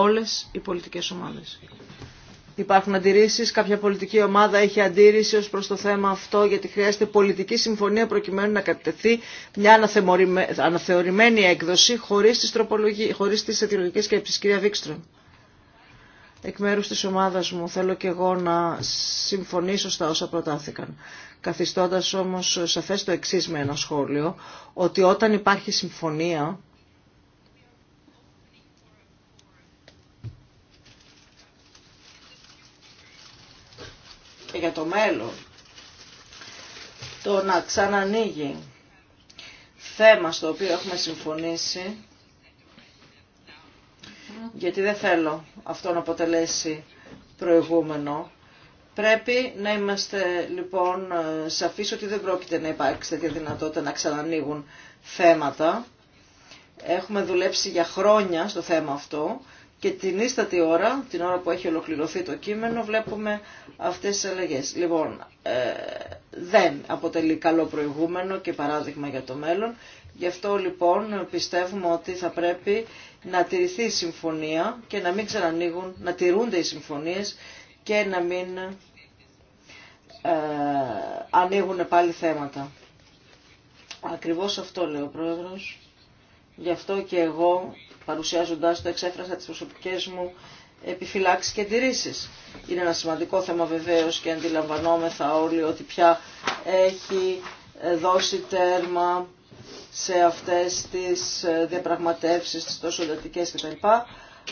όλες οι πολιτικές ομάδες. Υπάρχουν αντιρρήσει. Κάποια πολιτική ομάδα έχει αντίρρηση ω προ το θέμα αυτό, γιατί χρειάζεται πολιτική συμφωνία προκειμένου να κατευθεί μια αναθεωρημένη έκδοση χωρί τι τις αιτιολογικέ σκέψει. Κυρία Βίξτρον, εκ μέρου τη ομάδα μου θέλω και εγώ να συμφωνήσω στα όσα προτάθηκαν. Καθιστώντα όμω σαφέ το εξή με ένα σχόλιο, ότι όταν υπάρχει συμφωνία για το μέλλον, το να ξανανοίγει θέμα στο οποίο έχουμε συμφωνήσει, γιατί δεν θέλω αυτό να αποτελέσει προηγούμενο, Πρέπει να είμαστε λοιπόν σαφείς ότι δεν πρόκειται να υπάρξει τέτοια δυνατότητα να ξανανοίγουν θέματα. Έχουμε δουλέψει για χρόνια στο θέμα αυτό και την ίστατη ώρα, την ώρα που έχει ολοκληρωθεί το κείμενο, βλέπουμε αυτές τις αλλαγές. Λοιπόν, ε, δεν αποτελεί καλό προηγούμενο και παράδειγμα για το μέλλον. Γι' αυτό λοιπόν πιστεύουμε ότι θα πρέπει να τηρηθεί η συμφωνία και να μην ξανανοίγουν, να τηρούνται οι συμφωνίες και να μην ε, ανοίγουν πάλι θέματα. Ακριβώς αυτό λέει ο Πρόεδρος. Γι' αυτό και εγώ παρουσιάζοντάς το εξέφρασα τις προσωπικές μου επιφυλάξεις και αντιρρήσει. Είναι ένα σημαντικό θέμα βεβαίως και αντιλαμβανόμεθα όλοι ότι πια έχει ε, δώσει τέρμα σε αυτές τις ε, διαπραγματεύσεις, τις τόσο εντατικές κτλ.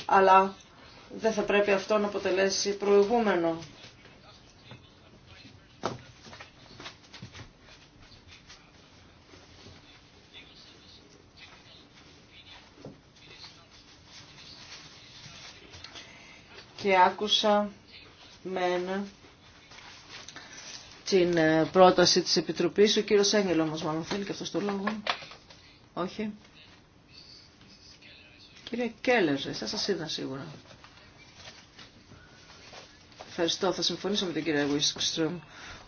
Αλλά δεν θα πρέπει αυτό να αποτελέσει προηγούμενο και άκουσα μεν την ε, πρόταση της Επιτροπής. Ο κύριος Έγγελ όμως μάλλον θέλει και αυτό το λόγο. Όχι. Κύριε Κέλλερ, εσά σας είδα σίγουρα. Ευχαριστώ. Θα συμφωνήσω με τον κύριο Βουίσκστρομ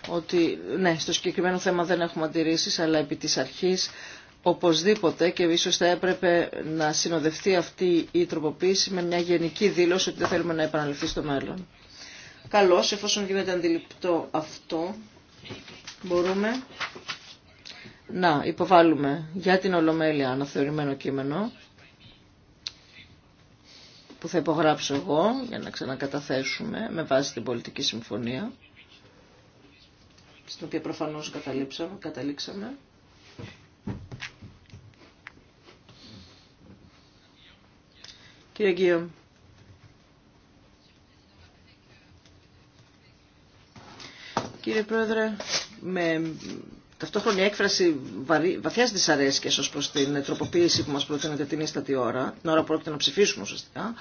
ότι ναι, στο συγκεκριμένο θέμα δεν έχουμε αντιρρήσεις, αλλά επί της αρχής οπωσδήποτε και ίσως θα έπρεπε να συνοδευτεί αυτή η τροποποίηση με μια γενική δήλωση ότι δεν θέλουμε να επαναληφθεί στο μέλλον. Καλώς, εφόσον γίνεται αντιληπτό αυτό, μπορούμε να υποβάλουμε για την Ολομέλεια αναθεωρημένο κείμενο που θα υπογράψω εγώ για να ξανακαταθέσουμε με βάση την πολιτική συμφωνία στην οποία προφανώς καταλήξαμε Κύριε Γκύο. Κύριε Πρόεδρε, με ταυτόχρονη έκφραση βαθιά δυσαρέσκεια ω προ την τροποποίηση που μα προτείνεται την ίστατη ώρα, την ώρα που πρόκειται να ψηφίσουμε ουσιαστικά,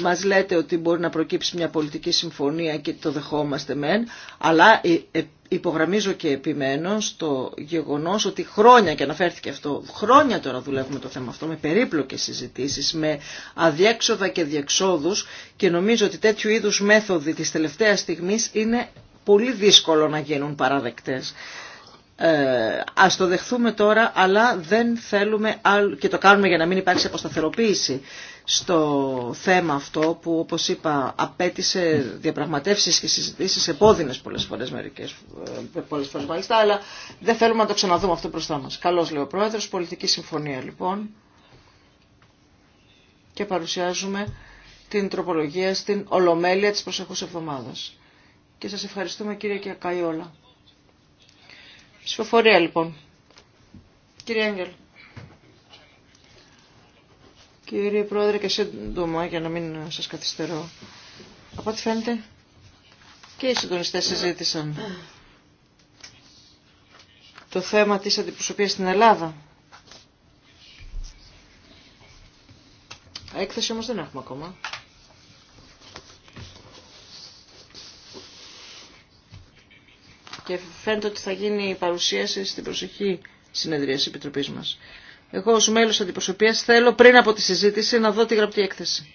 μας λέτε ότι μπορεί να προκύψει μια πολιτική συμφωνία και το δεχόμαστε μεν, αλλά ε, ε, υπογραμμίζω και επιμένω στο γεγονός ότι χρόνια, και αναφέρθηκε αυτό, χρόνια τώρα δουλεύουμε το θέμα αυτό, με περίπλοκες συζητήσεις, με αδιέξοδα και διεξόδους και νομίζω ότι τέτοιου είδους μέθοδοι της τελευταίας στιγμής είναι πολύ δύσκολο να γίνουν παραδεκτές ε, ας το δεχθούμε τώρα, αλλά δεν θέλουμε και το κάνουμε για να μην υπάρξει αποσταθεροποίηση στο θέμα αυτό που όπως είπα απέτησε διαπραγματεύσεις και συζητήσεις επώδυνες πολλές φορές μερικές, ε, πολλές φορές μάλιστα, αλλά δεν θέλουμε να το ξαναδούμε αυτό μπροστά μας. Καλώς λέει ο Πρόεδρος, πολιτική συμφωνία λοιπόν και παρουσιάζουμε την τροπολογία στην Ολομέλεια της προσεχούς εβδομάδας. Και σας ευχαριστούμε κύριε Κιακαϊόλα. Ψηφοφορία λοιπόν. Κύριε Έγγελ. Κύριε Πρόεδρε και σύντομα για να μην σας καθυστερώ. Από ό,τι φαίνεται και οι συντονιστές συζήτησαν το θέμα της αντιπροσωπείας στην Ελλάδα. Έκθεση όμως δεν έχουμε ακόμα. και φαίνεται ότι θα γίνει η παρουσίαση στην προσεχή συνεδρία τη Επιτροπής μας. Εγώ ως μέλος αντιπροσωπεία θέλω πριν από τη συζήτηση να δω τη γραπτή έκθεση.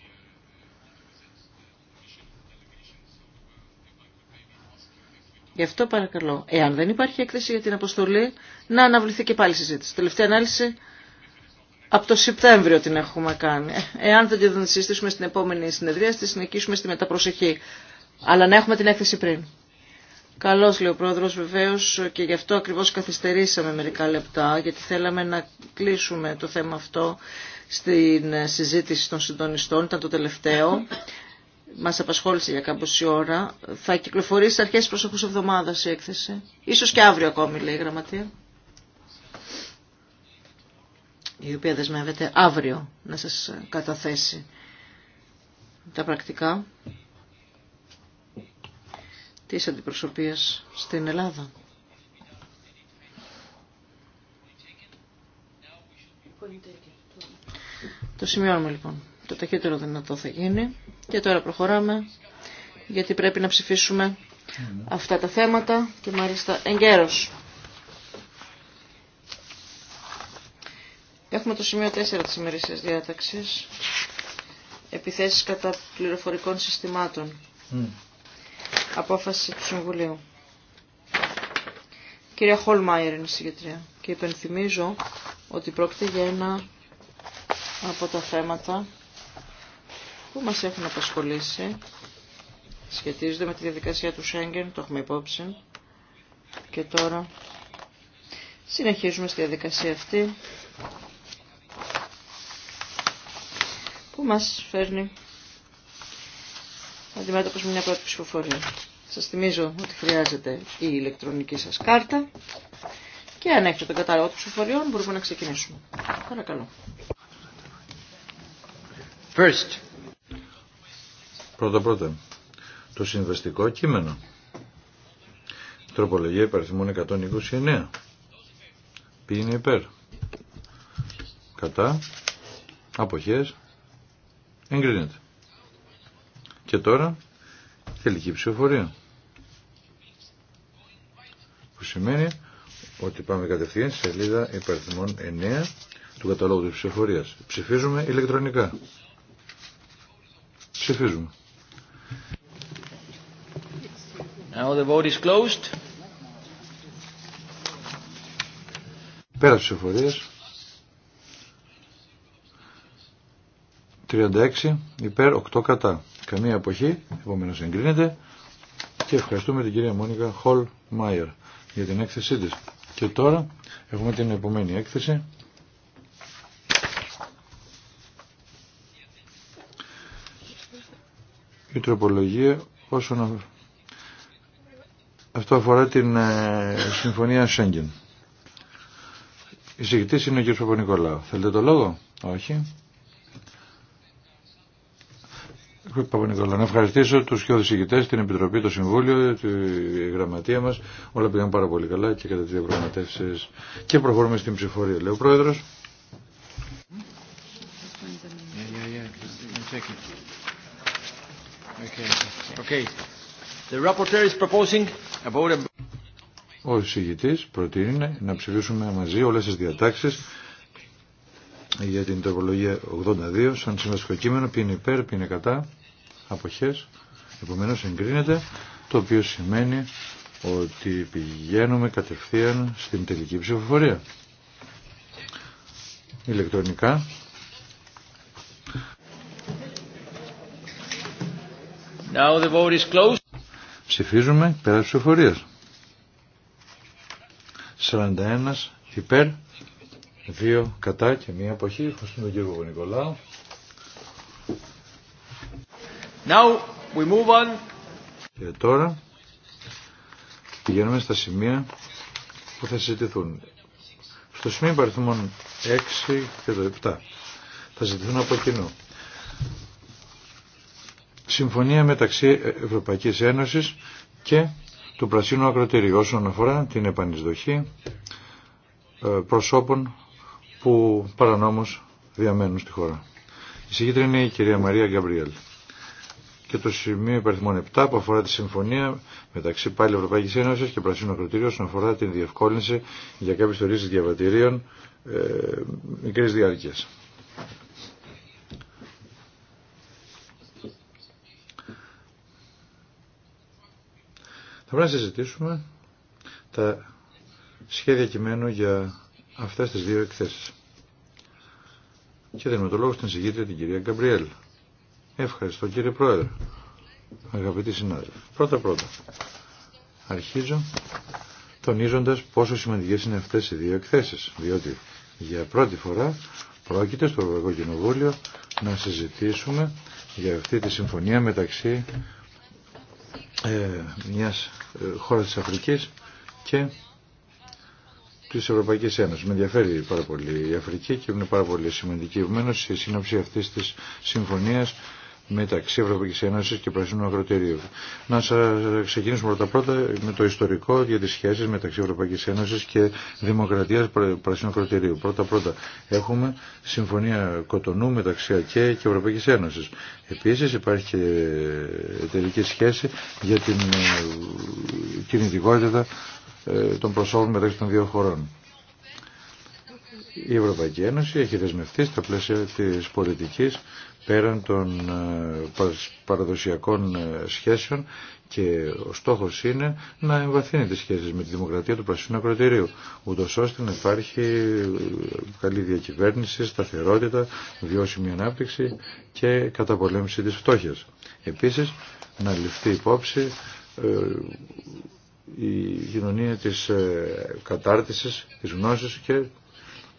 Γι' αυτό παρακαλώ, εάν δεν υπάρχει έκθεση για την αποστολή, να αναβληθεί και πάλι η συζήτηση. Τελευταία ανάλυση από το Σεπτέμβριο την έχουμε κάνει. Εάν δεν την συζητήσουμε στην επόμενη συνεδρία, τη συνεχίσουμε στη μεταπροσεχή. Αλλά να έχουμε την έκθεση πριν. Καλώς λέει ο Πρόεδρος βεβαίως και γι' αυτό ακριβώς καθυστερήσαμε μερικά λεπτά γιατί θέλαμε να κλείσουμε το θέμα αυτό στην συζήτηση των συντονιστών, ήταν το τελευταίο. Μας απασχόλησε για κάμποση ώρα. Θα κυκλοφορήσει αρχές προσεχούς εβδομάδας η έκθεση. Ίσως και αύριο ακόμη λέει η γραμματεία. Η οποία δεσμεύεται αύριο να σας καταθέσει τα πρακτικά της αντιπροσωπείας στην Ελλάδα. Το σημειώνουμε λοιπόν. Το ταχύτερο δυνατό θα γίνει. Και τώρα προχωράμε γιατί πρέπει να ψηφίσουμε αυτά τα θέματα και μάλιστα εγκαίρως. Έχουμε το σημείο 4 της ημερήσιας διάταξης. Επιθέσεις κατά πληροφορικών συστημάτων απόφαση του Συμβουλίου. Κυρία Χολμάιερ είναι η συγκεκριά και υπενθυμίζω ότι πρόκειται για ένα από τα θέματα που μας έχουν απασχολήσει σχετίζονται με τη διαδικασία του Σέγγεν, το έχουμε υπόψη και τώρα συνεχίζουμε στη διαδικασία αυτή που μας φέρνει αντιμέτωπο με μια πρώτη ψηφοφορία. Σα θυμίζω ότι χρειάζεται η ηλεκτρονική σας κάρτα και αν έχετε τον κατάλογο των ψηφοφοριών μπορούμε να ξεκινήσουμε. Παρακαλώ. First. Πρώτα πρώτα, το συμβαστικό κείμενο. Τροπολογία υπαριθμών 129. Ποιοι είναι υπέρ. Κατά. Αποχές. Εγκρίνεται. Και τώρα τελική ψηφοφορία. Που σημαίνει ότι πάμε κατευθείαν στη σελίδα υπαριθμών 9 του καταλόγου της ψηφοφορίας. Ψηφίζουμε ηλεκτρονικά. Ψηφίζουμε. Now the vote is closed. Πέρα ψηφοφορίας. 36 υπέρ 8 κατά. Καμία εποχή, επομένως εγκρίνεται. Και ευχαριστούμε την κυρία Μόνικα Χολ Μάιερ για την έκθεσή της. Και τώρα έχουμε την επομένη έκθεση. Η τροπολογία όσον αυτό αφορά την ε, Συμφωνία Σέγγεν. Η συγκριτής είναι ο κ. παπα Θέλετε το λόγο? Όχι. Να ευχαριστήσω του και ηγητέ, την Επιτροπή, το Συμβούλιο, τη Γραμματεία μα. Όλα πήγαν πάρα πολύ καλά και κατά τι διαπραγματεύσει. Και προχωρούμε στην ψηφορία, λέει ο Πρόεδρο. Ο εισηγητή προτείνει να ψηφίσουμε μαζί όλε τι διατάξει για την τροπολογία 82 σαν συμβαστικό κείμενο. Ποιοι είναι υπέρ, ποιοι είναι κατά αποχές επομένως εγκρίνεται το οποίο σημαίνει ότι πηγαίνουμε κατευθείαν στην τελική ψηφοφορία ηλεκτρονικά Now the vote is closed. Ψηφίζουμε πέρα της ψηφοφορίας. 41 υπέρ, 2 κατά και 1 αποχή. Ευχαριστούμε τον κύριο και τώρα πηγαίνουμε στα σημεία που θα συζητηθούν. Στο σημείο υπαριθμών 6 και το 7 θα συζητηθούν από κοινού. Συμφωνία μεταξύ Ευρωπαϊκής Ένωσης και του Πρασίνου Ακροτηρίου όσον αφορά την επανεισδοχή ε, προσώπων που παρανόμως διαμένουν στη χώρα. Η συγκεκριμένη είναι η κυρία Μαρία Γκαμπριέλ και το σημείο υπαριθμών 7 που αφορά τη συμφωνία μεταξύ πάλι Ευρωπαϊκή Ένωση και Πρασίνου Ακροτήριου όσον αφορά την διευκόλυνση για κάποιε θεωρήσει διαβατηρίων ε, μικρή διάρκεια. Θα πρέπει να συζητήσουμε τα σχέδια κειμένου για αυτές τις δύο εκθέσεις. Και δίνουμε το λόγο στην συγκίτρια την κυρία Γκαμπριέλ. Ευχαριστώ κύριε Πρόεδρε. Αγαπητοί συνάδελφοι. Πρώτα πρώτα. Αρχίζω τονίζοντας πόσο σημαντικές είναι αυτές οι δύο εκθέσεις. Διότι για πρώτη φορά πρόκειται στο Ευρωπαϊκό Κοινοβούλιο να συζητήσουμε για αυτή τη συμφωνία μεταξύ ε, μιας ε, χώρας της Αφρικής και τη Ευρωπαϊκή Ένωση. Με ενδιαφέρει πάρα πολύ η Αφρική και είναι πάρα πολύ σημαντική. Επομένω, η σύνοψη αυτή τη συμφωνία μεταξύ Ευρωπαϊκής Ένωσης και Πρασίνου Αγροτηρίου. Να σα ξεκινήσουμε πρώτα πρώτα με το ιστορικό για τις σχέσεις μεταξύ Ευρωπαϊκής Ένωσης και Δημοκρατίας Πρασίνου Αγροτηρίου. Πρώτα πρώτα έχουμε συμφωνία Κοτονού μεταξύ ΑΚΕ και Ευρωπαϊκής Ένωσης. Επίσης υπάρχει και εταιρική σχέση για την ε, κινητικότητα ε, των προσώπων μεταξύ των δύο χωρών. Η Ευρωπαϊκή Ένωση έχει δεσμευτεί στα πλαίσια της πολιτικής πέραν των ε, παραδοσιακών ε, σχέσεων και ο στόχος είναι να εμβαθύνει τις σχέσεις με τη δημοκρατία του Πρασίνου Ακροτηρίου, ούτω ώστε να υπάρχει ε, καλή διακυβέρνηση, σταθερότητα, βιώσιμη ανάπτυξη και καταπολέμηση της φτώχειας. Επίσης, να ληφθεί υπόψη η κοινωνία της κατάρτισης, της γνώσης και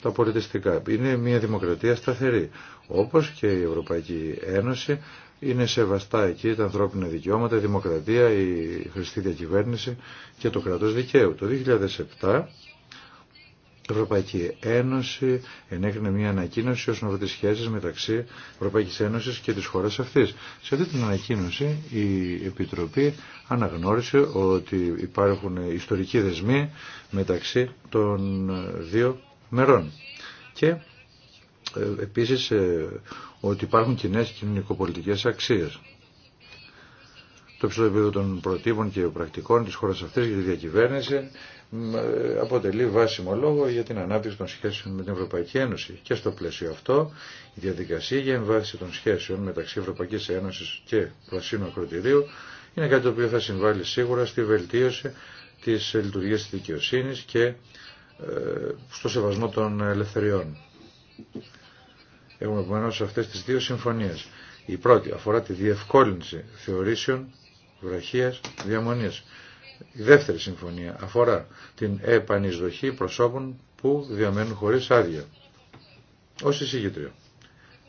τα πολιτιστικά. Είναι μια δημοκρατία σταθερή όπως και η Ευρωπαϊκή Ένωση είναι σεβαστά εκεί τα ανθρώπινα δικαιώματα, η δημοκρατία, η χρηστή διακυβέρνηση και το κράτος δικαίου. Το 2007 η Ευρωπαϊκή Ένωση ενέκρινε μια ανακοίνωση όσον αφορά τι σχέσει μεταξύ Ευρωπαϊκής Ένωσης και της χώρας αυτής. Σε αυτή την ανακοίνωση η Επιτροπή αναγνώρισε ότι υπάρχουν ιστορικοί δεσμοί μεταξύ των δύο μερών. Και ε, επίσης ε, ότι υπάρχουν κοινέ κοινωνικοπολιτικές αξίες. Το υψηλό επίπεδο των προτύπων και πρακτικών της χώρας αυτής για τη διακυβέρνηση ε, αποτελεί βάσιμο λόγο για την ανάπτυξη των σχέσεων με την Ευρωπαϊκή Ένωση. Και στο πλαίσιο αυτό, η διαδικασία για εμβάθυνση των σχέσεων μεταξύ Ευρωπαϊκής Ένωσης και Πρασίνου Ακροτηρίου είναι κάτι το οποίο θα συμβάλλει σίγουρα στη βελτίωση της λειτουργίας της δικαιοσύνης και στο σεβασμό των ελευθεριών. Έχουμε επομένω αυτές τις δύο συμφωνίες. Η πρώτη αφορά τη διευκόλυνση θεωρήσεων βραχίας διαμονή. Η δεύτερη συμφωνία αφορά την επανεισδοχή προσώπων που διαμένουν χωρίς άδεια. Ως εισηγήτριο.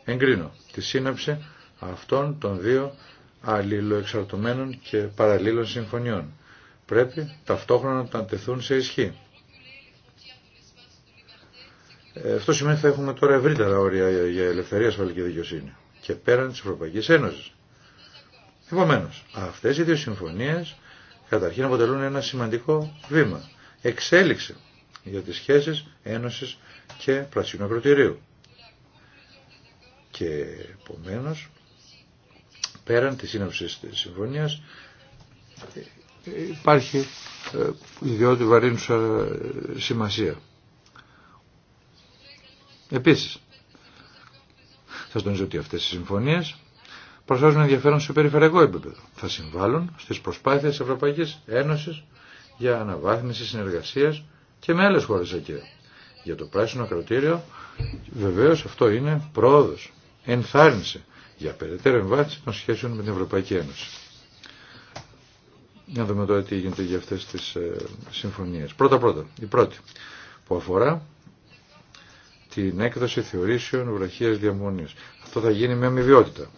Εγκρίνω τη σύναψη αυτών των δύο αλληλοεξαρτωμένων και παραλλήλων συμφωνιών. Πρέπει ταυτόχρονα να τεθούν σε ισχύ. Ε, αυτό σημαίνει ότι θα έχουμε τώρα ευρύτερα όρια για ελευθερία, ασφαλή και δικαιοσύνη. Και πέραν τη Ευρωπαϊκή Ένωση. Επομένω, αυτέ οι δύο συμφωνίε καταρχήν αποτελούν ένα σημαντικό βήμα. Εξέλιξη για τις σχέσεις Ένωσης και Πρασινού Ακροτηρίου. Και επομένω, πέραν της σύναψη της συμφωνίας ε, υπάρχει ε, ιδιότητα βαρύνουσα σημασία. Επίσης, θα τονίζω ότι αυτές οι συμφωνίες προσφέρουν ενδιαφέρον σε περιφερειακό επίπεδο. Θα συμβάλλουν στις προσπάθειες Ευρωπαϊκής Ένωσης για αναβάθμιση συνεργασίας και με άλλες χώρες εκεί. Για το πράσινο κρατήριο βεβαίως αυτό είναι πρόοδος, ενθάρρυνση για περαιτέρω εμβάθυνση των σχέσεων με την Ευρωπαϊκή Ένωση. Να δούμε τώρα τι γίνεται για αυτές τις ε, συμφωνίες. Πρώτα πρώτα, η πρώτη που αφορά την έκδοση θεωρήσεων βραχίας διαμονή. Αυτό θα γίνει με αμοιβιότητα.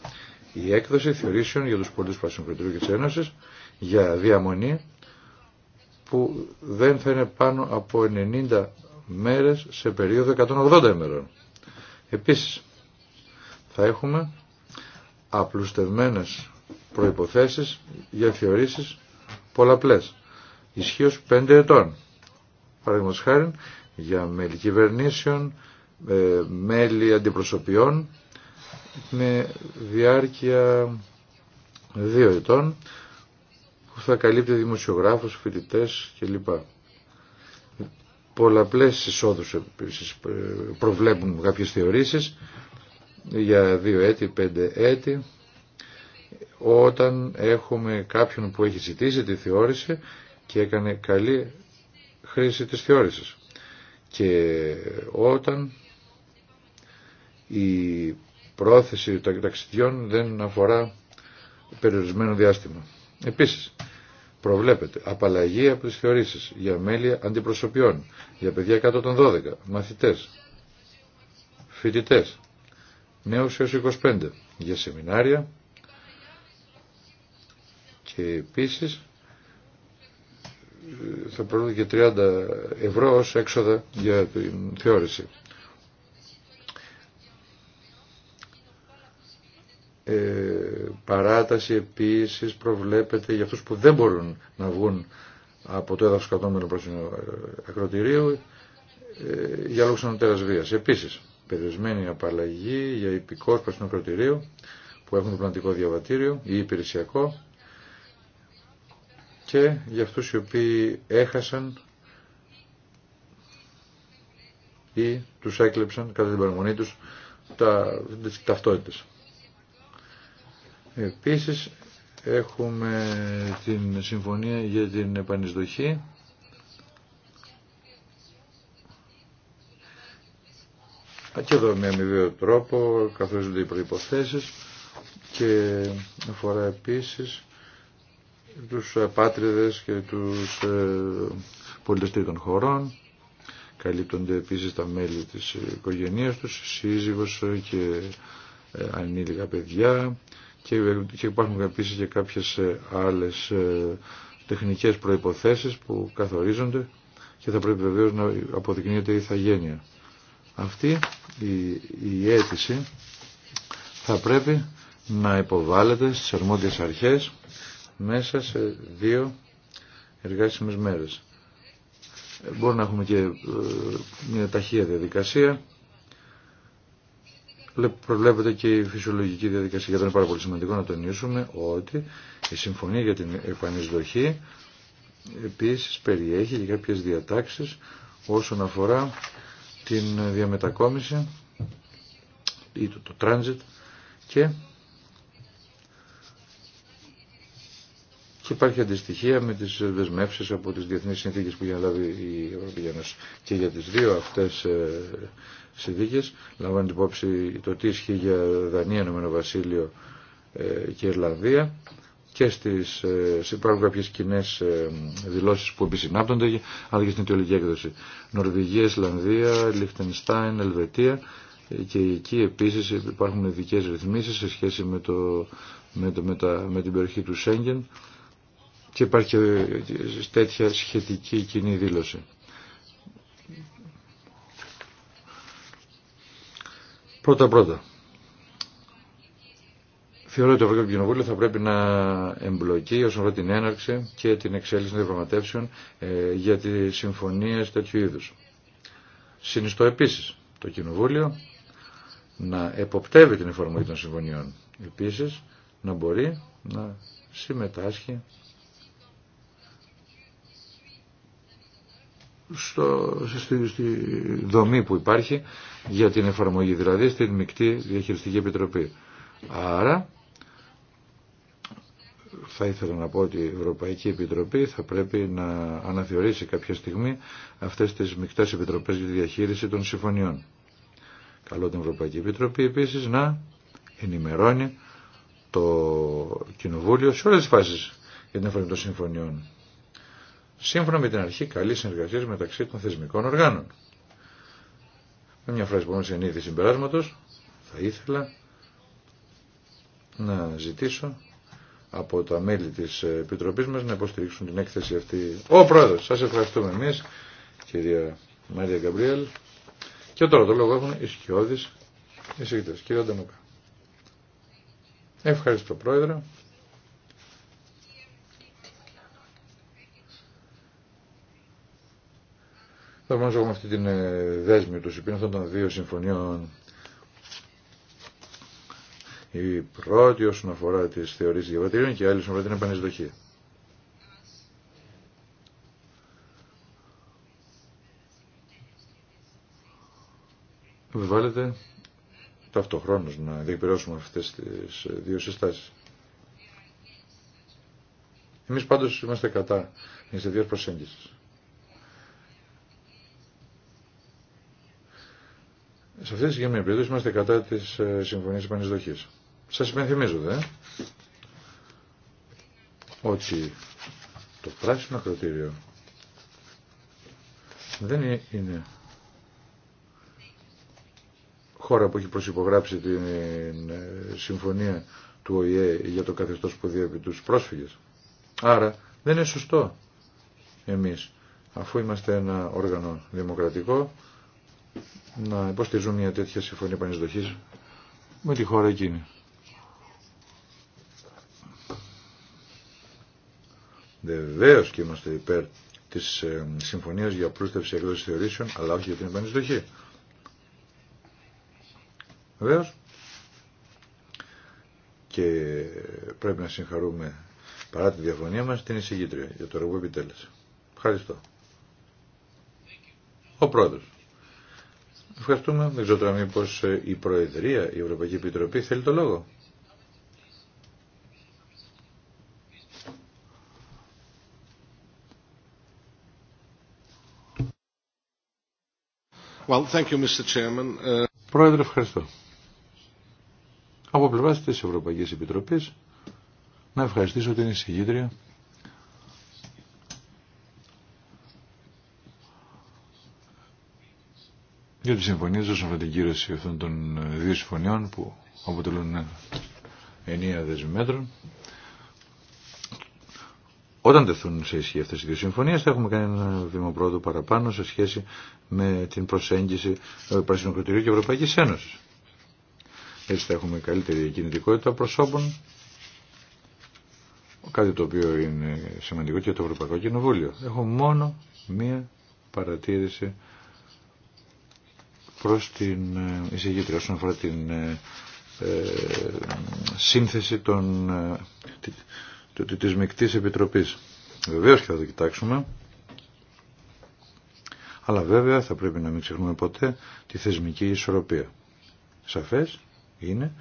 Η έκδοση θεωρήσεων για τους πολίτες Πράσινου και της για διαμονή που δεν θα είναι πάνω από 90 μέρες σε περίοδο 180 ημερών. Επίσης, θα έχουμε απλουστευμένες προϋποθέσεις για θεωρήσεις πολλαπλές. ισχύω 5 ετών. Παραδείγματος χάρη για μελικυβερνήσεων, ε, μέλη αντιπροσωπιών με διάρκεια δύο ετών που θα καλύπτει δημοσιογράφους, φοιτητές κλπ. Πολλαπλές εισόδους επίσης ε, προβλέπουν κάποιες θεωρήσεις για δύο έτη, πέντε έτη όταν έχουμε κάποιον που έχει ζητήσει τη θεώρηση και έκανε καλή χρήση της θεώρησης και όταν η πρόθεση των ταξιδιών δεν αφορά περιορισμένο διάστημα. Επίσης, προβλέπεται απαλλαγή από τις θεωρήσεις για μέλη αντιπροσωπιών, για παιδιά κάτω των 12, μαθητές, φοιτητές, νέους έως 25, για σεμινάρια και επίσης ε, θα προβλέπεται και 30 ευρώ ως έξοδα για την θεώρηση. Ε, παράταση επίσης προβλέπεται για αυτούς που δεν μπορούν να βγουν από το έδαφος κατώμενο προς ε, ε, για λόγους ανωτέρας βίας. Επίσης, περιορισμένη απαλλαγή για υπηκός προς ακροτηρίο που έχουν πλαντικό διαβατήριο ή υπηρεσιακό και για αυτούς οι οποίοι έχασαν ή τους έκλεψαν κατά την παραμονή τους τα, Επίσης έχουμε την συμφωνία για την επανεισδοχή και εδώ με αμοιβαίο τρόπο καθορίζονται οι προϋποθέσεις και αφορά επίσης τους πάτριδες και τους ε, πολίτες των χωρών. Καλύπτονται επίσης τα μέλη της οικογένειας τους, σύζυγος και ε, ανήλικα παιδιά και, και υπάρχουν επίση και κάποιες ε, άλλες ε, τεχνικές προϋποθέσεις που καθορίζονται και θα πρέπει βεβαίως να αποδεικνύεται η ηθαγένεια. Αυτή η, η αίτηση θα πρέπει να υποβάλλεται στις αρμόδιες αρχές μέσα σε δύο εργάσιμες μέρες. Ε, μπορεί να έχουμε και μια ταχεία διαδικασία προβλέπεται και η φυσιολογική διαδικασία. Γιατί είναι πάρα πολύ σημαντικό να τονίσουμε ότι η συμφωνία για την επανεισδοχή επίσης περιέχει και κάποιες διατάξεις όσον αφορά την διαμετακόμιση ή το, transit και, υπάρχει αντιστοιχεία με τις δεσμεύσεις από τις διεθνείς συνθήκες που για να λάβει η Ευρωπαϊκή Ένωση και για τις δύο αυτές ε, συνθήκε, λαμβάνει υπόψη το τι ισχύει για Δανία, Ενωμένο Βασίλειο ε, και Ιρλανδία και στις, ε, υπάρχουν κάποιε κοινέ ε, δηλώσει που επισυνάπτονται, αλλά και στην αιτιολογική έκδοση. Νορβηγία, Ισλανδία, Λιχτενστάιν, Ελβετία και εκεί επίση υπάρχουν ειδικέ ρυθμίσει σε σχέση με, το, με, το, με, με την περιοχή του Σέγγεν και υπάρχει τέτοια σχετική κοινή δήλωση. Πρώτα-πρώτα, θεωρώ ότι το Ευρωπαϊκό Κοινοβούλιο θα πρέπει να εμπλοκεί όσον αφορά την έναρξη και την εξέλιξη των διαπραγματεύσεων ε, για τι συμφωνίε τέτοιου είδου. Συνιστώ επίση το Κοινοβούλιο να εποπτεύει την εφαρμογή των συμφωνιών. Επίση, να μπορεί να συμμετάσχει στο, στη, στη δομή που υπάρχει για την εφαρμογή, δηλαδή στην μεικτή διαχειριστική επιτροπή. Άρα, θα ήθελα να πω ότι η Ευρωπαϊκή Επιτροπή θα πρέπει να αναθεωρήσει κάποια στιγμή αυτές τις μεικτές επιτροπές για τη διαχείριση των συμφωνιών. Καλό την Ευρωπαϊκή Επιτροπή επίσης να ενημερώνει το Κοινοβούλιο σε όλες τις φάσεις για την εφαρμογή των συμφωνιών σύμφωνα με την αρχή καλή συνεργασία μεταξύ των θεσμικών οργάνων. Με μια φράση που όμως συμπεράσματος, θα ήθελα να ζητήσω από τα μέλη της Επιτροπής μα να υποστηρίξουν την έκθεση αυτή. Ο πρόεδρο! σας ευχαριστούμε εμείς, κυρία Μαρία Γκαμπριέλ. Και τώρα το λόγο έχουν οι σκιώδει Κύριε Αντανούκα. Ευχαριστώ Πρόεδρε. Θα μας έχουμε αυτή την ε, δέσμη του συμπίνου αυτών των δύο συμφωνιών. Η πρώτη όσον αφορά τις θεωρίες διαβατήριων και η άλλη όσον αφορά την επανεισδοχή. Βάλετε ταυτοχρόνως να διεκπαιρεώσουμε αυτές τις ε, δύο συστάσεις. Εμείς πάντως είμαστε κατά μιας δύο προσέγγισης. σε αυτή τη συγκεκριμένη περίπτωση είμαστε κατά τη ε, συμφωνία επανεισδοχή. Σα υπενθυμίζω, δε, ε, ότι το πράσινο ακροτήριο δεν είναι χώρα που έχει προσυπογράψει την ε, συμφωνία του ΟΗΕ για το καθεστώς που διέπει τους πρόσφυγες. Άρα δεν είναι σωστό εμείς, αφού είμαστε ένα όργανο δημοκρατικό, να υποστηρίζουν μια τέτοια συμφωνία επανεισδοχής με τη χώρα εκείνη. Βεβαίω και είμαστε υπέρ τη ε, συμφωνία για πλούστευση εκδόση θεωρήσεων, αλλά όχι για την επανεισδοχή. Βεβαίω και πρέπει να συγχαρούμε παρά τη διαφωνία μας την εισηγήτρια για το έργο επιτέλεση. Ευχαριστώ. Ο πρόεδρος. Ευχαριστούμε. Δεν ξέρω τώρα μήπω ε, η Προεδρία, η Ευρωπαϊκή Επιτροπή θέλει το λόγο. Well, thank you, Mr. Chairman. Ε, Πρόεδρε, ευχαριστώ. Από πλευρά τη Ευρωπαϊκή Επιτροπή, να ευχαριστήσω την εισηγήτρια για τις συμφωνίες όσον αφορά την κύρωση αυτών των ε, δύο συμφωνιών που αποτελούν ε, ενία δεσμημέτρων. Όταν τεθούν σε ισχύ αυτές οι δύο συμφωνίες θα έχουμε κάνει ένα βήμα πρώτο παραπάνω σε σχέση με την προσέγγιση ε, Πρασινοκροτηρίου και Ευρωπαϊκής Ένωσης. Έτσι θα έχουμε καλύτερη κινητικότητα προσώπων, κάτι το οποίο είναι σημαντικό και το Ευρωπαϊκό Κοινοβούλιο. Έχω μόνο μία παρατήρηση προς την ε, εισηγήτρια όσον αφορά την ε, ε, σύνθεση των, της μεκτής Επιτροπής. Βεβαίως και θα το κοιτάξουμε. Αλλά βέβαια θα πρέπει να μην ξεχνούμε ποτέ τη θεσμική ισορροπία. Σαφές είναι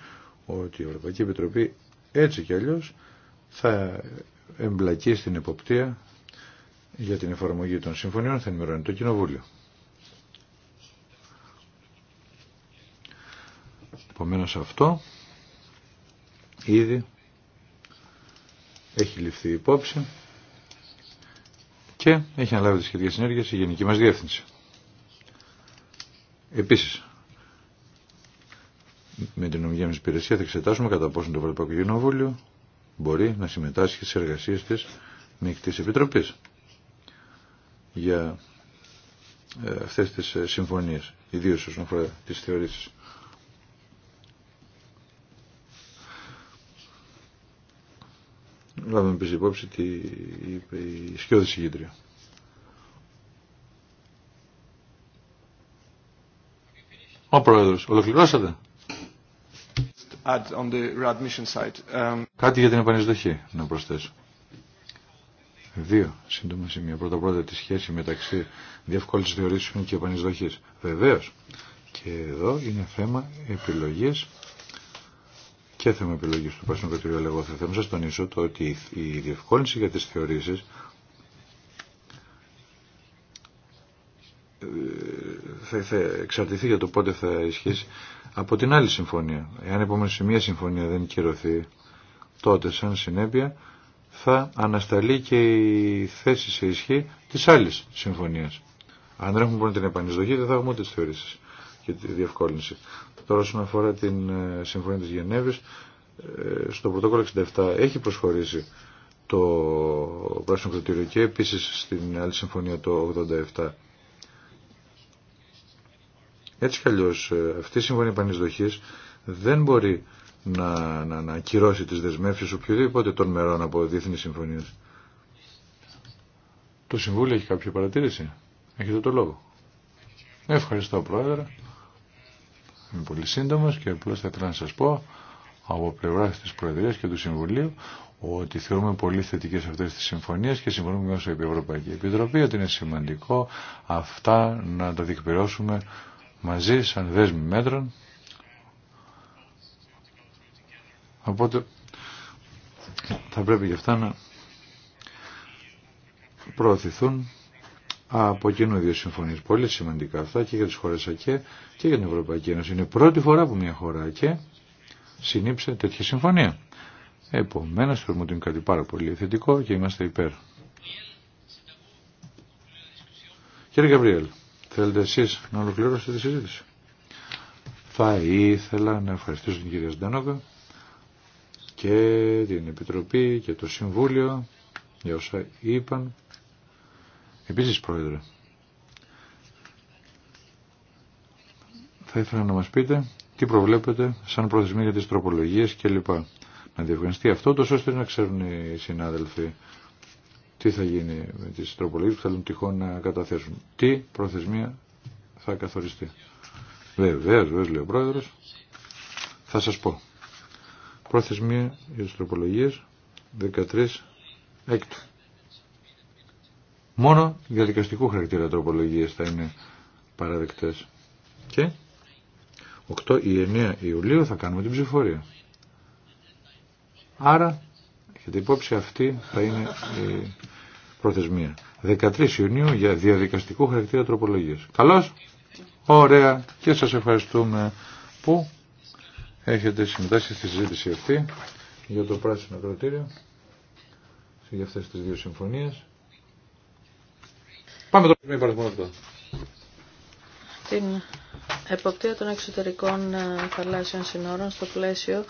ότι η Ευρωπαϊκή Επιτροπή έτσι κι αλλιώς θα εμπλακεί στην εποπτεία για την εφαρμογή των συμφωνιών, θα ενημερώνει το Κοινοβούλιο. Επομένως αυτό ήδη έχει ληφθεί υπόψη και έχει αναλάβει τις σχετικές συνέργειες η Γενική μας Διεύθυνση. Επίσης, με την νομική μας υπηρεσία θα εξετάσουμε κατά πόσο το Ευρωπαϊκό Κοινοβούλιο μπορεί να συμμετάσχει στις εργασίες της Μικτής Επιτροπής για ε, αυτές τις ε, συμφωνίες, ιδίως όσον αφορά τις θεωρήσεις. λάβουμε επίσης υπόψη τι είπε η σκιώδη συγκεντρία. Ο Πρόεδρος, ολοκληρώσατε. Um, Κάτι για την επανεισδοχή να προσθέσω. Δύο σύντομα σημεία. Πρώτα πρώτα τη σχέση μεταξύ διευκόλυνση θεωρήσεων και επανεισδοχής. Βεβαίω. Και εδώ είναι θέμα επιλογή και θέμα επιλογή του Πασίνου Πετρίου, αλλά εγώ θα θέλω να σα τονίσω το ότι η διευκόλυνση για τι θεωρήσει ε, θα, θα εξαρτηθεί για το πότε θα ισχύσει από την άλλη συμφωνία. Εάν επομένως σε μία συμφωνία δεν κυρωθεί, τότε σαν συνέπεια θα ανασταλεί και η θέση σε ισχύ τη άλλη συμφωνία. Αν δεν έχουμε πρώτη την επανεισδοχή δεν θα έχουμε ούτε τι θεωρήσει και τη διευκόλυνση. Τώρα όσον αφορά την ε, Συμφωνία της Γενέβης, ε, στο πρωτόκολλο 67 έχει προσχωρήσει το πράσινο κριτήριο και επίσης στην άλλη συμφωνία το 87. Έτσι κι αλλιώς ε, αυτή η συμφωνία πανεισδοχής δεν μπορεί να, να, να ακυρώσει τις δεσμεύσεις οποιοδήποτε των μερών από διεθνείς συμφωνίες. Το Συμβούλιο έχει κάποια παρατήρηση. Έχετε το λόγο. Ευχαριστώ Πρόεδρε. Είμαι πολύ σύντομο και απλώ θα ήθελα να σα πω από πλευρά τη Προεδρία και του Συμβουλίου ότι θεωρούμε πολύ θετικέ αυτέ τι συμφωνίε και συμφωνούμε με όσο η Ευρωπαϊκή Επιτροπή ότι είναι σημαντικό αυτά να τα διεκπαιρώσουμε μαζί σαν δέσμη μέτρων. Οπότε θα πρέπει και αυτά να προωθηθούν από κοινού δύο συμφωνίες. Πολύ σημαντικά αυτά και για τις χώρες ΑΚΕ και για την Ευρωπαϊκή Ένωση. Είναι η πρώτη φορά που μια χώρα ΑΚΕ συνήψε τέτοια συμφωνία. Επομένω θεωρούμε ότι είναι κάτι πάρα πολύ θετικό και είμαστε υπέρ. Κύριε Γκαμπρίελ, θέλετε εσείς να ολοκληρώσετε τη συζήτηση. Θα ήθελα να ευχαριστήσω την κυρία Σντανόκα και την Επιτροπή και το Συμβούλιο για όσα είπαν Επίσης, Πρόεδρε, θα ήθελα να μας πείτε τι προβλέπετε σαν προθεσμοί για τις τροπολογίες κλπ. Να διευγανιστεί αυτό, τόσο ώστε να ξέρουν οι συνάδελφοι τι θα γίνει με τις τροπολογίες που θέλουν τυχόν να καταθέσουν. Τι προθεσμία θα καθοριστεί. Βεβαίω, βέβαια, λέει ο Πρόεδρος, θα σας πω. Προθεσμία για τις τροπολογίες 13 Μόνο διαδικαστικού χαρακτήρα τροπολογίες θα είναι παραδεκτές. Και 8 ή 9 Ιουλίου θα κάνουμε την ψηφορία. Άρα, γιατί υπόψη αυτή θα είναι η 9 ιουλιου θα κανουμε την ψηφορια αρα για την υποψη αυτη θα ειναι η προθεσμια 13 Ιουνίου για διαδικαστικού χαρακτήρα τροπολογίες. Καλώς, ωραία και σας ευχαριστούμε που έχετε συμμετάσχει στη συζήτηση αυτή για το πράσινο κρατήριο για αυτές τις δύο συμφωνίες. Την εποπτεία των εξωτερικών ε, θαλάσσιων συνόρων στο πλαίσιο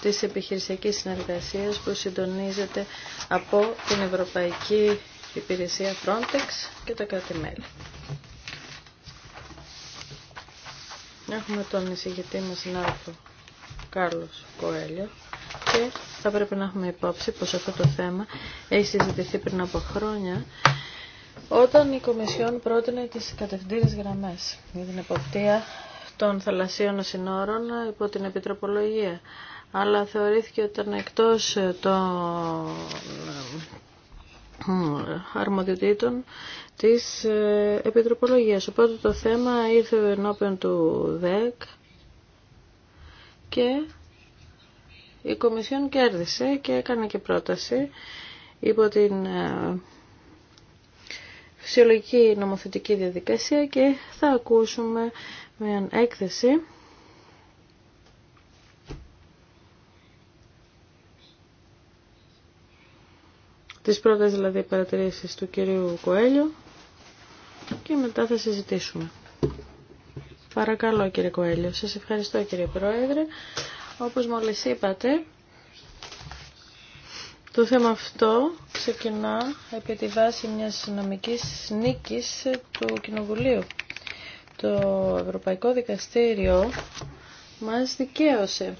της επιχειρησιακής συνεργασίας που συντονίζεται από την Ευρωπαϊκή Υπηρεσία Frontex και τα κράτη-μέλη. Έχουμε τον εισηγητή μας συνάδελφο Κάρλος Κοέλιο και θα πρέπει να έχουμε υπόψη πως αυτό το θέμα έχει συζητηθεί πριν από χρόνια όταν η Κομισιόν πρότεινε τις κατευθύντες γραμμές για την εποπτεία των θαλασσίων συνόρων υπό την επιτροπολογία, αλλά θεωρήθηκε ότι ήταν εκτός ε, των ε, αρμοδιοτήτων της ε, επιτροπολογίας. Οπότε το θέμα ήρθε ενώπιον του ΔΕΚ και η Κομισιόν κέρδισε και έκανε και πρόταση υπό την φυσιολογική νομοθετική διαδικασία και θα ακούσουμε μια έκθεση τις πρώτες δηλαδή παρατηρήσεις του κυρίου Κοέλιο και μετά θα συζητήσουμε. Παρακαλώ κύριε Κοέλιο. Σας ευχαριστώ κύριε Πρόεδρε. Όπως μόλις είπατε, το θέμα αυτό ξεκινά επί τη βάση μιας νομικής νίκης του Κοινοβουλίου. Το Ευρωπαϊκό Δικαστήριο μας δικαίωσε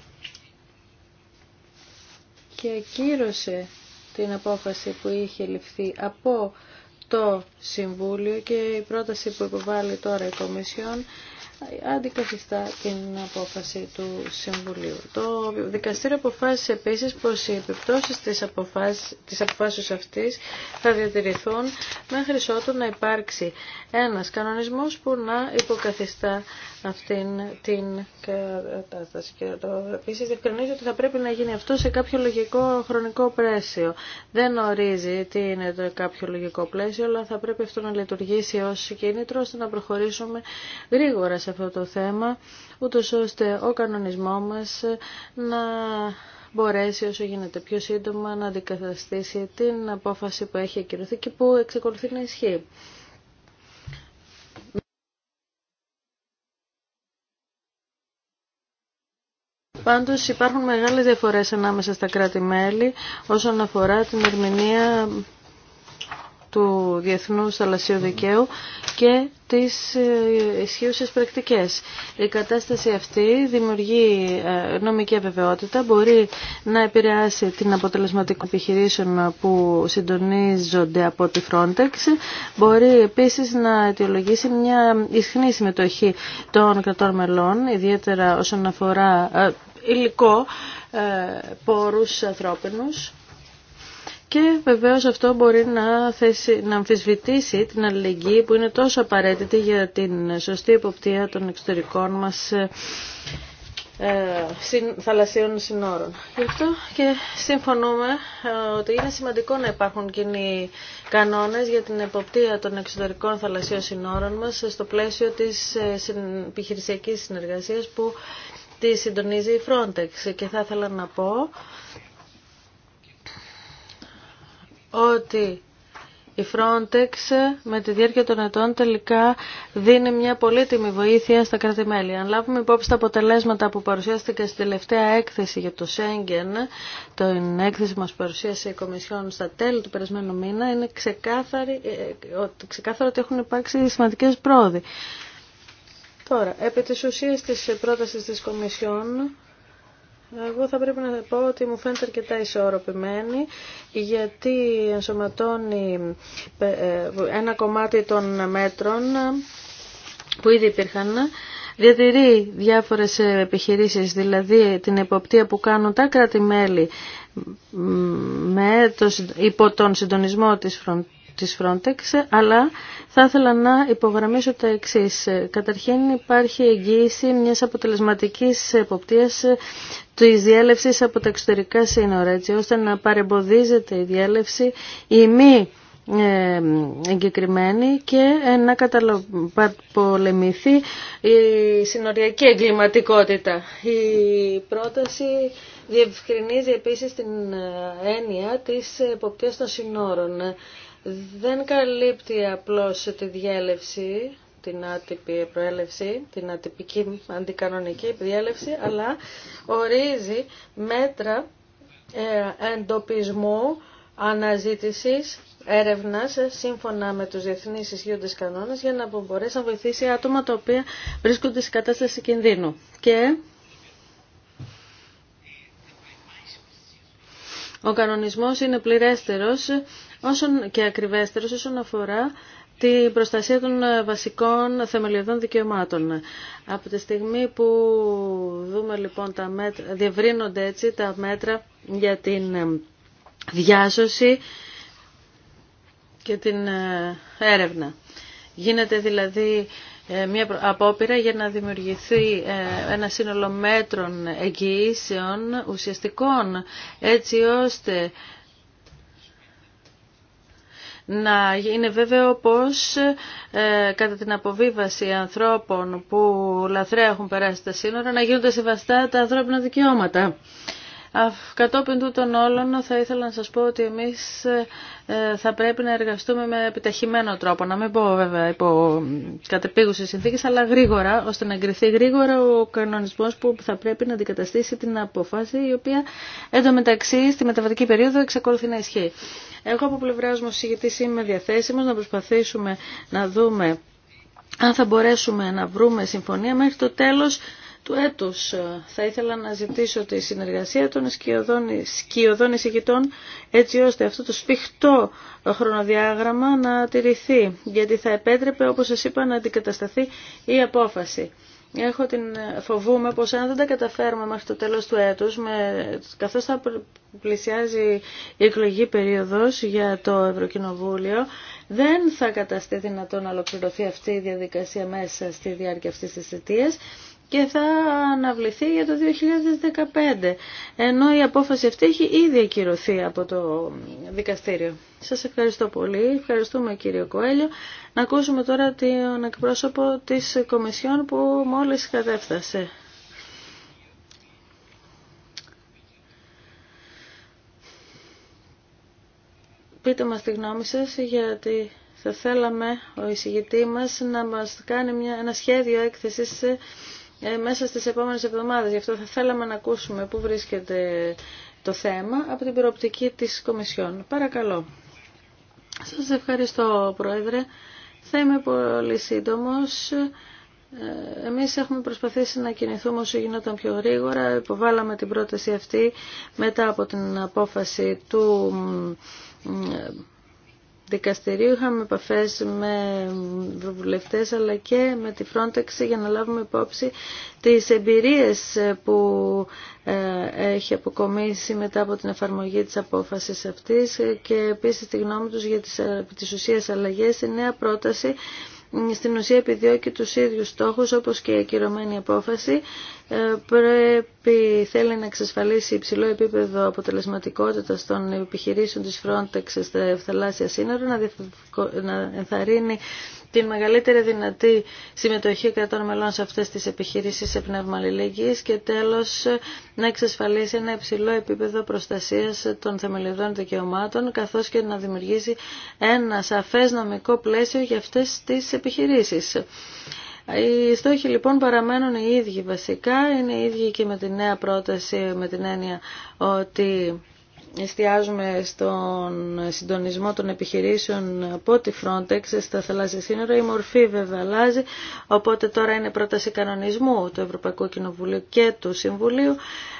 και ακύρωσε την απόφαση που είχε ληφθεί από το Συμβούλιο και η πρόταση που υποβάλλει τώρα η Κομισιόν αντικαθιστά την απόφαση του Συμβουλίου. Το δικαστήριο αποφάσισε επίσης πως οι επιπτώσεις της, αποφάσης, της αυτής θα διατηρηθούν μέχρι ότου να υπάρξει ένας κανονισμός που να υποκαθιστά αυτήν την κατάσταση. Και το επίσης διευκρινίζει ότι θα πρέπει να γίνει αυτό σε κάποιο λογικό χρονικό πλαίσιο. Δεν ορίζει τι είναι κάποιο λογικό πλαίσιο, αλλά θα πρέπει αυτό να λειτουργήσει ως κίνητρο ώστε να προχωρήσουμε γρήγορα σε αυτό το θέμα, ούτως ώστε ο κανονισμό μας να μπορέσει όσο γίνεται πιο σύντομα να αντικαταστήσει την απόφαση που έχει ακυρωθεί και που εξακολουθεί να ισχύει. Πάντως υπάρχουν μεγάλες διαφορές ανάμεσα στα κράτη-μέλη όσον αφορά την ερμηνεία του Διεθνούς Θαλασσίου Δικαίου και τις ε, ισχύουσες πρακτικές. Η κατάσταση αυτή δημιουργεί ε, νομική αβεβαιότητα, μπορεί να επηρεάσει την αποτελεσματικότητα επιχειρήσεων που συντονίζονται από τη Frontex, μπορεί επίσης να αιτιολογήσει μια ισχνή συμμετοχή των κρατών μελών, ιδιαίτερα όσον αφορά ε, υλικό, πόρους ανθρώπινους και βεβαίως αυτό μπορεί να, θέσει, να αμφισβητήσει την αλληλεγγύη που είναι τόσο απαραίτητη για την σωστή υποπτία των εξωτερικών μας ε, ε, θαλασσίων συνόρων. Γι' αυτό και συμφωνούμε ε, ότι είναι σημαντικό να υπάρχουν κοινοί κανόνες για την εποπτεία των εξωτερικών θαλασσίων συνόρων μας στο πλαίσιο της επιχειρησιακής συνεργασίας που τη συντονίζει η Frontex. Και θα ήθελα να πω ότι η Frontex με τη διάρκεια των ετών τελικά δίνει μια πολύτιμη βοήθεια στα κρατη Αν λάβουμε υπόψη τα αποτελέσματα που παρουσιάστηκε στη τελευταία έκθεση για το Σέγγεν, το έκθεση που μας παρουσίασε η Κομισιόν στα τέλη του περασμένου μήνα, είναι ε, ε, ξεκάθαρο ότι έχουν υπάρξει σημαντικές πρόοδοι. Τώρα, επί της ουσίας της πρότασης της Κομισιόν, εγώ θα πρέπει να πω ότι μου φαίνεται αρκετά ισορροπημένη γιατί ενσωματώνει ε, ε, ένα κομμάτι των μέτρων που ήδη υπήρχαν διατηρεί διάφορες επιχειρήσεις, δηλαδή την εποπτεία που κάνουν τα κράτη-μέλη με το, υπό τον συντονισμό της Frontex αλλά θα ήθελα να υπογραμμίσω τα εξής. Καταρχήν υπάρχει εγγύηση μιας αποτελεσματικής εποπτείας τη διέλευση από τα εξωτερικά σύνορα, έτσι ώστε να παρεμποδίζεται η διέλευση η μη ε, εγκεκριμένη και ε, να καταπολεμηθεί η συνοριακή εγκληματικότητα. Η πρόταση διευκρινίζει επίσης την ε, έννοια της εποπτείας των συνόρων. Δεν καλύπτει απλώς τη διέλευση την άτυπη προέλευση, την ατυπική αντικανονική διέλευση, αλλά ορίζει μέτρα ε, εντοπισμού αναζήτησης έρευνας ε, σύμφωνα με τους διεθνείς ισχύοντες κανόνες για να μπορέσει να βοηθήσει άτομα τα οποία βρίσκονται σε κατάσταση κινδύνου. Και ο κανονισμός είναι πληρέστερος όσον και ακριβέστερος όσον αφορά την προστασία των ε, βασικών θεμελιωδών δικαιωμάτων. Από τη στιγμή που δούμε λοιπόν τα μέτρα, διευρύνονται έτσι τα μέτρα για την ε, διάσωση και την ε, έρευνα. Γίνεται δηλαδή μια απόπειρα για να δημιουργηθεί ένα σύνολο μέτρων εγγυήσεων ουσιαστικών έτσι ώστε να είναι βέβαιο πως ε, κατά την αποβίβαση ανθρώπων που λαθρέα έχουν περάσει τα σύνορα να γίνονται σεβαστά τα ανθρώπινα δικαιώματα. Κατόπιν τούτων όλων θα ήθελα να σας πω ότι εμείς ε, ε, θα πρέπει να εργαστούμε με επιταχυμένο τρόπο, να μην πω βέβαια υπό κατεπίγουσες συνθήκες, αλλά γρήγορα, ώστε να εγκριθεί γρήγορα ο κανονισμός που θα πρέπει να αντικαταστήσει την απόφαση, η οποία εντωμεταξύ στη μεταβατική περίοδο εξακολουθεί να ισχύει. Εγώ από πλευρά μου συζητήσει είμαι διαθέσιμο, να προσπαθήσουμε να δούμε αν θα μπορέσουμε να βρούμε συμφωνία μέχρι το τέλος του έτους. Θα ήθελα να ζητήσω τη συνεργασία των σκιωδών εισηγητών έτσι ώστε αυτό το σφιχτό χρονοδιάγραμμα να τηρηθεί γιατί θα επέτρεπε όπως σας είπα να αντικατασταθεί η απόφαση. Έχω την φοβούμε πως αν δεν τα καταφέρουμε μέχρι το τέλος του έτους, με, καθώς θα πλησιάζει η εκλογική περίοδος για το Ευρωκοινοβούλιο, δεν θα καταστεί δυνατόν να ολοκληρωθεί αυτή η διαδικασία μέσα στη διάρκεια αυτής της θητείας και θα αναβληθεί για το 2015, ενώ η απόφαση αυτή έχει ήδη ακυρωθεί από το δικαστήριο. Σας ευχαριστώ πολύ, ευχαριστούμε κύριο Κοέλιο. Να ακούσουμε τώρα τον εκπρόσωπο της Κομισιόν που μόλις κατέφτασε. Πείτε μας τη γνώμη σας γιατί θα θέλαμε ο εισηγητή μας να μας κάνει μια, ένα σχέδιο έκθεσης ε, μέσα στις επόμενες εβδομάδες. Γι' αυτό θα θέλαμε να ακούσουμε πού βρίσκεται το θέμα από την προοπτική της Κομισιόν. Παρακαλώ. Σας ευχαριστώ, Πρόεδρε. Θα είμαι πολύ σύντομος. Ε, εμείς έχουμε προσπαθήσει να κινηθούμε όσο γινόταν πιο γρήγορα. Υποβάλαμε την πρόταση αυτή μετά από την απόφαση του ε, δικαστηρίου είχαμε επαφές με βουλευτές αλλά και με τη Frontex για να λάβουμε υπόψη τις εμπειρίες που ε, έχει αποκομίσει μετά από την εφαρμογή της απόφασης αυτής και επίσης τη γνώμη τους για τις, ε, τις ουσίες αλλαγές στη νέα πρόταση στην ουσία επιδιώκει τους ίδιους στόχους όπως και η ακυρωμένη απόφαση ε, πρέπει, θέλει να εξασφαλίσει υψηλό επίπεδο αποτελεσματικότητας των επιχειρήσεων της Frontex στα ευθαλάσσια σύνορα, να ενθαρρύνει την μεγαλύτερη δυνατή συμμετοχή κρατών μελών σε αυτές τις επιχειρήσεις σε πνεύμα αλληλεγγύης και τέλος να εξασφαλίσει ένα υψηλό επίπεδο προστασίας των θεμελιωδών δικαιωμάτων καθώς και να δημιουργήσει ένα σαφές νομικό πλαίσιο για αυτές τις επιχειρήσεις. Οι στόχοι λοιπόν παραμένουν οι ίδιοι βασικά, είναι οι ίδιοι και με τη νέα πρόταση με την έννοια ότι εστιάζουμε στον συντονισμό των επιχειρήσεων από τη Frontex στα θαλάσσια σύνορα. Η μορφή βέβαια αλλάζει, οπότε τώρα είναι πρόταση κανονισμού του Ευρωπαϊκού Κοινοβουλίου και του Συμβουλίου.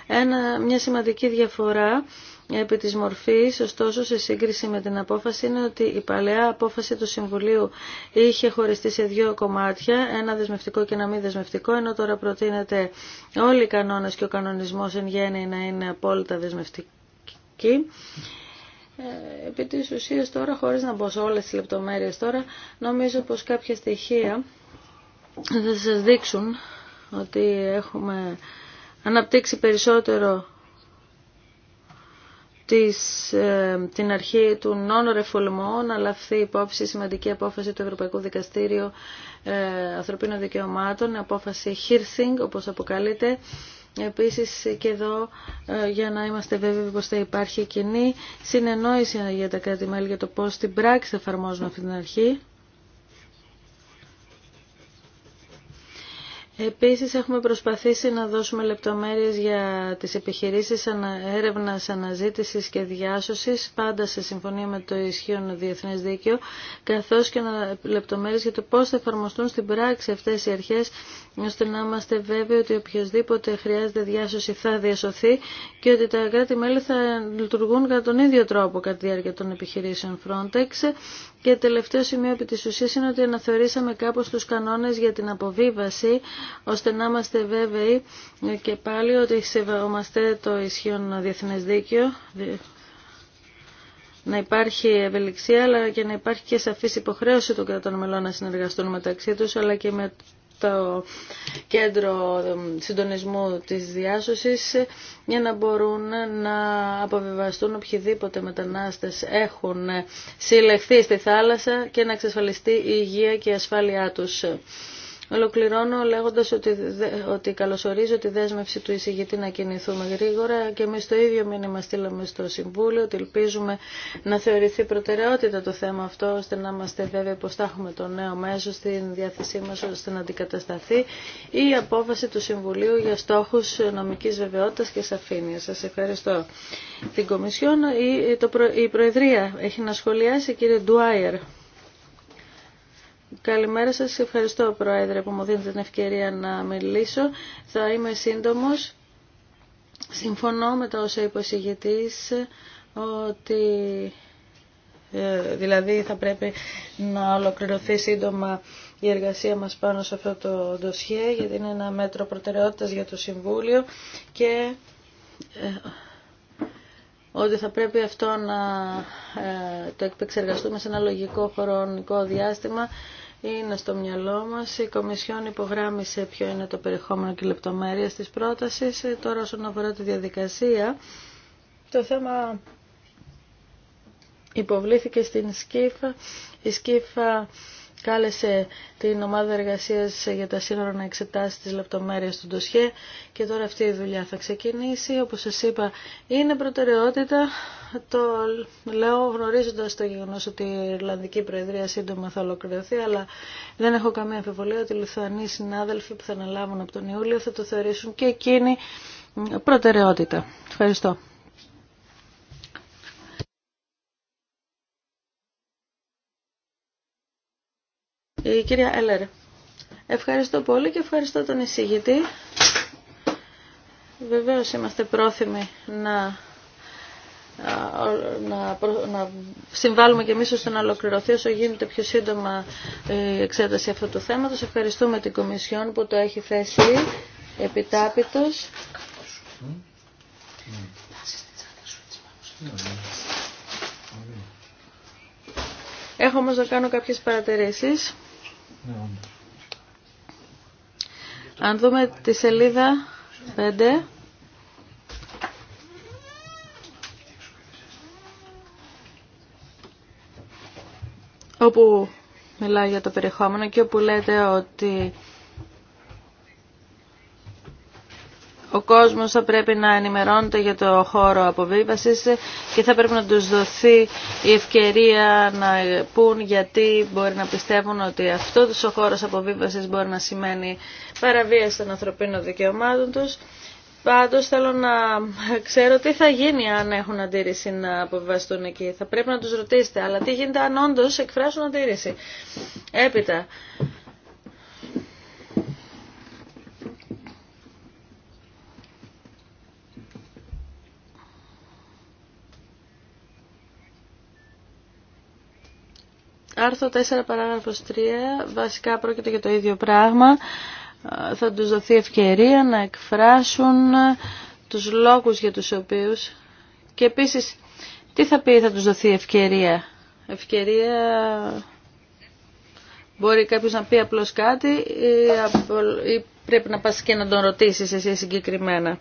Ένα, μια σημαντική διαφορά επί της μορφής, ωστόσο σε σύγκριση με την απόφαση είναι ότι η παλαιά απόφαση του Συμβουλίου είχε χωριστεί σε δύο κομμάτια, ένα δεσμευτικό και ένα μη δεσμευτικό, ενώ τώρα προτείνεται όλοι οι κανόνες και ο κανονισμός εν γέννη να είναι απόλυτα δεσμευτικοί ε, Επί της ουσίας τώρα, χωρίς να μπω σε όλες τις λεπτομέρειες τώρα, νομίζω πως κάποια στοιχεία θα σας δείξουν ότι έχουμε αναπτύξει περισσότερο ε, την αρχή του non refoulement να λαφθεί υπόψη σημαντική απόφαση του Ευρωπαϊκού Δικαστήριου ε, Ανθρωπίνων Δικαιωμάτων, απόφαση Hirsing όπως αποκαλείται, Επίσης και εδώ ε, για να είμαστε βέβαιοι πως θα υπάρχει κοινή συνεννόηση για τα κράτη-μέλη για το πώς στην πράξη θα εφαρμόζουν αυτή την αρχή. Επίσης έχουμε προσπαθήσει να δώσουμε λεπτομέρειες για τις επιχειρήσεις έρευνας, αναζήτησης και διάσωσης, πάντα σε συμφωνία με το ισχύον διεθνές δίκαιο, καθώς και λεπτομέρειες για το πώς θα εφαρμοστούν στην πράξη αυτές οι αρχές ώστε να είμαστε βέβαιοι ότι οποιοδήποτε χρειάζεται διάσωση θα διασωθεί και ότι τα κράτη-μέλη θα λειτουργούν κατά τον ίδιο τρόπο κατά τη διάρκεια των επιχειρήσεων Frontex. Και τελευταίο σημείο επί της ουσίας είναι ότι αναθεωρήσαμε κάπως τους κανόνες για την αποβίβαση, ώστε να είμαστε βέβαιοι και πάλι ότι σεβαγόμαστε το ισχύον διεθνές δίκαιο, να υπάρχει ευελιξία αλλά και να υπάρχει και σαφής υποχρέωση των κρατών μελών να συνεργαστούν μεταξύ τους αλλά και με στο κέντρο συντονισμού της διάσωσης για να μπορούν να αποβιβαστούν οποιοδήποτε μετανάστες έχουν συλλεχθεί στη θάλασσα και να εξασφαλιστεί η υγεία και η ασφάλειά τους. Ολοκληρώνω λέγοντας ότι, ότι καλωσορίζω τη δέσμευση του εισηγητή να κινηθούμε γρήγορα και εμείς το ίδιο μήνυμα στείλαμε στο Συμβούλιο ότι ελπίζουμε να θεωρηθεί προτεραιότητα το θέμα αυτό ώστε να είμαστε βέβαιοι πως θα έχουμε το νέο μέσο στην διάθεσή μας ώστε να αντικατασταθεί η απόφαση του Συμβουλίου για στόχους νομικής βεβαιότητας και σαφήνειας. Σας ευχαριστώ. Την Κομισιόν η, η Προεδρία έχει να σχολιάσει κύριε Ντουάιερ. Καλημέρα σας. Ευχαριστώ, Πρόεδρε, που μου δίνετε την ευκαιρία να μιλήσω. Θα είμαι σύντομος. Συμφωνώ με το όσο είπε ο ότι ε, δηλαδή θα πρέπει να ολοκληρωθεί σύντομα η εργασία μας πάνω σε αυτό το ντοσιέ, γιατί είναι ένα μέτρο προτεραιότητας για το Συμβούλιο και ε, ότι θα πρέπει αυτό να ε, το επεξεργαστούμε σε ένα λογικό χρονικό διάστημα είναι στο μυαλό μας. Η Κομισιόν υπογράμμισε ποιο είναι το περιεχόμενο και λεπτομέρειε της πρότασης. Ε, τώρα όσον αφορά τη διαδικασία, το θέμα υποβλήθηκε στην ΣΚΙΦΑ. Η ΣΚΙΦΑ κάλεσε την ομάδα εργασίας για τα σύνορα να εξετάσει τις λεπτομέρειες του ντοσιέ και τώρα αυτή η δουλειά θα ξεκινήσει. Όπως σας είπα, είναι προτεραιότητα. Το λέω γνωρίζοντα το γεγονό ότι η Ιρλανδική Προεδρία σύντομα θα ολοκληρωθεί, αλλά δεν έχω καμία αμφιβολία ότι οι Λιθουανοί συνάδελφοι που θα αναλάβουν από τον Ιούλιο θα το θεωρήσουν και εκείνοι προτεραιότητα. Ευχαριστώ. Η ε, κυρία Έλερ. Ευχαριστώ πολύ και ευχαριστώ τον εισηγητή. Βεβαίως είμαστε πρόθυμοι να να, να συμβάλλουμε και εμείς ώστε να ολοκληρωθεί όσο γίνεται πιο σύντομα ε, η εξέταση αυτού του θέματος. Ευχαριστούμε την Κομισιόν που το έχει θέσει επιτάπητος. Έχω όμως να κάνω κάποιες παρατηρήσεις. Ναι, Αν δούμε τη σελίδα 5... όπου μιλάει για το περιεχόμενο και όπου λέτε ότι Ο κόσμος θα πρέπει να ενημερώνεται για το χώρο αποβίβασης και θα πρέπει να τους δοθεί η ευκαιρία να πούν γιατί μπορεί να πιστεύουν ότι αυτό ο χώρος αποβίβασης μπορεί να σημαίνει παραβίαση των ανθρωπίνων δικαιωμάτων τους. Πάντως θέλω να ξέρω τι θα γίνει αν έχουν αντίρρηση να αποβιβαστούν εκεί. Θα πρέπει να τους ρωτήσετε, αλλά τι γίνεται αν όντω εκφράσουν αντίρρηση. Έπειτα, Άρθρο 4 παράγραφος 3 βασικά πρόκειται για το ίδιο πράγμα. Ε, θα τους δοθεί ευκαιρία να εκφράσουν ε, τους λόγους για τους οποίους και επίσης τι θα πει θα τους δοθεί ευκαιρία. Ευκαιρία μπορεί κάποιος να πει απλώς κάτι ή πρέπει να πας και να τον ρωτήσεις εσύ συγκεκριμένα.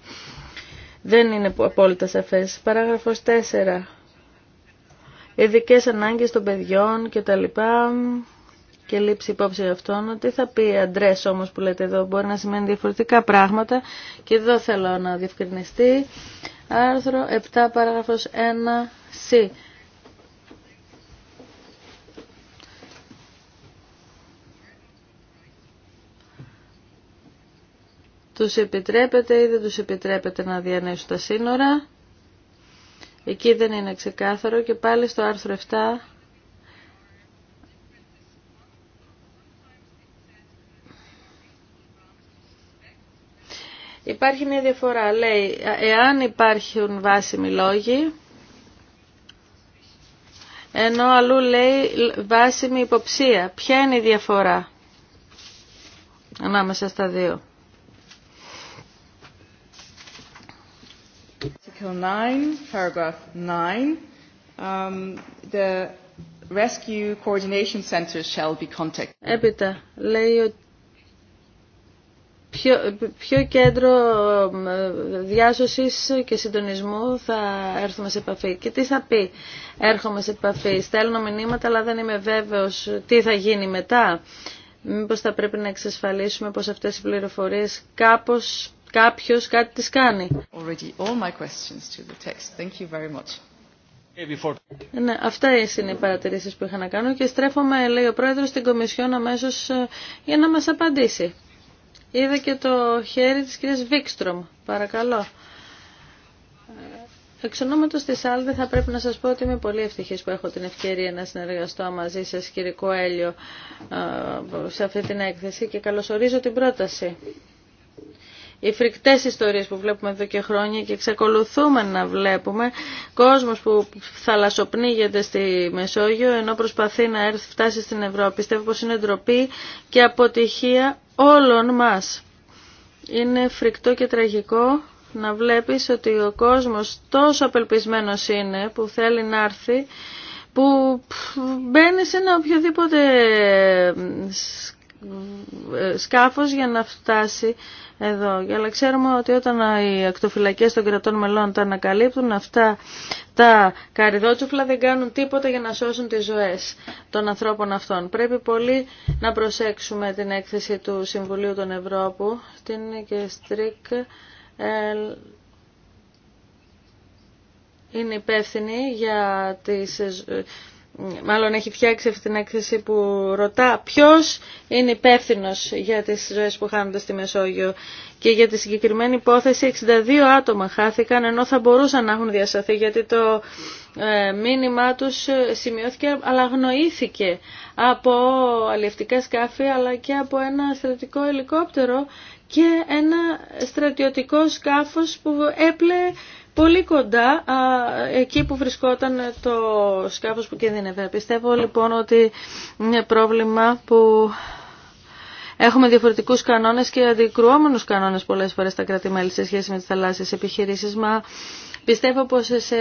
Δεν είναι απόλυτα σαφές. Παράγραφος 4 ειδικέ ανάγκες των παιδιών κτλ. Και λήψη υπόψη αυτών, τι θα πει αντρέ όμως που λέτε εδώ, μπορεί να σημαίνει διαφορετικά πράγματα και εδώ θέλω να διευκρινιστεί. Άρθρο 7 παράγραφος 1 C. Τους επιτρέπεται ή δεν τους επιτρέπεται να διανέσουν τα σύνορα. Εκεί δεν είναι ξεκάθαρο και πάλι στο άρθρο 7 Υπάρχει μια διαφορά. Λέει, εάν υπάρχουν βάσιμοι λόγοι, ενώ αλλού λέει βάσιμη υποψία. Ποια είναι η διαφορά ανάμεσα στα δύο. Article 9, paragraph 9, um, the rescue coordination shall be contacted. Έπειτα λέει ότι Ποιο, ποιο κέντρο διάσωσης και συντονισμού θα έρθουμε σε επαφή. Και τι θα πει έρχομαι σε επαφή. Στέλνω μηνύματα αλλά δεν είμαι βέβαιος τι θα γίνει μετά. Μήπως θα πρέπει να εξασφαλίσουμε πως αυτές οι πληροφορίες κάπως κάποιος κάτι της κάνει. Ναι, αυτά είναι οι παρατηρήσεις που είχα να κάνω και στρέφομαι, λέει ο Πρόεδρος, στην Κομισιόν αμέσω ε, για να μας απαντήσει. Είδα και το χέρι της κυρίας Βίκστρομ. Παρακαλώ. Ε, εξ ονόματο τη Άλδη θα πρέπει να σας πω ότι είμαι πολύ ευτυχής που έχω την ευκαιρία να συνεργαστώ μαζί σας κύριε έλιο ε, σε αυτή την έκθεση και καλωσορίζω την πρόταση οι φρικτές ιστορίες που βλέπουμε εδώ και χρόνια και εξακολουθούμε να βλέπουμε κόσμος που θαλασσοπνίγεται στη Μεσόγειο ενώ προσπαθεί να έρθει, φτάσει στην Ευρώπη. Πιστεύω πως είναι ντροπή και αποτυχία όλων μας. Είναι φρικτό και τραγικό να βλέπεις ότι ο κόσμος τόσο απελπισμένος είναι που θέλει να έρθει που μπαίνει σε ένα οποιοδήποτε σκάφος για να φτάσει εδώ. Αλλά ξέρουμε ότι όταν οι ακτοφυλακές των κρατών μελών τα ανακαλύπτουν, αυτά τα καριδότσουφλα δεν κάνουν τίποτα για να σώσουν τις ζωές των ανθρώπων αυτών. Πρέπει πολύ να προσέξουμε την έκθεση του Συμβουλίου των Ευρώπου, την και Στρίκ, είναι υπεύθυνη για τις μάλλον έχει φτιάξει αυτή την έκθεση που ρωτά ποιος είναι υπεύθυνο για τις ζωές που χάνονται στη Μεσόγειο και για τη συγκεκριμένη υπόθεση 62 άτομα χάθηκαν ενώ θα μπορούσαν να έχουν διασταθεί γιατί το ε, μήνυμά τους σημειώθηκε αλλά αγνοήθηκε από αλλιευτικά σκάφη αλλά και από ένα στρατικό ελικόπτερο και ένα στρατιωτικό σκάφος που έπλεε πολύ κοντά εκεί που βρισκόταν το σκάφος που κινδύνευε. Πιστεύω λοιπόν ότι είναι πρόβλημα που Έχουμε διαφορετικούς κανόνες και αντικρουόμενου κανόνες πολλές φορές στα κράτη-μέλη σε σχέση με τι θαλάσσιες επιχειρήσεις. Μα πιστεύω πως σε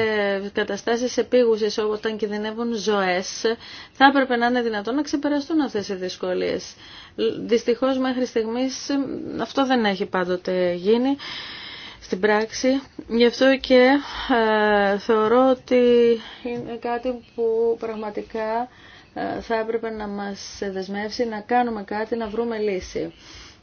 καταστάσει επίγουσε όταν κινδυνεύουν ζωές θα έπρεπε να είναι δυνατόν να ξεπεραστούν αυτές οι δυσκολίες. Δυστυχώς μέχρι στιγμή αυτό δεν έχει πάντοτε γίνει στην πράξη. Γι' αυτό και ε, θεωρώ ότι είναι κάτι που πραγματικά ε, θα έπρεπε να μας δεσμεύσει να κάνουμε κάτι, να βρούμε λύση.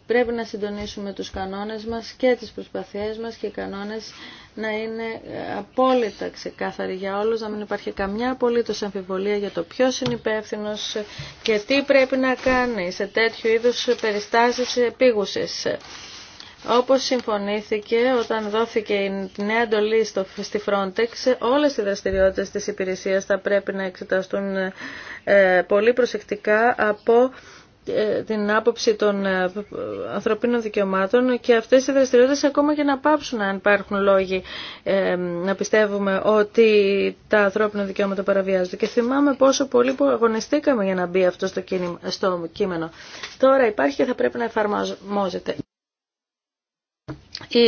Πρέπει να συντονίσουμε τους κανόνες μας και τις προσπαθίες μας και οι κανόνες να είναι ε, απόλυτα ξεκάθαροι για όλους, να μην υπάρχει καμιά απολύτως αμφιβολία για το ποιος είναι υπεύθυνο και τι πρέπει να κάνει σε τέτοιου είδους περιστάσεις επίγουσες. Όπως συμφωνήθηκε όταν δόθηκε η νέα εντολή στο, στη Frontex, όλες οι δραστηριότητες της υπηρεσίας θα πρέπει να εξεταστούν ε, πολύ προσεκτικά από ε, την άποψη των ε, ανθρωπίνων δικαιωμάτων και αυτές οι δραστηριότητες ακόμα και να πάψουν αν υπάρχουν λόγοι να πιστεύουμε ότι τα ανθρώπινα δικαιώματα παραβιάζονται. Και θυμάμαι πόσο πολύ που αγωνιστήκαμε για να μπει αυτό στο, κείμενο. Τώρα υπάρχει και θα πρέπει να εφαρμόζεται η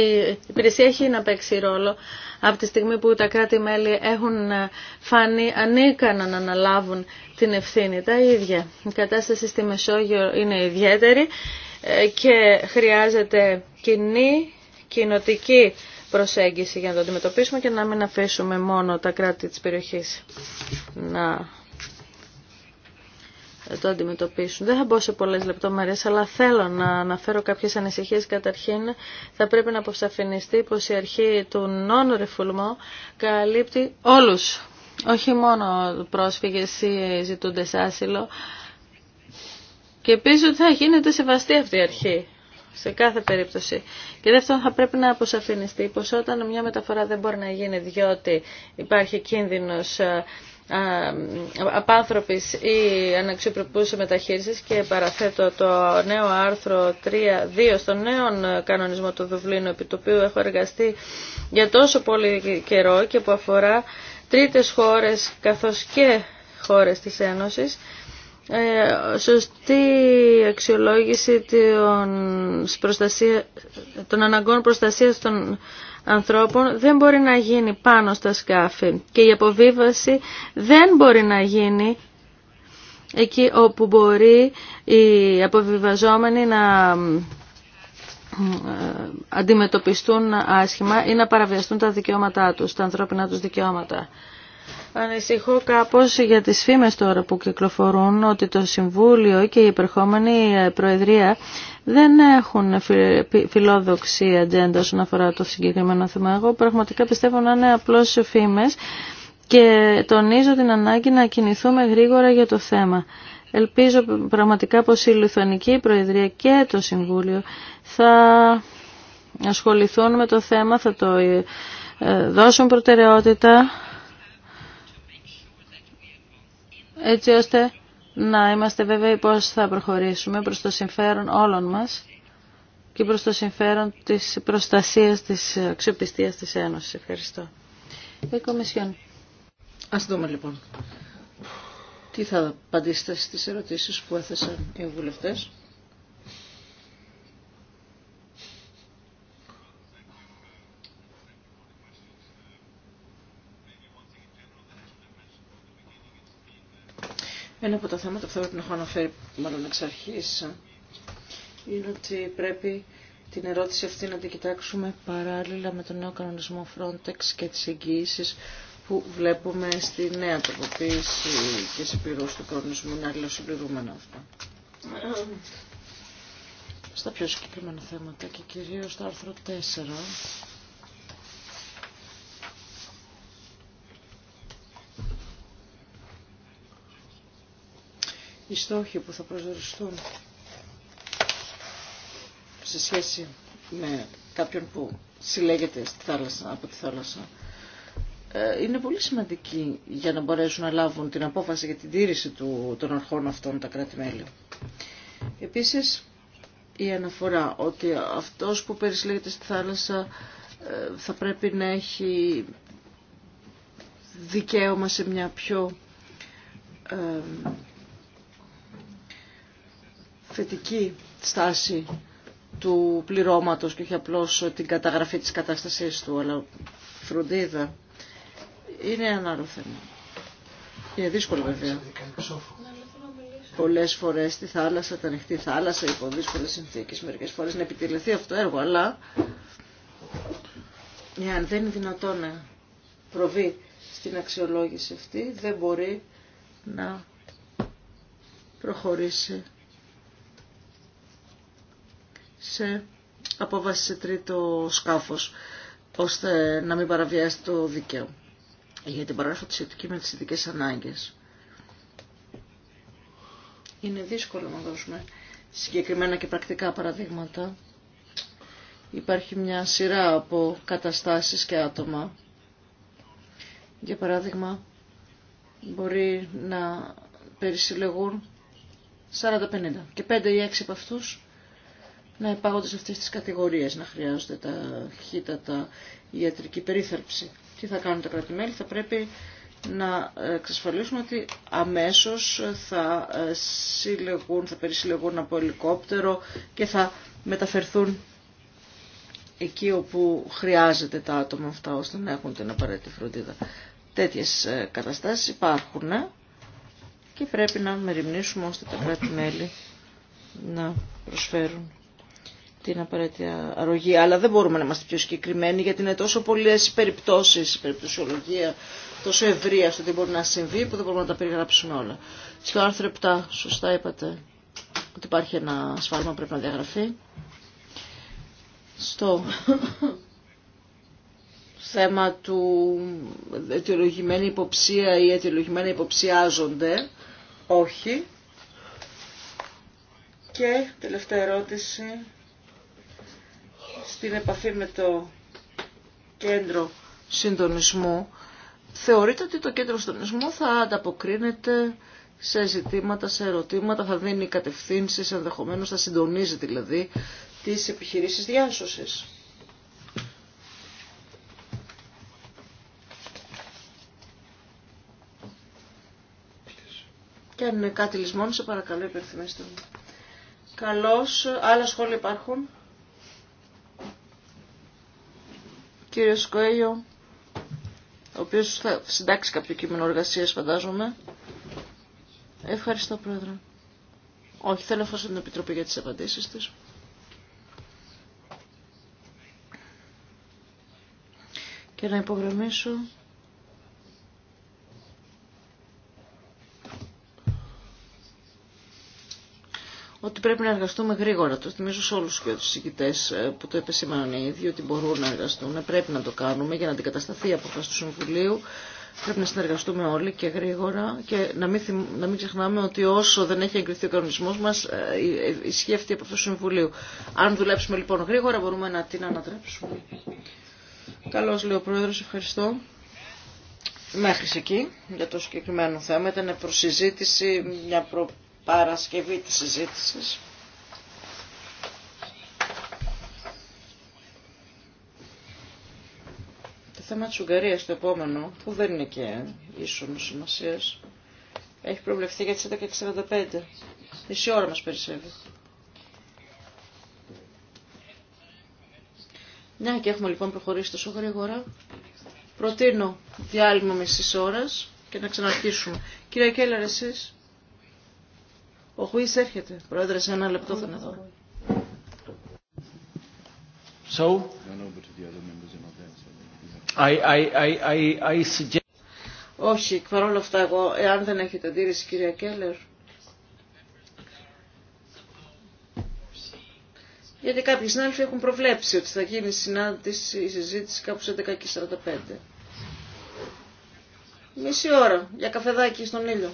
υπηρεσία έχει να παίξει ρόλο από τη στιγμή που τα κράτη-μέλη έχουν φανεί ανίκανα να αναλάβουν την ευθύνη τα ίδια. Η κατάσταση στη Μεσόγειο είναι ιδιαίτερη ε, και χρειάζεται κοινή, κοινοτική προσέγγιση για να το αντιμετωπίσουμε και να μην αφήσουμε μόνο τα κράτη της περιοχής να το αντιμετωπίσουν. Δεν θα μπω σε πολλές λεπτομέρειες, αλλά θέλω να αναφέρω κάποιες ανησυχίες. Καταρχήν, θα πρέπει να αποσαφινιστεί πως η αρχή του non-refoulement καλύπτει όλους, όχι μόνο πρόσφυγες ή ζητούντες άσυλο. Και επίσης ότι θα γίνεται σεβαστή αυτή η αρχή σε κάθε περίπτωση. Και δεύτερον θα πρέπει να αποσαφινιστεί πως όταν μια μεταφορά δεν μπορεί να γίνει διότι υπάρχει κίνδυνος απάνθρωπης ή αναξιοπρεπούς μεταχείρισης και παραθέτω το νέο άρθρο 3.2 στον νέο κανονισμό του Δουβλίνου επί του οποίου έχω εργαστεί για τόσο πολύ καιρό και που αφορά τρίτες χώρες καθώς και χώρες της Ένωσης ε, σωστή αξιολόγηση των, προστασία, των αναγκών προστασίας των ανθρώπων δεν μπορεί να γίνει πάνω στα σκάφη και η αποβίβαση δεν μπορεί να γίνει εκεί όπου μπορεί οι αποβιβαζόμενοι να ε, αντιμετωπιστούν άσχημα ή να παραβιαστούν τα δικαιώματά τους, τα ανθρώπινα τους δικαιώματα. Ανησυχώ κάπως για τις φήμες τώρα που κυκλοφορούν ότι το Συμβούλιο και η υπερχόμενη ε, Προεδρία δεν έχουν φιλόδοξη ατζέντα όσον αφορά το συγκεκριμένο θέμα. Εγώ πραγματικά πιστεύω να είναι απλώς φήμες και τονίζω την ανάγκη να κινηθούμε γρήγορα για το θέμα. Ελπίζω πραγματικά πως η Λιθουανική Προεδρία και το Συμβούλιο θα ασχοληθούν με το θέμα, θα το ε, δώσουν προτεραιότητα έτσι ώστε να είμαστε βέβαιοι πώς θα προχωρήσουμε προς το συμφέρον όλων μας και προς το συμφέρον της προστασίας της αξιοπιστίας της Ένωσης. Ευχαριστώ. Η Ας δούμε λοιπόν. Τι θα απαντήσετε στις ερωτήσεις που έθεσαν οι βουλευτές. Ένα από τα θέματα που θα να έχω αναφέρει μάλλον εξ αρχή είναι ότι πρέπει την ερώτηση αυτή να την κοιτάξουμε παράλληλα με τον νέο κανονισμό Frontex και τις εγγυήσεις που βλέπουμε στη νέα τροποποίηση και σε συμπληρώση του κανονισμού είναι συμπληρούμενο αυτά. Στα πιο συγκεκριμένα θέματα και κυρίως στο άρθρο 4 οι στόχοι που θα προσδοριστούν σε σχέση με κάποιον που συλλέγεται στη θάλασσα, από τη θάλασσα ε, είναι πολύ σημαντική για να μπορέσουν να λάβουν την απόφαση για την τήρηση του, των αρχών αυτών τα κράτη-μέλη. Επίσης, η αναφορά ότι αυτός που περισλέγεται στη θάλασσα ε, θα πρέπει να έχει δικαίωμα σε μια πιο ε, θετική στάση του πληρώματος και όχι απλώς την καταγραφή της κατάστασής του, αλλά φροντίδα. Είναι ένα άλλο θέμα. Είναι δύσκολο βέβαια. Πολλές φορές στη θάλασσα, τα ανοιχτή θάλασσα, υπό δύσκολε συνθήκες, μερικές φορές να επιτελεθεί αυτό το έργο, αλλά εάν δεν είναι δυνατόν να προβεί στην αξιολόγηση αυτή, δεν μπορεί να προχωρήσει σε απόβαση σε τρίτο σκάφος, ώστε να μην παραβιάσει το δίκαιο. Για την παράγραφο τη με τις ειδικές ανάγκες. Είναι δύσκολο να δώσουμε συγκεκριμένα και πρακτικά παραδείγματα. Υπάρχει μια σειρά από καταστάσεις και άτομα. Για παράδειγμα, μπορεί να περισυλλεγούν 40-50 και 5 ή 6 από αυτούς να υπάγονται σε αυτές τις κατηγορίες, να χρειάζονται τα χύτατα ιατρική περίθαλψη. Τι θα κάνουν τα κρατημέλη, θα πρέπει να εξασφαλίσουμε ότι αμέσως θα ε, συλλεγούν, θα περισυλλεγούν από ελικόπτερο και θα μεταφερθούν εκεί όπου χρειάζεται τα άτομα αυτά ώστε να έχουν την απαραίτητη φροντίδα. Τέτοιες ε, καταστάσεις υπάρχουν και πρέπει να μεριμνήσουμε ώστε τα κράτη-μέλη να προσφέρουν την απαραίτητη αρρωγή. Αλλά δεν μπορούμε να είμαστε πιο συγκεκριμένοι γιατί είναι τόσο πολλέ οι περιπτώσει, η περιπτωσιολογία τόσο ευρεία στο τι μπορεί να συμβεί που δεν μπορούμε να τα περιγράψουμε όλα. Στο άρθρο 7, σωστά είπατε ότι υπάρχει ένα σφάλμα που πρέπει να διαγραφεί. Στο θέμα του αιτιολογημένη υποψία ή αιτιολογημένα υποψιάζονται, όχι. Και τελευταία ερώτηση στην επαφή με το κέντρο συντονισμού, θεωρείτε ότι το κέντρο συντονισμού θα ανταποκρίνεται σε ζητήματα, σε ερωτήματα, θα δίνει κατευθύνσεις, ενδεχομένως θα συντονίζει δηλαδή τις επιχειρήσεις διάσωσης. Και αν είναι κάτι λησμόνι, σε παρακαλώ υπερθυμίστε μου. Καλώς. Άλλα σχόλια υπάρχουν. Κύριε Κοέλιο, ο οποίος θα συντάξει κάποιο κείμενο εργασίας φαντάζομαι. Ευχαριστώ πρόεδρε. Όχι, θέλω να την Επιτροπή για τις απαντήσεις της. Και να υπογραμμίσω ότι πρέπει να εργαστούμε γρήγορα. Το θυμίζω σε όλους και τους συγκητές ε, που το επεσήμαναν οι ίδιοι ότι μπορούν να εργαστούν, πρέπει να το κάνουμε για να αντικατασταθεί η αποφάση του Συμβουλίου. Πρέπει να συνεργαστούμε όλοι και γρήγορα και να μην, να μην ξεχνάμε ότι όσο δεν έχει εγκριθεί ο κανονισμός μας ε, ε, ισχύει αυτή η αποφάση του Συμβουλίου. Αν δουλέψουμε λοιπόν γρήγορα μπορούμε να την ανατρέψουμε. Καλώς λέει ο Πρόεδρος, ευχαριστώ. Μέχρι εκεί για το συγκεκριμένο θέμα ήταν προσυζήτηση, μια προ Παρασκευή της συζήτηση. Το θέμα της Ουγγαρίας το επόμενο, που δεν είναι και ίσον σημασία, έχει προβλεφθεί για τις 11.45. Μισή ώρα μας περισσεύει. Ναι, και έχουμε λοιπόν προχωρήσει τόσο γρήγορα. Προτείνω διάλειμμα μισή ώρα και να ξαναρχίσουμε. Κυρία Κέλλαρ, εσείς. Ο Χουίς έρχεται. Πρόεδρε, σε ένα λεπτό θα είναι εδώ. Όχι, παρόλα αυτά, εγώ, εάν δεν έχετε αντίρρηση, κυρία Κέλλερ. Γιατί κάποιοι συνάδελφοι έχουν προβλέψει ότι θα γίνει συνάντηση, η συζήτηση κάπου σε 11.45. Μισή ώρα για καφεδάκι στον ήλιο.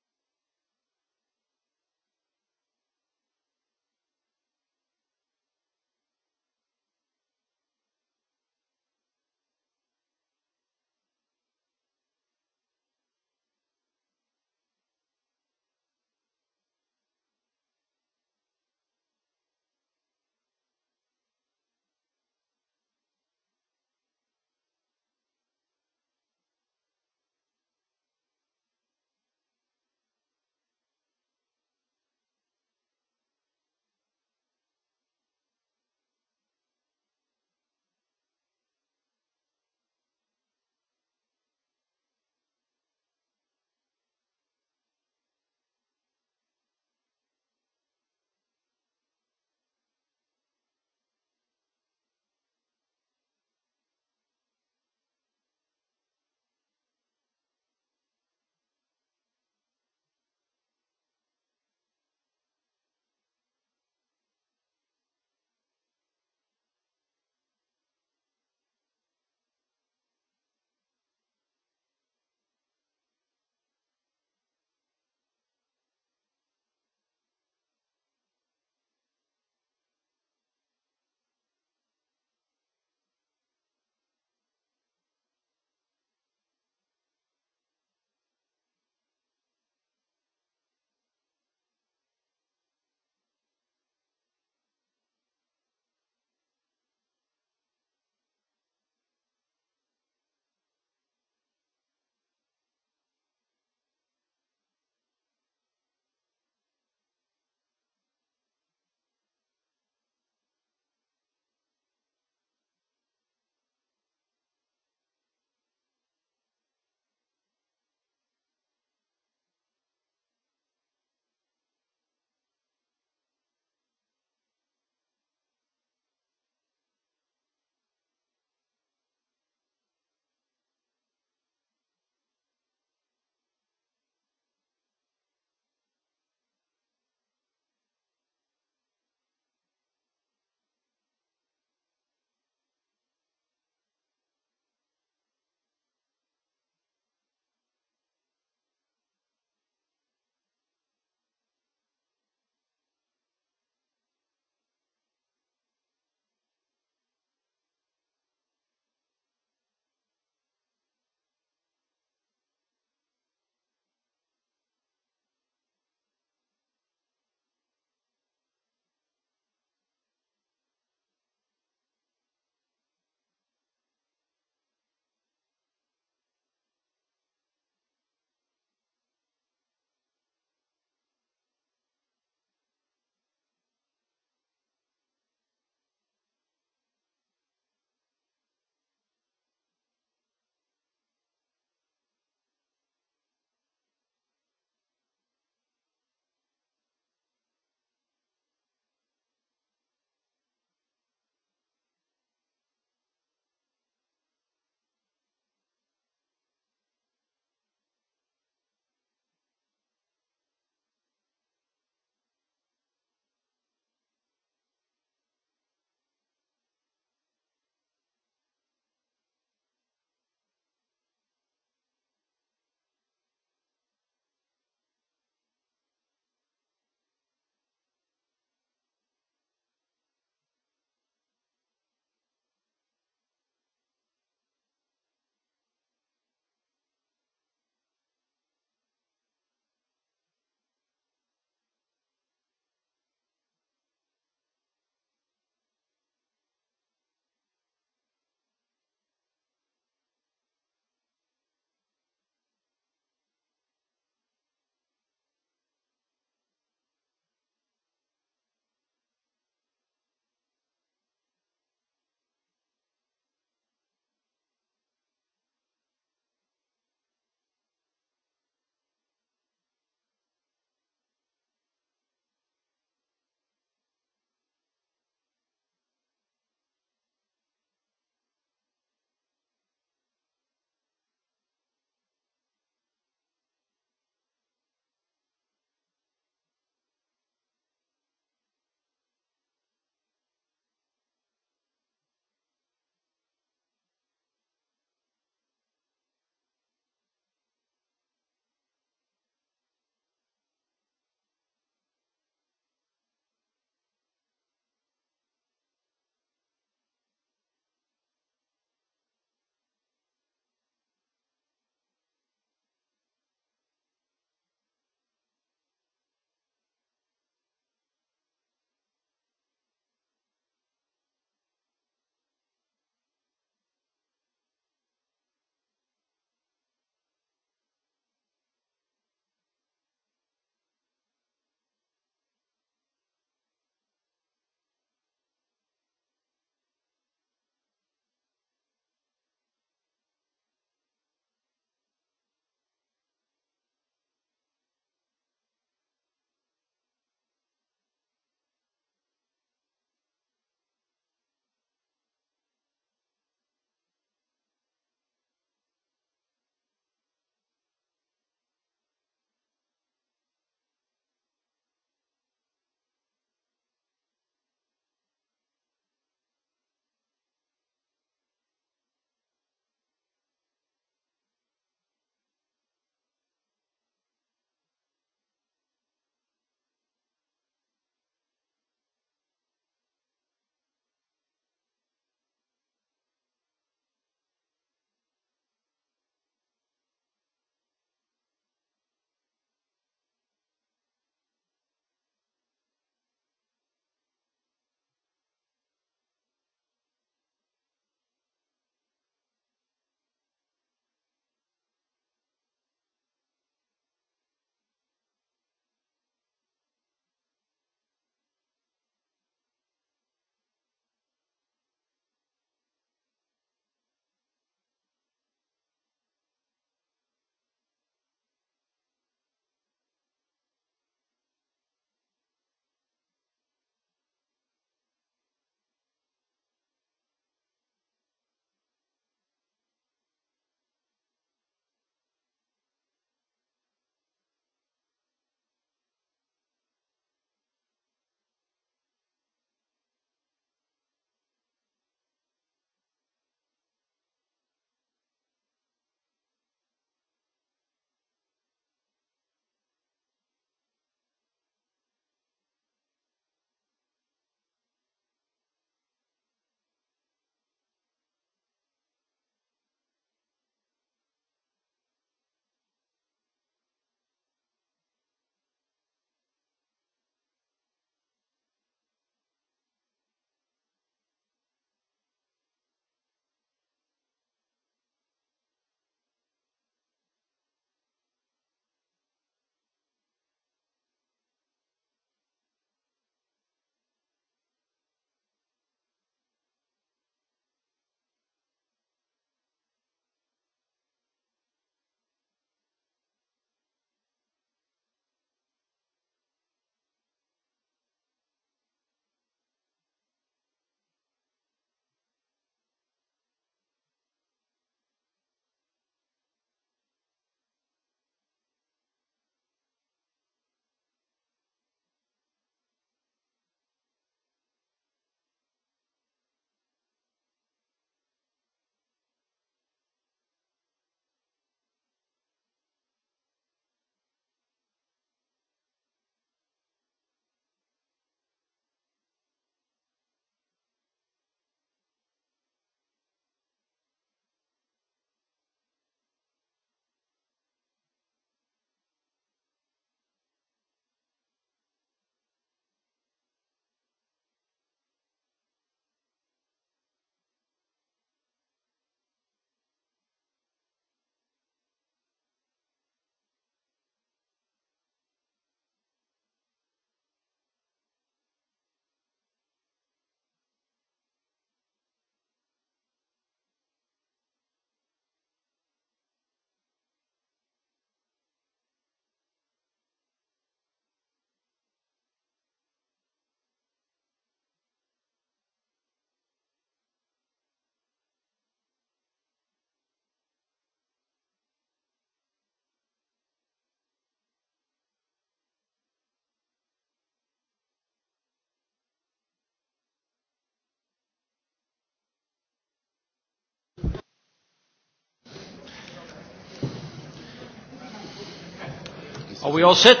Are we all set?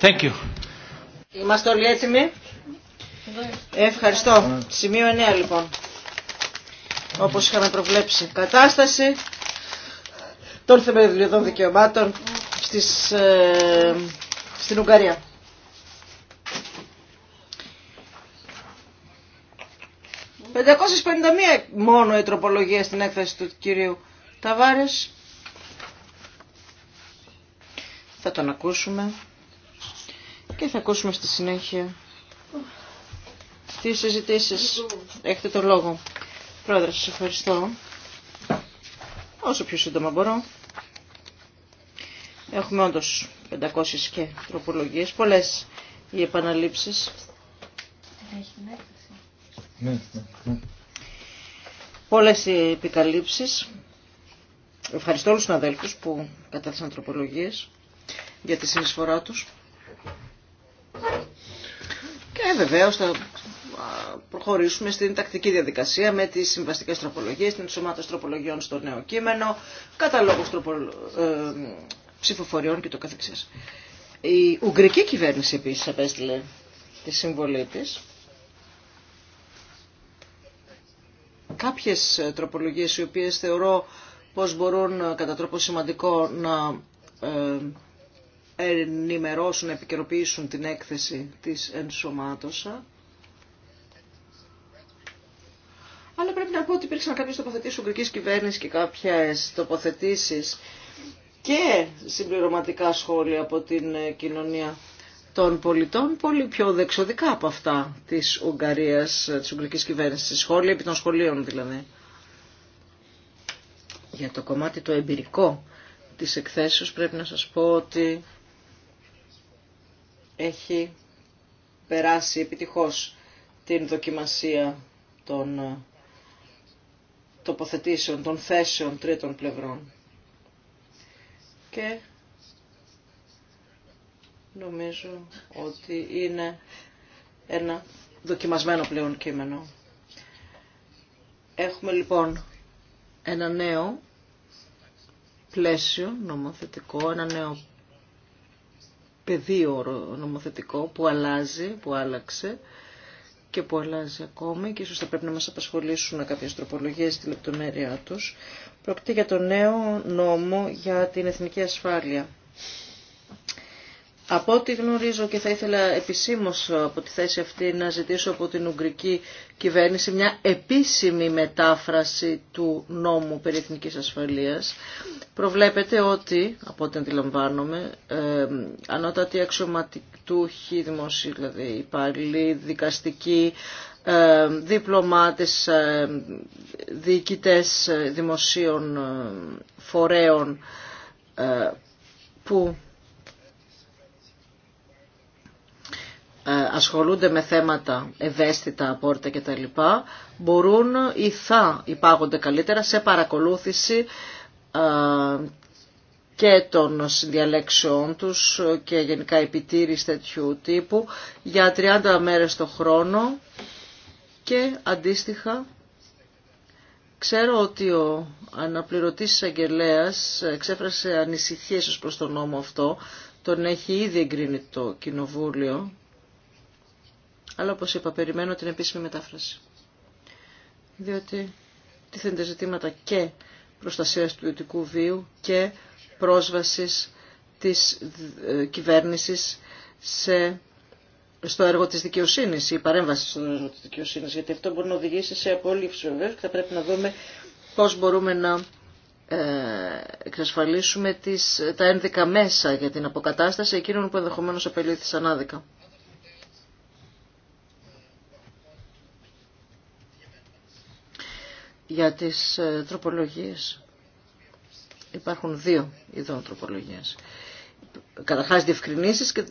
Thank you. Είμαστε όλοι έτοιμοι. Ευχαριστώ. Σημείο 9 λοιπόν. Όπως είχαμε προβλέψει. Κατάσταση των θεμελιωδών δικαιωμάτων στις, ε, στην Ουγγαρία. «551 μόνο οι τροπολογίες στην έκθεση του κυρίου Ταβάρες. θα τον ακούσουμε και θα ακούσουμε στη συνέχεια τις συζητήσεις. Έχετε το λόγο. Πρόεδρε, σας ευχαριστώ. Όσο πιο σύντομα μπορώ. Έχουμε όντως 500 και τροπολογίες, πολλές οι επαναλήψεις. Πολλέ ναι, ναι, ναι. Πολλές οι επικαλύψεις. Ευχαριστώ όλους τους αδέλφου που κατέθεσαν τροπολογίες για τη συνεισφορά τους. Και βεβαίως θα προχωρήσουμε στην τακτική διαδικασία με τις συμβαστικές τροπολογίες, την σωμάτωση τροπολογιών στο νέο κείμενο, καταλόγους ε, ψηφοφοριών και το καθεξής. Η Ουγγρική κυβέρνηση επίσης απέστειλε τη συμβολή της. Κάποιες τροπολογίες οι οποίες θεωρώ πως μπορούν ε, κατά τρόπο σημαντικό να ε, ενημερώσουν, να επικαιροποιήσουν την έκθεση της ενσωμάτωσα. Αλλά πρέπει να πω ότι υπήρξαν κάποιες τοποθετήσεις ουγγρικής κυβέρνηση και κάποιες τοποθετήσεις και συμπληρωματικά σχόλια από την κοινωνία των πολιτών, πολύ πιο δεξοδικά από αυτά της Ουγγαρίας, της Ουγγρικής κυβέρνησης, σχόλια επί των σχολείων δηλαδή. Για το κομμάτι το εμπειρικό της εκθέσεως πρέπει να σας πω ότι έχει περάσει επιτυχώς την δοκιμασία των ε, τοποθετήσεων, των θέσεων τρίτων πλευρών. Και νομίζω ότι είναι ένα δοκιμασμένο πλέον κείμενο. Έχουμε λοιπόν ένα νέο πλαίσιο νομοθετικό, ένα νέο πεδίο νομοθετικό που αλλάζει, που άλλαξε και που αλλάζει ακόμη και ίσως θα πρέπει να μας απασχολήσουν κάποιες τροπολογίες στη λεπτομέρειά τους. Πρόκειται για το νέο νόμο για την εθνική ασφάλεια. Από ό,τι γνωρίζω και θα ήθελα επισήμως από τη θέση αυτή να ζητήσω από την Ουγγρική κυβέρνηση μια επίσημη μετάφραση του νόμου περί εθνικής ασφαλείας. Προβλέπετε ότι, από ό,τι αντιλαμβάνομαι, ε, ανώτατοι αξιωματικτούχοι, δημοσίοι, δηλαδή υπάλληλοι, δικαστικοί, ε, διπλωμάτες, ε, διοικητές ε, δημοσίων ε, φορέων ε, που Ε, ασχολούνται με θέματα ευαίσθητα, τα κτλ. μπορούν ή θα υπάγονται καλύτερα σε παρακολούθηση ε, και των συνδιαλέξεών τους και γενικά επιτήρηση τέτοιου τύπου για 30 μέρες το χρόνο και αντίστοιχα ξέρω ότι ο αναπληρωτής εισαγγελέα εξέφρασε ανησυχίες προς τον νόμο αυτό τον έχει ήδη εγκρίνει το Κοινοβούλιο αλλά όπως είπα, περιμένω την επίσημη μετάφραση. Διότι τίθενται ζητήματα και προστασίας του ιδιωτικού βίου και πρόσβασης της ε, κυβέρνησης σε στο έργο της δικαιοσύνης, η παρέμβαση στο έργο της δικαιοσύνης, γιατί αυτό μπορεί να οδηγήσει σε απόλυψη βεβαίως και θα πρέπει να δούμε πώς μπορούμε να ε, εξασφαλίσουμε τις, τα ένδικα μέσα για την αποκατάσταση εκείνων που ενδεχομένως απελήθησαν άδικα. για τις ε, τροπολογίες. Υπάρχουν δύο ειδών τροπολογίες. Καταρχάς διευκρινήσεις και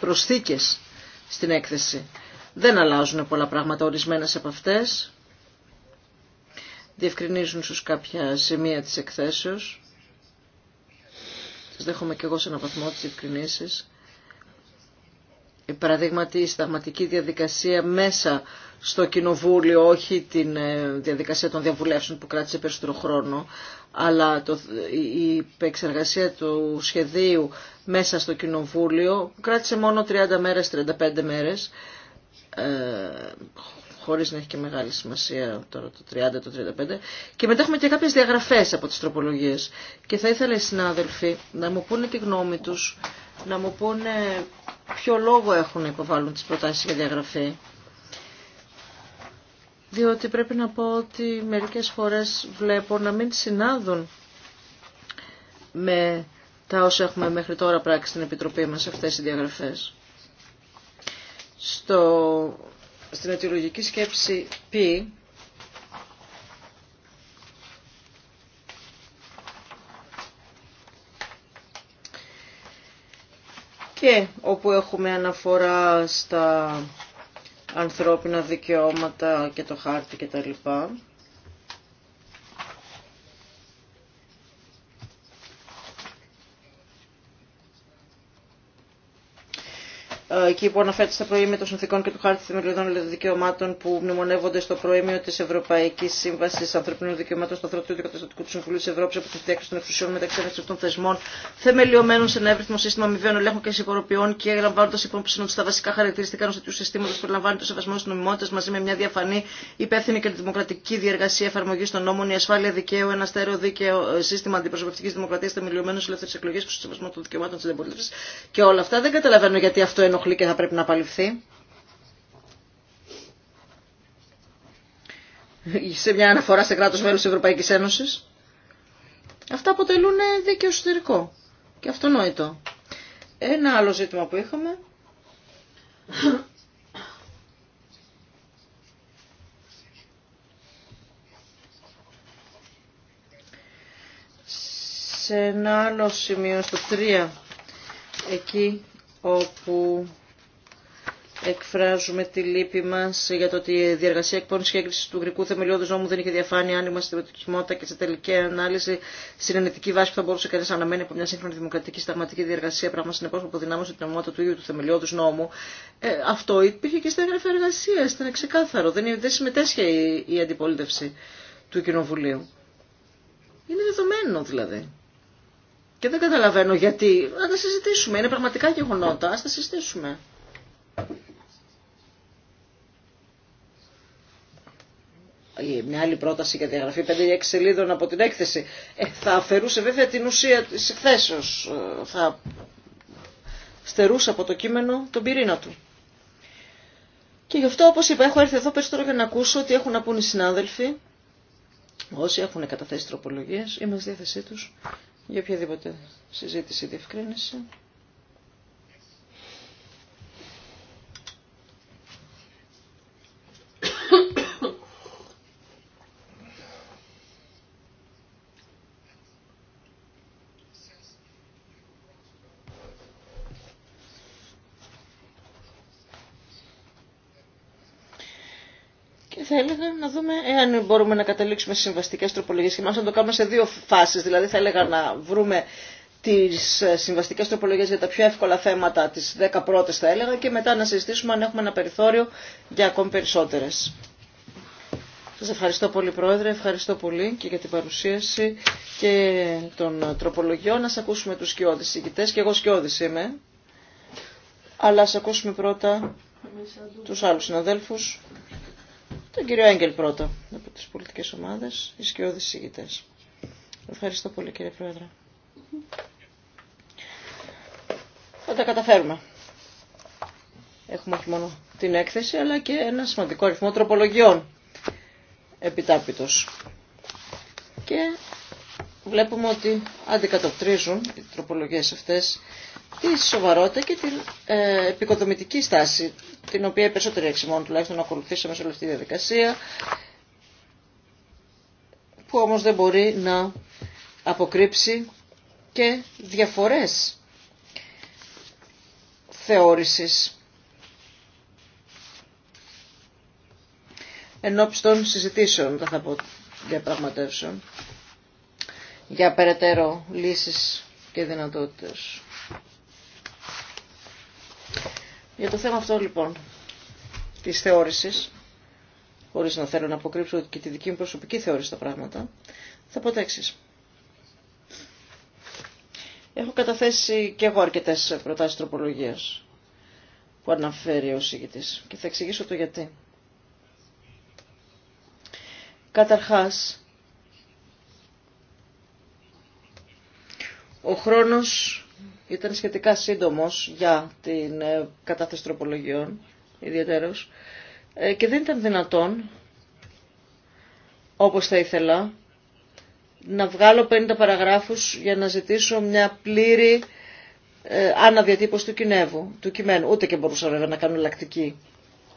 προσθήκες στην έκθεση. Δεν αλλάζουν πολλά πράγματα ορισμένες από αυτές. Διευκρινίζουν στους κάποια σημεία της εκθέσεως. Τις δέχομαι και εγώ σε έναν βαθμό τις διευκρινήσεις παραδείγματι η σταγματική διαδικασία μέσα στο κοινοβούλιο, όχι την ε, διαδικασία των διαβουλεύσεων που κράτησε περισσότερο χρόνο, αλλά η επεξεργασία του σχεδίου μέσα στο κοινοβούλιο κράτησε μόνο 30 μέρες, 35 μέρες, ε, Χωρί να έχει και μεγάλη σημασία τώρα το 30, το 35. Και μετά έχουμε και κάποιες διαγραφές από τις τροπολογίες. Και θα ήθελα οι συνάδελφοι να μου πούνε τη γνώμη του, να μου πούνε ποιο λόγο έχουν να υποβάλουν τις προτάσεις για διαγραφή. Διότι πρέπει να πω ότι μερικές φορές βλέπω να μην συνάδουν με τα όσα έχουμε μέχρι τώρα πράξει στην Επιτροπή μας αυτές οι διαγραφές. Στο στην αιτιολογική σκέψη π και όπου έχουμε αναφορά στα ανθρώπινα δικαιώματα και το χάρτη κτλ. εκεί που αναφέρεται στα προήμια των συνθήκων και του χάρτη θεμελιωδών δικαιωμάτων που μνημονεύονται στο προήμιο τη Ευρωπαϊκή Σύμβαση Ανθρωπίνων Δικαιωμάτων στο Θρωτήριο του Καταστατικού του Συμβουλίου τη Ευρώπη από τη διάκριση των εξουσιών μεταξύ των θεσμών, θεμελιωμένων σε ένα εύρυθμο σύστημα αμοιβαίων ελέγχων και συμποροποιών και λαμβάνοντα υπόψη ότι στα βασικά χαρακτηριστικά ενό τέτοιου συστήματο προλαμβάνει το σεβασμό τη νομιμότητα μαζί με μια διαφανή, υπεύθυνη και δημοκρατική διεργασία εφαρμογή των νόμων, η ασφάλεια δικαίου, ένα στέρεο δίκαιο ε, σύστημα αντιπροσωπευτική δημοκρατία, σε ελεύθερε εκλογέ και στο σεβασμό των δικαιωμάτων τη και όλα αυτά δεν καταλαβαίνω γιατί αυτό ενοχλεί και θα πρέπει να απαλληφθεί. σε μια αναφορά σε κράτος μέλος της Ευρωπαϊκής Ένωσης. Αυτά αποτελούν δίκαιο εσωτερικό και αυτονόητο. Ένα άλλο ζήτημα που είχαμε σε ένα άλλο σημείο στο 3 εκεί όπου εκφράζουμε τη λύπη μα για το ότι η διαργασία εκπόνηση και έγκριση του γρικού θεμελιώδου νόμου δεν είχε διαφάνεια, άνοιγμα στην προτιμότητα και σε τελική ανάλυση συνενετική βάση που θα μπορούσε κανεί να αναμένει από μια σύγχρονη δημοκρατική σταγματική διαργασία, πράγμα συνεπώ που αποδυνάμωσε την ομότητα του ίδιου του θεμελιώδου νόμου. Ε, αυτό υπήρχε και στα έγγραφα εργασία, ήταν ξεκάθαρο. Δεν, δεν συμμετέσχε η, η αντιπολίτευση του Κοινοβουλίου. Είναι δεδομένο δηλαδή. Και δεν καταλαβαίνω γιατί. Να τα συζητήσουμε. Είναι πραγματικά γεγονότα. Α τα συζητήσουμε. Ε, μια άλλη πρόταση για διαγραφή 5 ή 6 σελίδων από την έκθεση, ε, θα αφαιρούσε βέβαια την ουσία της εκθέσεως, ε, θα στερούσε από το κείμενο τον πυρήνα του. Και γι' αυτό, όπως είπα, έχω έρθει εδώ περισσότερο για να ακούσω τι έχουν να πούν οι συνάδελφοι, όσοι έχουν καταθέσει τροπολογίες, είμαι στη διάθεσή του για οποιαδήποτε συζήτηση ή διευκρίνηση. θα έλεγα να δούμε εάν μπορούμε να καταλήξουμε σε συμβαστικέ τροπολογίε και μάλιστα να το κάνουμε σε δύο φάσει. Δηλαδή, θα έλεγα να βρούμε τι συμβαστικέ τροπολογίε για τα πιο εύκολα θέματα, τι δέκα πρώτε θα έλεγα, και μετά να συζητήσουμε αν έχουμε ένα περιθώριο για ακόμη περισσότερε. Σα ευχαριστώ πολύ, Πρόεδρε. Ευχαριστώ πολύ και για την παρουσίαση και των τροπολογιών. Να ακούσουμε του σκιώδει ηγητέ. Και εγώ σκιώδη είμαι. Αλλά α ακούσουμε πρώτα του άλλου συναδέλφου. Τον κύριο Έγκελ πρώτα από τις πολιτικές ομάδες, οι σκιώδεις Ευχαριστώ πολύ κύριε Πρόεδρε. Θα τα καταφέρουμε. Έχουμε όχι μόνο την έκθεση αλλά και ένα σημαντικό αριθμό τροπολογιών επιτάπητος. Και βλέπουμε ότι αντικατοπτρίζουν οι τροπολογίες αυτές τη σοβαρότητα και την ε, επικοδομητική στάση, την οποία οι περισσότεροι εξημών τουλάχιστον ακολουθήσαμε σε όλη αυτή τη διαδικασία, που όμως δεν μπορεί να αποκρύψει και διαφορές θεώρησης ενώπιστων συζητήσεων, θα, θα πω, διαπραγματεύσεων για περαιτέρω λύσεις και δυνατότητες. Για το θέμα αυτό λοιπόν της θεώρησης, χωρίς να θέλω να αποκρύψω και τη δική μου προσωπική θεώρηση στα πράγματα, θα πω τέξεις. Έχω καταθέσει και εγώ αρκετέ προτάσει τροπολογία που αναφέρει ο και θα εξηγήσω το γιατί. Καταρχάς, Ο χρόνος ήταν σχετικά σύντομος για την ε, κατάθεση τροπολογιών, ιδιαίτερος, ε, και δεν ήταν δυνατόν, όπως θα ήθελα, να βγάλω 50 παραγράφους για να ζητήσω μια πλήρη ε, αναδιατύπωση του, κινεύου, του κειμένου. Ούτε και μπορούσα βέβαια να κάνω λακτική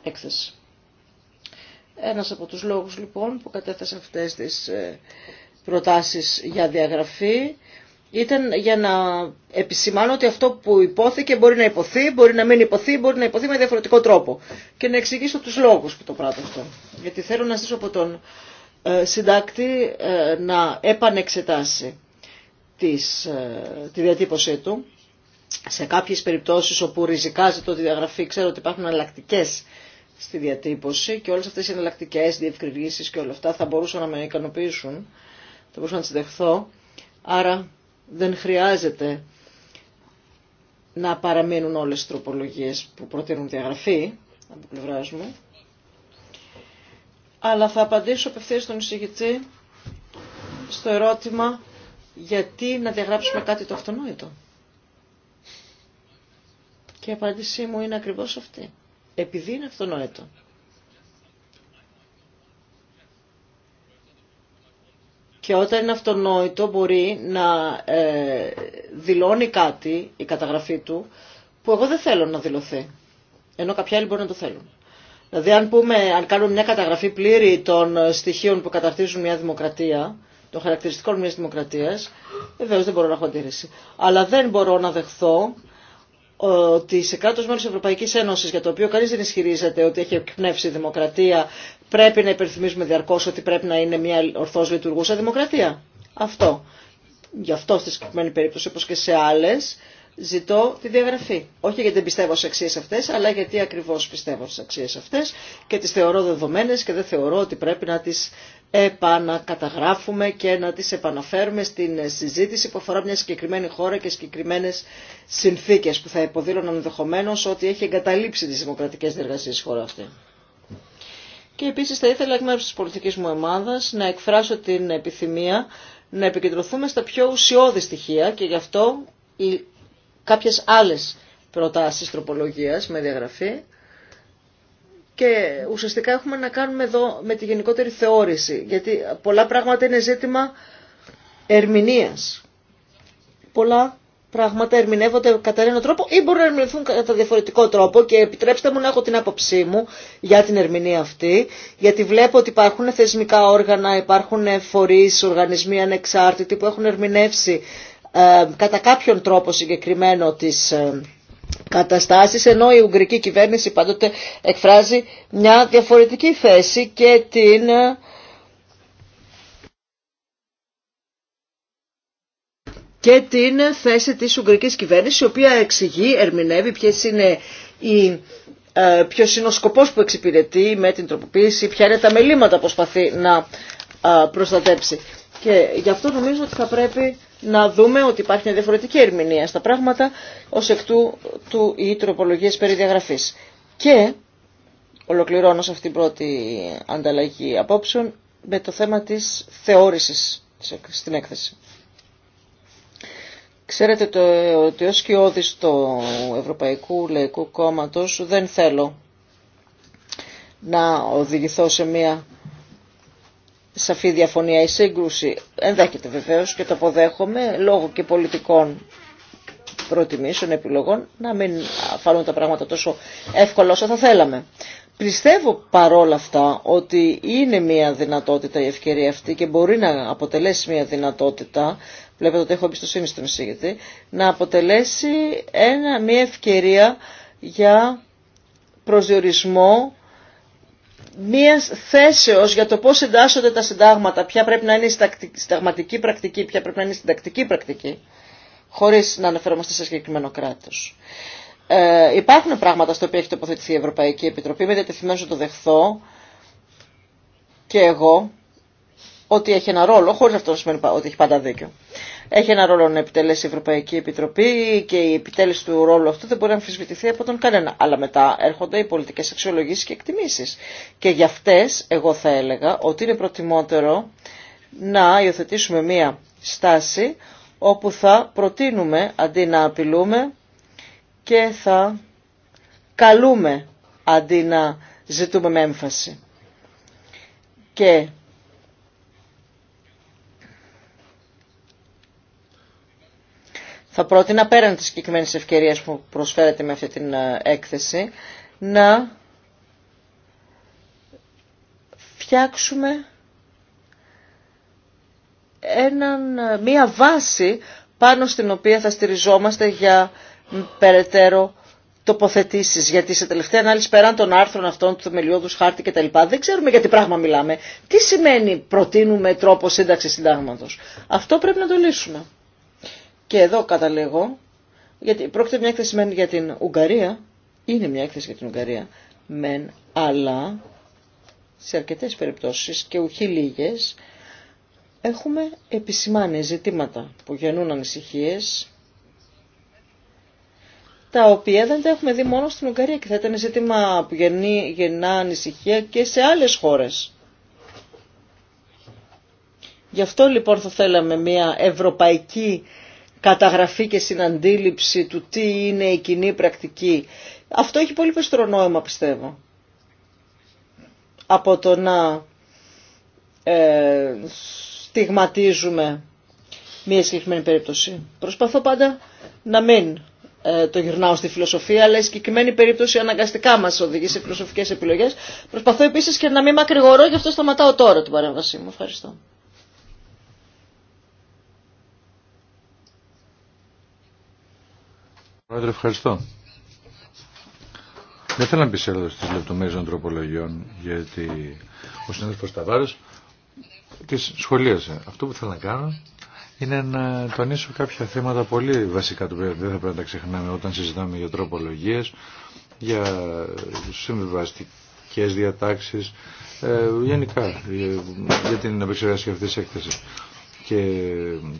έκθεση. Ένας από τους λόγους λοιπόν που κατέθεσα αυτές τις προτάσεις για διαγραφή ήταν για να επισημάνω ότι αυτό που υπόθηκε μπορεί να υποθεί, μπορεί να μην υποθεί, μπορεί να υποθεί με διαφορετικό τρόπο. Και να εξηγήσω τους λόγους που το πράττω αυτό. Γιατί θέλω να ζήσω από τον ε, συντάκτη ε, να επανεξετάσει της, ε, τη διατύπωσή του. Σε κάποιες περιπτώσεις όπου ριζικά ζητώ τη διαγραφή, ξέρω ότι υπάρχουν εναλλακτικέ στη διατύπωση και όλες αυτές οι εναλλακτικέ διευκρινήσεις και όλα αυτά θα μπορούσαν να με ικανοποιήσουν, θα μπορούσα να τις δεχθώ. Άρα δεν χρειάζεται να παραμείνουν όλες τις τροπολογίες που προτείνουν διαγραφή από πλευρά μου. Αλλά θα απαντήσω απευθεία στον εισηγητή στο ερώτημα γιατί να διαγράψουμε κάτι το αυτονόητο. Και η απάντησή μου είναι ακριβώς αυτή. Επειδή είναι αυτονόητο. και όταν είναι αυτονόητο μπορεί να ε, δηλώνει κάτι, η καταγραφή του, που εγώ δεν θέλω να δηλωθεί. Ενώ κάποιοι άλλοι μπορεί να το θέλουν. Δηλαδή αν, πούμε, αν κάνουμε μια καταγραφή πλήρη των ε, στοιχείων που καταρτίζουν μια δημοκρατία, των χαρακτηριστικών μιας δημοκρατίας, βεβαίω δεν μπορώ να έχω αντίρρηση. Αλλά δεν μπορώ να δεχθώ ε, ότι σε κράτο μέλο τη Ευρωπαϊκή Ένωση για το οποίο κανεί δεν ισχυρίζεται ότι έχει εκπνεύσει η δημοκρατία πρέπει να υπενθυμίζουμε διαρκώς ότι πρέπει να είναι μια ορθώς λειτουργούσα δημοκρατία. Αυτό. Γι' αυτό στη συγκεκριμένη περίπτωση, όπως και σε άλλες, ζητώ τη διαγραφή. Όχι γιατί δεν πιστεύω στις αξίες αυτές, αλλά γιατί ακριβώς πιστεύω στις αξίες αυτές και τις θεωρώ δεδομένες και δεν θεωρώ ότι πρέπει να τις επανακαταγράφουμε και να τις επαναφέρουμε στην συζήτηση που αφορά μια συγκεκριμένη χώρα και συγκεκριμένε συνθήκες που θα υποδήλωναν ενδεχομένω ότι έχει εγκαταλείψει τις δημοκρατικές διεργασίες η χώρα αυτή. Και επίσης θα ήθελα εκ μέρους της πολιτικής μου ομάδα να εκφράσω την επιθυμία να επικεντρωθούμε στα πιο ουσιώδη στοιχεία και γι' αυτό οι, κάποιες άλλες προτάσεις τροπολογίας με διαγραφή και ουσιαστικά έχουμε να κάνουμε εδώ με τη γενικότερη θεώρηση γιατί πολλά πράγματα είναι ζήτημα ερμηνείας. Πολλά πράγματα ερμηνεύονται κατά έναν τρόπο ή μπορούν να ερμηνευθούν κατά διαφορετικό τρόπο και επιτρέψτε μου να έχω την άποψή μου για την ερμηνεία αυτή, γιατί βλέπω ότι υπάρχουν θεσμικά όργανα, υπάρχουν φορείς, οργανισμοί ανεξάρτητοι που έχουν ερμηνεύσει ε, κατά κάποιον τρόπο συγκεκριμένο τις ε, καταστάσεις, ενώ η Ουγγρική κυβέρνηση πάντοτε εκφράζει μια διαφορετική θέση και την... Ε, και την θέση της Ουγγρικής κυβέρνησης, η οποία εξηγεί, ερμηνεύει ποιες είναι οι ε, ποιος είναι ο σκοπός που εξυπηρετεί με την τροποποίηση, ποια είναι τα μελήματα που προσπαθεί να ε, προστατέψει. Και γι' αυτό νομίζω ότι θα πρέπει να δούμε ότι υπάρχει μια διαφορετική ερμηνεία στα πράγματα ως εκ του, του οι τροπολογίες περί διαγραφής. Και ολοκληρώνω σε αυτήν την πρώτη ανταλλαγή απόψεων με το θέμα της θεώρησης στην έκθεση. Ξέρετε ότι ως κοιόδης του Ευρωπαϊκού Λαϊκού Κόμματος δεν θέλω να οδηγηθώ σε μια σαφή διαφωνία ή σύγκρουση. Ενδέχεται βεβαίως και το αποδέχομαι λόγω και πολιτικών προτιμήσεων, επιλογών, να μην φανούν τα πράγματα τόσο εύκολα όσο θα θέλαμε. Πιστεύω παρόλα αυτά ότι είναι μια δυνατότητα η ευκαιρία αυτή και μπορεί να αποτελέσει μια δυνατότητα βλέπετε ότι έχω εμπιστοσύνη στον εισηγητή, να αποτελέσει ένα, μια ευκαιρία για προσδιορισμό μία θέσεως για το πώς συντάσσονται τα συντάγματα, ποια πρέπει να είναι η συνταγματική πρακτική, ποια πρέπει να είναι η συντακτική πρακτική, χωρίς να αναφερόμαστε σε συγκεκριμένο κράτος. Ε, υπάρχουν πράγματα στο οποίο έχει τοποθετηθεί η Ευρωπαϊκή Επιτροπή, με διατεθειμένο να το δεχθώ και εγώ, ότι έχει ένα ρόλο, χωρίς αυτό να σημαίνει ότι έχει πάντα δίκιο. Έχει ένα ρόλο να επιτελέσει η Ευρωπαϊκή Επιτροπή και η επιτέλεση του ρόλου αυτού δεν μπορεί να αμφισβητηθεί από τον κανένα. Αλλά μετά έρχονται οι πολιτικές αξιολογήσεις και εκτιμήσεις. Και για αυτές εγώ θα έλεγα ότι είναι προτιμότερο να υιοθετήσουμε μία στάση όπου θα προτείνουμε αντί να απειλούμε και θα καλούμε αντί να ζητούμε με έμφαση. Και θα πρότεινα πέραν τη συγκεκριμένη ευκαιρία που προσφέρεται με αυτή την ε, έκθεση να φτιάξουμε έναν, ε, μία βάση πάνω στην οποία θα στηριζόμαστε για περαιτέρω τοποθετήσεις, γιατί σε τελευταία ανάλυση πέραν των άρθρων αυτών του θεμελιώδους χάρτη κτλ. Δεν ξέρουμε για τι πράγμα μιλάμε. Τι σημαίνει προτείνουμε τρόπο σύνταξη συντάγματος. Αυτό πρέπει να το λύσουμε και εδώ καταλέγω, γιατί πρόκειται μια έκθεση για την Ουγγαρία, είναι μια έκθεση για την Ουγγαρία, μεν, αλλά σε αρκετές περιπτώσεις και ουχή λίγες, έχουμε επισημάνει ζητήματα που γεννούν ανησυχίες, τα οποία δεν τα έχουμε δει μόνο στην Ουγγαρία και θα ήταν ζήτημα που γεννεί, γεννά ανησυχία και σε άλλες χώρες. Γι' αυτό λοιπόν θα θέλαμε μια ευρωπαϊκή καταγραφή και συναντήληψη του τι είναι η κοινή πρακτική. Αυτό έχει πολύ περισσότερο νόημα πιστεύω. Από το να ε, στιγματίζουμε μία συγκεκριμένη περίπτωση. Προσπαθώ πάντα να μην ε, το γυρνάω στη φιλοσοφία, αλλά η συγκεκριμένη περίπτωση αναγκαστικά μας οδηγεί σε φιλοσοφικές επιλογές. Προσπαθώ επίσης και να μην μακρηγορώ, γι' αυτό σταματάω τώρα την παρέμβασή μου. Ευχαριστώ. Πρόεδρε, ευχαριστώ. Δεν θέλω να σε εδώ στις λεπτομέρειες των τροπολογιών, γιατί ο συνάδελφο Ταβάρης και σχολίασε. Αυτό που θέλω να κάνω είναι να τονίσω κάποια θέματα πολύ βασικά του δεν θα πρέπει να τα ξεχνάμε όταν συζητάμε για τροπολογίε, για συμβιβαστικέ διατάξει. ε, γενικά για την επεξεργασία αυτή τη έκθεση και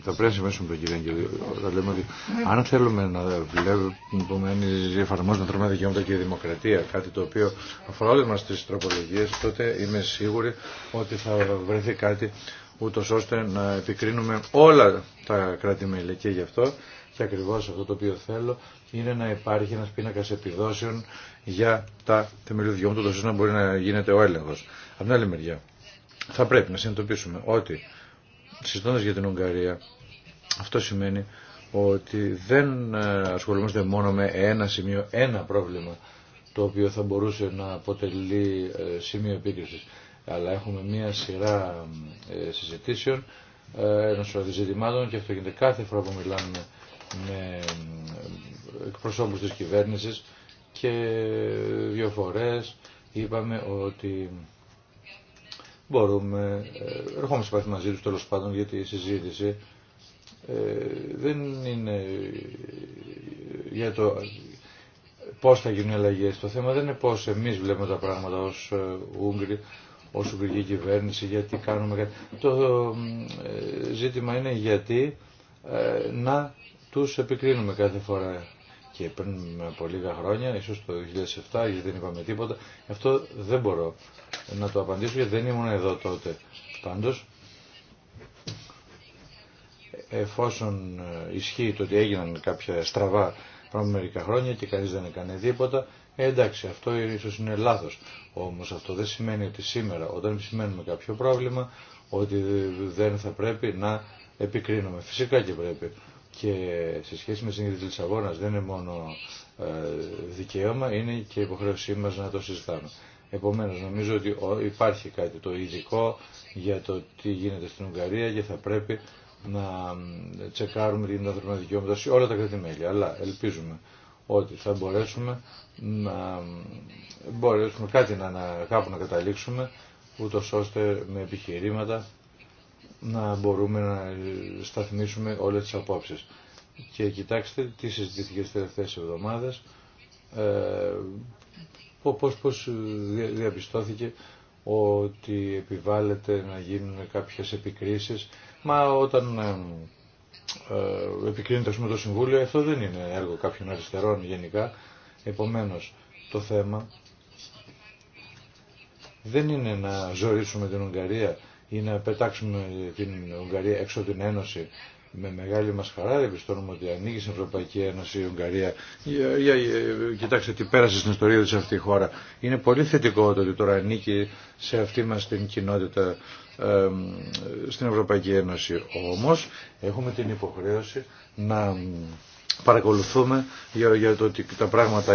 θα πρέπει να συμβαίνουμε τον κύριο Αγγελίου όταν λέμε ότι αν θέλουμε να βλέπουμε να εφαρμόζουμε τρομερά δικαιώματα και δημοκρατία, κάτι το οποίο αφορά όλες μας τις τροπολογίες, τότε είμαι σίγουρη ότι θα βρεθεί κάτι ούτω ώστε να επικρίνουμε όλα τα κράτη-μέλη και γι' αυτό και ακριβώς αυτό το οποίο θέλω είναι να υπάρχει ένα πίνακα επιδόσεων για τα θεμελιώδη δικαιώματα, ώστε να μπορεί να γίνεται ο έλεγχος. Από την άλλη μεριά, θα πρέπει να συνειδητοποιήσουμε ότι συζητώντα για την Ουγγαρία, αυτό σημαίνει ότι δεν ε, ασχολούμαστε μόνο με ένα σημείο, ένα πρόβλημα, το οποίο θα μπορούσε να αποτελεί ε, σημείο επίκρισης. Αλλά έχουμε μία σειρά ε, συζητήσεων, ένα σωρά ζητημάτων και αυτό γίνεται κάθε φορά που μιλάμε με εκπροσώπους της κυβέρνησης και δύο φορές είπαμε ότι μπορούμε, ε, ερχόμαστε σε μαζί του τέλος πάντων γιατί η συζήτηση ε, δεν είναι για το πώ θα γίνουν οι αλλαγέ. Το θέμα δεν είναι πώς εμείς βλέπουμε τα πράγματα ως ε, Ούγγροι, ως Ουγγρική κυβέρνηση, γιατί κάνουμε κάτι. Το ζήτημα είναι γιατί να τους επικρίνουμε κάθε φορά και πριν από λίγα χρόνια, ίσως το 2007, γιατί δεν είπαμε τίποτα, αυτό δεν μπορώ να το απαντήσω γιατί δεν ήμουν εδώ τότε. Πάντως, εφόσον ε, ισχύει το ότι έγιναν κάποια στραβά πριν μερικά χρόνια και κανεί δεν έκανε τίποτα, ε, εντάξει, αυτό ίσως είναι λάθος. Όμως αυτό δεν σημαίνει ότι σήμερα, όταν σημαίνουμε κάποιο πρόβλημα, ότι δεν θα πρέπει να επικρίνουμε. Φυσικά και πρέπει. Και σε σχέση με την συνήθεια τη Λισαβόνα δεν είναι μόνο ε, δικαίωμα, είναι και υποχρέωσή μας να το συζητάμε. Επομένως νομίζω ότι υπάρχει κάτι το ειδικό για το τι γίνεται στην Ουγγαρία και θα πρέπει να τσεκάρουμε την ανθρώπινα δικαιώματα σε όλα τα κρατημέλια. Αλλά ελπίζουμε ότι θα μπορέσουμε να μπορέσουμε κάτι να, να, κάπου να καταλήξουμε ούτως ώστε με επιχειρήματα να μπορούμε να σταθμίσουμε όλες τις απόψεις. Και κοιτάξτε τι συζητήθηκε στις τελευταίες εβδομάδες, ε, πώς, πώς διαπιστώθηκε ότι επιβάλλεται να γίνουν κάποιες επικρίσεις, μα όταν ε, ε επικρίνεται πούμε, το Συμβούλιο, αυτό δεν είναι έργο κάποιων αριστερών γενικά, επομένως το θέμα δεν είναι να ζωρίσουμε την Ουγγαρία ή να πετάξουμε την Ουγγαρία έξω την Ένωση. Με μεγάλη μας χαρά επιστώνουμε ότι ανοίγει στην Ευρωπαϊκή Ένωση η να πεταξουμε την ουγγαρια εξω την ενωση με μεγαλη μα χαρα επιστωνουμε οτι ανοιγει στην ευρωπαικη ενωση η ουγγαρια Για, για, για, κοιτάξτε τι πέρασε στην ιστορία της αυτή η χώρα. Είναι πολύ θετικό το ότι τώρα ανήκει σε αυτή μας την κοινότητα ε, στην Ευρωπαϊκή Ένωση. Όμως έχουμε την υποχρέωση να παρακολουθούμε για, για το ότι τα πράγματα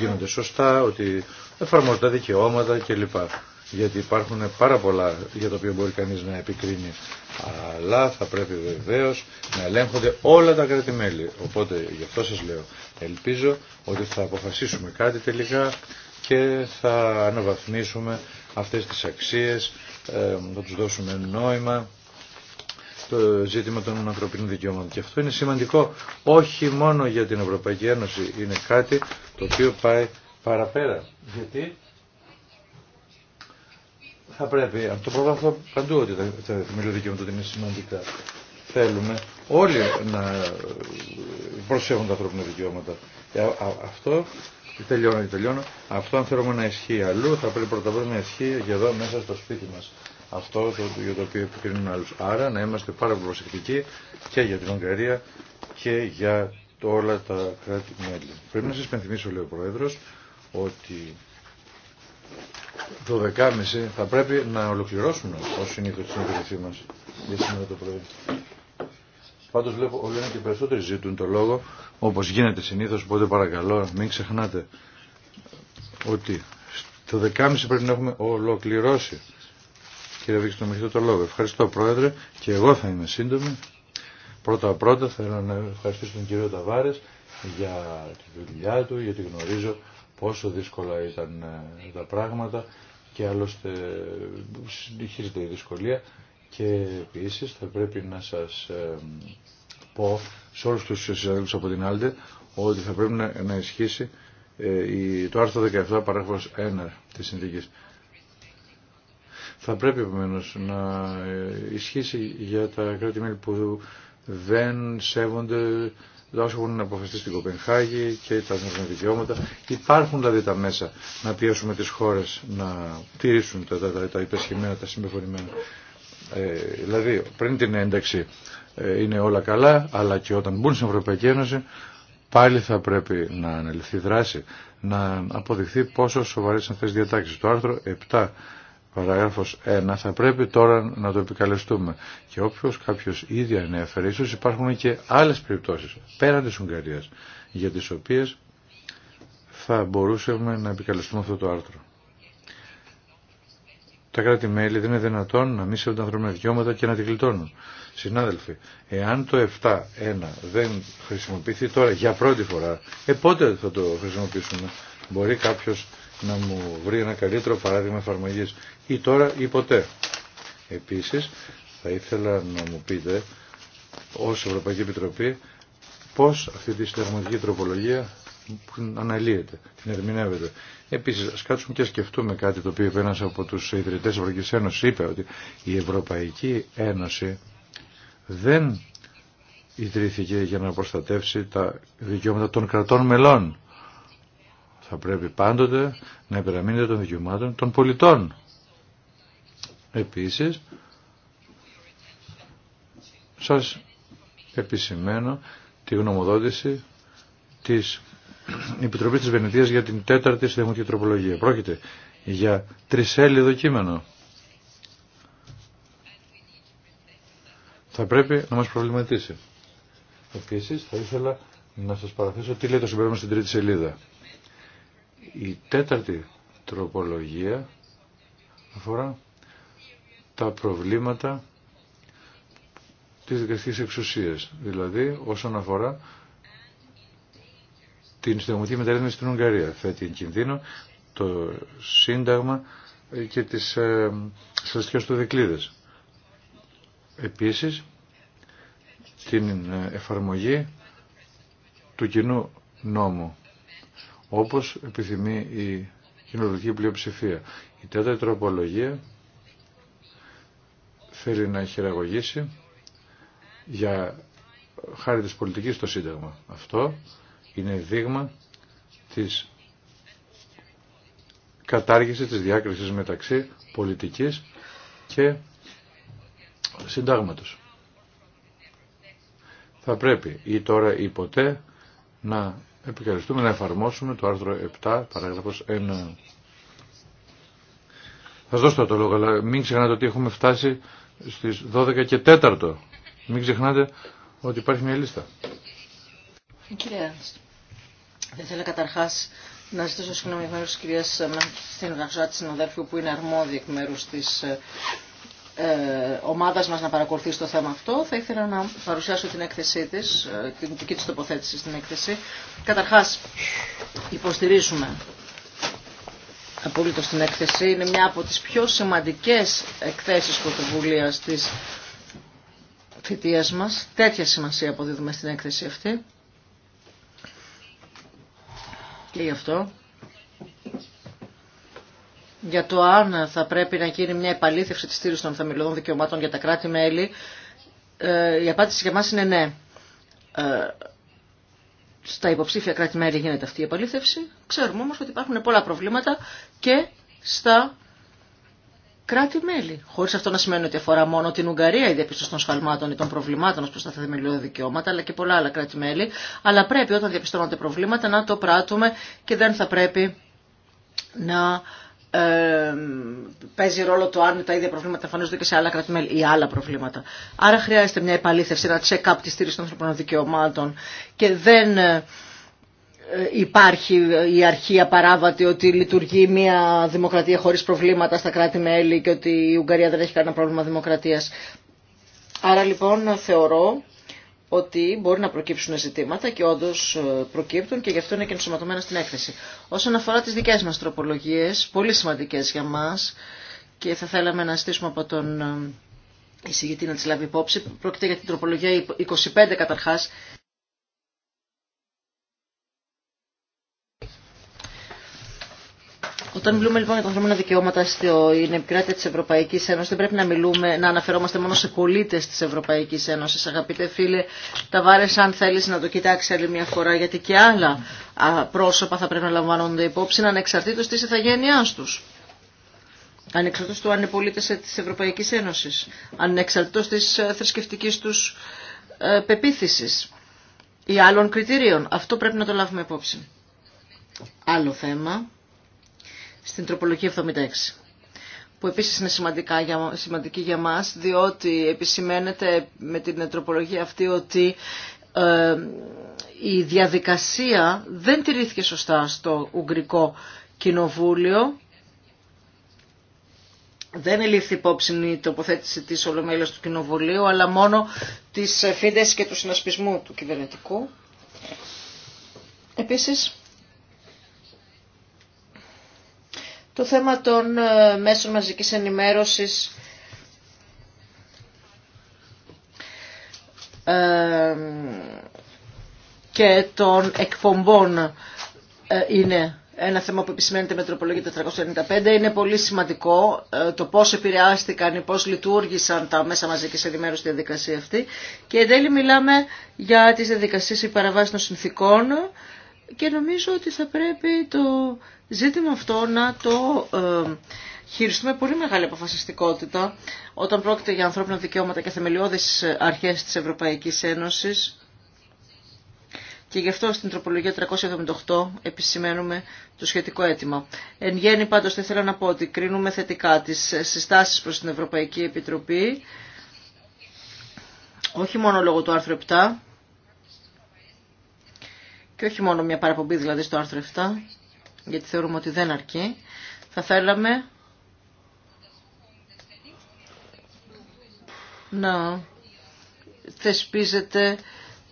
γίνονται σωστά, ότι εφαρμόζονται δικαιώματα κλπ γιατί υπάρχουν πάρα πολλά για τα οποία μπορεί κανείς να επικρίνει αλλά θα πρέπει βεβαίω να ελέγχονται όλα τα κράτη-μέλη. Οπότε γι' αυτό σας λέω ελπίζω ότι θα αποφασίσουμε κάτι τελικά και θα αναβαθμίσουμε αυτές τις αξίες, ε, θα τους δώσουμε νόημα το ζήτημα των ανθρωπίνων δικαιωμάτων. Και αυτό είναι σημαντικό όχι μόνο για την Ευρωπαϊκή Ένωση, είναι κάτι το οποίο πάει παραπέρα. Γιατί θα πρέπει, αυτό το πρόβλημα παντού ότι τα θεμελιώδη μου είναι σημαντικά. Θέλουμε όλοι να προσέχουν τα ανθρώπινα δικαιώματα. Ε, αυτό, τελειώνω και τελειώνω, αυτό αν θέλουμε να ισχύει αλλού θα πρέπει πρώτα απ' να ισχύει και εδώ μέσα στο σπίτι μας. Αυτό το, για το οποίο επικρίνουν άλλους. Άρα να είμαστε πάρα πολύ προσεκτικοί και για την Ουγγαρία και για όλα τα κράτη-μέλη. Πρέπει να σας πενθυμίσω, λέει ο Πρόεδρος, ότι 12.30 θα πρέπει να ολοκληρώσουμε ω είναι τη συνεδριασή μα για σήμερα το πρωί. Πάντως βλέπω όλοι είναι και περισσότεροι ζητούν το λόγο όπως γίνεται συνήθως, οπότε παρακαλώ μην ξεχνάτε ότι το 12.30 πρέπει να έχουμε ολοκληρώσει. Κύριε το με το λόγο. Ευχαριστώ Πρόεδρε και εγώ θα είμαι σύντομη. Πρώτα πρώτα θέλω να ευχαριστήσω τον κύριο Ταβάρες για τη δουλειά του, γιατί γνωρίζω πόσο δύσκολα ήταν ε, τα πράγματα και άλλωστε συνεχίζεται η δυσκολία και επίσης θα πρέπει να σας ε, πω σε όλους τους συναδέλφους από την Άλτε ότι θα πρέπει να, ισχύσει ε, το άρθρο 17 παράγραφος 1 της συνθήκης. Θα πρέπει επομένω να ισχύσει για τα κράτη-μέλη που δεν σέβονται όσο έχουν αποφασιστεί στην Κοπενχάγη και τα ανθρώπινα δικαιώματα. Υπάρχουν δηλαδή τα μέσα να πιέσουμε τις χώρες να τηρήσουν τα, τα, τα υπεσχημένα, τα συμπεφωνημένα. Ε, δηλαδή πριν την ένταξη ε, είναι όλα καλά, αλλά και όταν μπουν στην Ευρωπαϊκή Ένωση πάλι θα πρέπει να αναλυθεί δράση, να αποδειχθεί πόσο σοβαρές είναι αυτές οι διατάξεις. Το άρθρο παράγραφος 1 θα πρέπει τώρα να το επικαλεστούμε. Και όποιος κάποιος ήδη ανέφερε, ίσως υπάρχουν και άλλες περιπτώσεις πέραν της Ουγγαρίας για τις οποίες θα μπορούσαμε να επικαλεστούμε αυτό το άρθρο. Τα κράτη-μέλη δεν είναι δυνατόν να μη σέβονται ανθρώπινα δικαιώματα και να τη κλειτώνουν. Συνάδελφοι, εάν το 7.1 δεν χρησιμοποιηθεί τώρα για πρώτη φορά, ε πότε θα το χρησιμοποιήσουμε. Μπορεί κάποιος να μου βρει ένα καλύτερο παράδειγμα εφαρμογή ή τώρα ή ποτέ. Επίσης θα ήθελα να μου πείτε ως Ευρωπαϊκή Επιτροπή πώς αυτή τη συνταγματική τροπολογία αναλύεται, την ερμηνεύεται. Επίσης, ας κάτσουμε και σκεφτούμε κάτι το οποίο ένα από τους ιδρυτές της Ευρωπαϊκής Ένωσης, είπε ότι η Ευρωπαϊκή Ένωση δεν ιδρύθηκε για να προστατεύσει τα δικαιώματα των κρατών μελών θα πρέπει πάντοτε να υπεραμείνετε των δικαιωμάτων των πολιτών. Επίσης, σας επισημαίνω τη γνωμοδότηση της Επιτροπής της Βενετίας για την τέταρτη συνταγματική τροπολογία. Πρόκειται για τρισέλιδο κείμενο. Θα πρέπει να μας προβληματίσει. Επίσης, θα ήθελα να σας παραθέσω τι λέει το συμπέρασμα στην τρίτη σελίδα. Η τέταρτη τροπολογία αφορά τα προβλήματα της δικαστικής εξουσίας, δηλαδή όσον αφορά την συνταγματική μεταρρύθμιση στην Ουγγαρία. Θέτει εν κινδύνο το Σύνταγμα και τις ε, του δικλείδες. Επίσης, την ε, εφαρμογή του κοινού νόμου όπως επιθυμεί η κοινωνική πλειοψηφία. Η τέταρτη τροπολογία θέλει να χειραγωγήσει για χάρη της πολιτικής το Σύνταγμα. Αυτό είναι δείγμα της κατάργησης της διάκρισης μεταξύ πολιτικής και συντάγματος. Θα πρέπει ή τώρα ή ποτέ να επικαλεστούμε να εφαρμόσουμε το άρθρο 7, παράγραφος 1. Θα σας δώσω το λόγο, αλλά μην ξεχνάτε ότι έχουμε φτάσει στις 12 και 4. Μην ξεχνάτε ότι υπάρχει μια λίστα. Κύριε Άντς, δεν ήθελα καταρχάς να ζητήσω συγγνώμη εκ μέρους της κυρίας Μανχιστίν Γαρζά, της που είναι αρμόδια εκ μέρους της ε, ε, ομάδας μας να παρακολουθεί το θέμα αυτό. Θα ήθελα να παρουσιάσω την έκθεσή της, ε, την δική της τοποθέτηση στην έκθεση. Καταρχάς, υποστηρίζουμε απολύτως την έκθεση. Είναι μια από τις πιο σημαντικές εκθέσεις πρωτοβουλία της θητείας μας. Τέτοια σημασία αποδίδουμε στην έκθεση αυτή. Και γι' αυτό για το αν θα πρέπει να γίνει μια επαλήθευση της στήριξης των θεμελιωδών δικαιωμάτων για τα κράτη-μέλη, ε, η απάντηση για μας είναι ναι. Ε, στα υποψήφια κράτη-μέλη γίνεται αυτή η επαλήθευση. Ξέρουμε όμως ότι υπάρχουν πολλά προβλήματα και στα κράτη-μέλη. Χωρίς αυτό να σημαίνει ότι αφορά μόνο την Ουγγαρία η διαπίστωση των σφαλμάτων ή των προβλημάτων προς τα θεμελιώδη δικαιώματα, αλλά και πολλά άλλα κράτη-μέλη. Αλλά πρέπει όταν διαπιστώνονται προβλήματα να το πράττουμε και δεν θα πρέπει να παίζει ρόλο το αν τα ίδια προβλήματα εμφανίζονται και σε άλλα κρατη κράτη-μέλη ή άλλα προβλήματα. Άρα χρειάζεται μια επαλήθευση, ένα check-up τη στήριξη των ανθρωπίνων δικαιωμάτων και δεν ε, υπάρχει η αρχή απαράβατη ότι λειτουργεί μια δημοκρατία χωρίς προβλήματα στα κράτη-μέλη και ότι η Ουγγαρία δεν έχει κανένα πρόβλημα δημοκρατίας. Άρα λοιπόν θεωρώ ότι μπορεί να προκύψουν ζητήματα και όντω ε, προκύπτουν και γι' αυτό είναι και ενσωματωμένα στην έκθεση. Όσον αφορά τι δικέ μα τροπολογίε, πολύ σημαντικέ για μα και θα θέλαμε να στήσουμε από τον ε, εισηγητή να τι λάβει υπόψη, πρόκειται για την τροπολογία 25 καταρχά Όταν μιλούμε λοιπόν για τα ανθρώπινα δικαιώματα στην επικράτεια τη Ευρωπαϊκή Ένωση, δεν πρέπει να, μιλούμε, να αναφερόμαστε μόνο σε πολίτε τη Ευρωπαϊκή Ένωση. Αγαπητέ φίλε, τα βάρε αν θέλει να το κοιτάξει άλλη μια φορά, γιατί και άλλα πρόσωπα θα πρέπει να λαμβάνονται υπόψη ανεξαρτήτω τη ηθαγένειά του. Ανεξαρτήτω του αν είναι πολίτε τη Ευρωπαϊκή Ένωση. Ανεξαρτήτω τη ε, θρησκευτική του ε, πεποίθηση ή άλλων κριτηρίων. Αυτό πρέπει να το λάβουμε υπόψη. Άλλο θέμα στην τροπολογία 76 που επίσης είναι σημαντικά για, σημαντική για μας, διότι επισημαίνεται με την τροπολογία αυτή ότι ε, η διαδικασία δεν τηρήθηκε σωστά στο Ουγγρικό Κοινοβούλιο. Δεν ελήφθη υπόψη η τοποθέτηση της Ολομέλειας του Κοινοβουλίου, αλλά μόνο της φίδες και του συνασπισμού του κυβερνητικού. Επίσης, το θέμα των ε, μέσων μαζικής ενημέρωσης και των εκπομπών ε, είναι ένα θέμα που επισημαίνεται με τροπολογία 495. Είναι πολύ σημαντικό ε, το πώς επηρεάστηκαν ή πώς λειτουργήσαν τα μέσα μαζικής ενημέρωσης στη διαδικασία αυτή. Και εν τέλει μιλάμε για τις διαδικασίες υπαραβάσης των συνθήκων και νομίζω ότι θα πρέπει το ζήτημα αυτό να το ε, χειριστούμε πολύ μεγάλη αποφασιστικότητα όταν πρόκειται για ανθρώπινα δικαιώματα και θεμελιώδεις αρχές της Ευρωπαϊκής Ένωσης. Και γι' αυτό στην τροπολογία 378 επισημαίνουμε το σχετικό αίτημα. Εν γέννη πάντως δεν θέλω να πω ότι κρίνουμε θετικά τις συστάσεις προς την Ευρωπαϊκή Επιτροπή, όχι μόνο λόγω του άρθρου 7, και όχι μόνο μια παραπομπή δηλαδή στο άρθρο 7, γιατί θεωρούμε ότι δεν αρκεί, θα θέλαμε να θεσπίζεται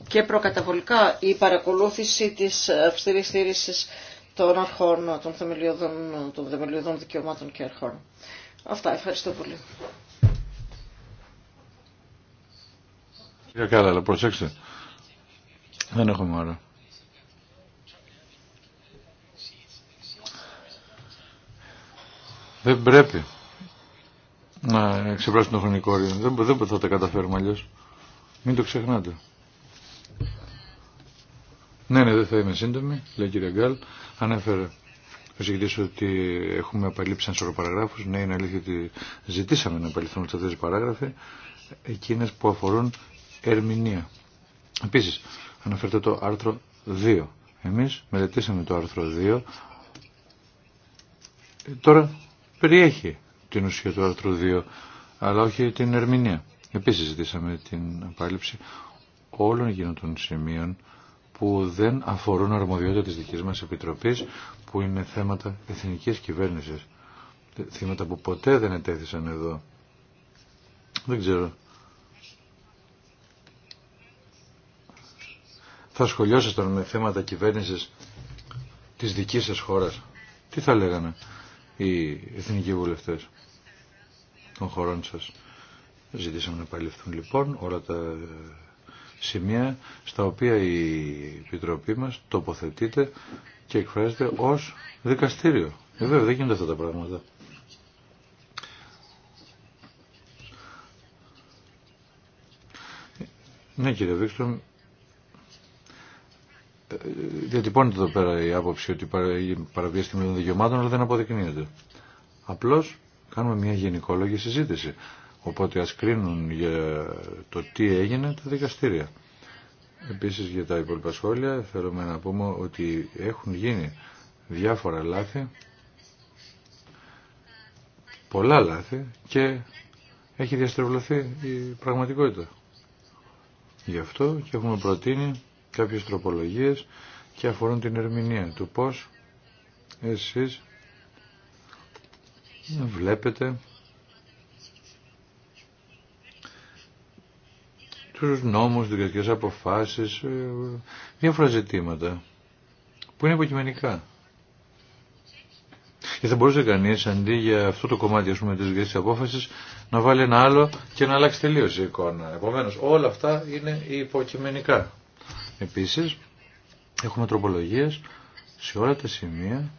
και προκαταβολικά η παρακολούθηση της αυστηρής στήρησης των αρχών, των θεμελιωδών, των θεμελιωδών δικαιωμάτων και αρχών. Αυτά, ευχαριστώ πολύ. Κύριε Κάλλα, προσέξτε. Δεν έχουμε ώρα. Δεν πρέπει να ξεπεράσουμε το χρονικό όριο. Δεν, δεν θα τα καταφέρουμε αλλιώ. Μην το ξεχνάτε. Ναι, ναι, δεν θα είμαι σύντομη, λέει η κυρία Γκάλ. Ανέφερε ο συγκεκριτή ότι έχουμε επαλείψει ένα σωρό παραγράφου. Ναι, είναι αλήθεια ότι ζητήσαμε να επαληθούν όλε αυτέ τι παράγραφοι, εκείνε που αφορούν ερμηνεία. Επίση, αναφέρεται το άρθρο 2. Εμεί μελετήσαμε το άρθρο 2. Ε, τώρα περιέχει την ουσία του άρθρου 2, αλλά όχι την ερμηνεία. Επίσης ζητήσαμε την απάλληψη όλων εκείνων των σημείων που δεν αφορούν αρμοδιότητα της δικής μας Επιτροπής, που είναι θέματα εθνικής κυβέρνησης. Θέματα που ποτέ δεν ετέθησαν εδώ. Δεν ξέρω. Θα σχολιώσασταν με θέματα κυβέρνησης της δικής σας χώρας. Τι θα λέγανε οι εθνικοί βουλευτές των χωρών σας. Ζητήσαμε να παληφθούν λοιπόν όλα τα σημεία στα οποία η Επιτροπή μα τοποθετείται και εκφράζεται ως δικαστήριο. Ε, βέβαια δεν γίνονται αυτά τα πράγματα. Ναι κύριε Βίξτρομ, διατυπώνεται εδώ πέρα η άποψη ότι παραβίαση των δικαιωμάτων, αλλά δεν αποδεικνύεται. Απλώς κάνουμε μια γενικόλογη συζήτηση. Οπότε ας κρίνουν για το τι έγινε τα δικαστήρια. Επίσης για τα υπόλοιπα σχόλια θέλουμε να πούμε ότι έχουν γίνει διάφορα λάθη, πολλά λάθη και έχει διαστρεβλωθεί η πραγματικότητα. Γι' αυτό και έχουμε προτείνει κάποιες τροπολογίες και αφορούν την ερμηνεία του πώς εσείς βλέπετε τους νόμους, δικαστικές αποφάσεις, ε, διάφορα ζητήματα που είναι υποκειμενικά. Και θα μπορούσε κανείς αντί για αυτό το κομμάτι ας πούμε, της δικαστικής να βάλει ένα άλλο και να αλλάξει τελείως η εικόνα. Επομένως όλα αυτά είναι υποκειμενικά. Επίσης, έχουμε τροπολογίες σε όλα τα σημεία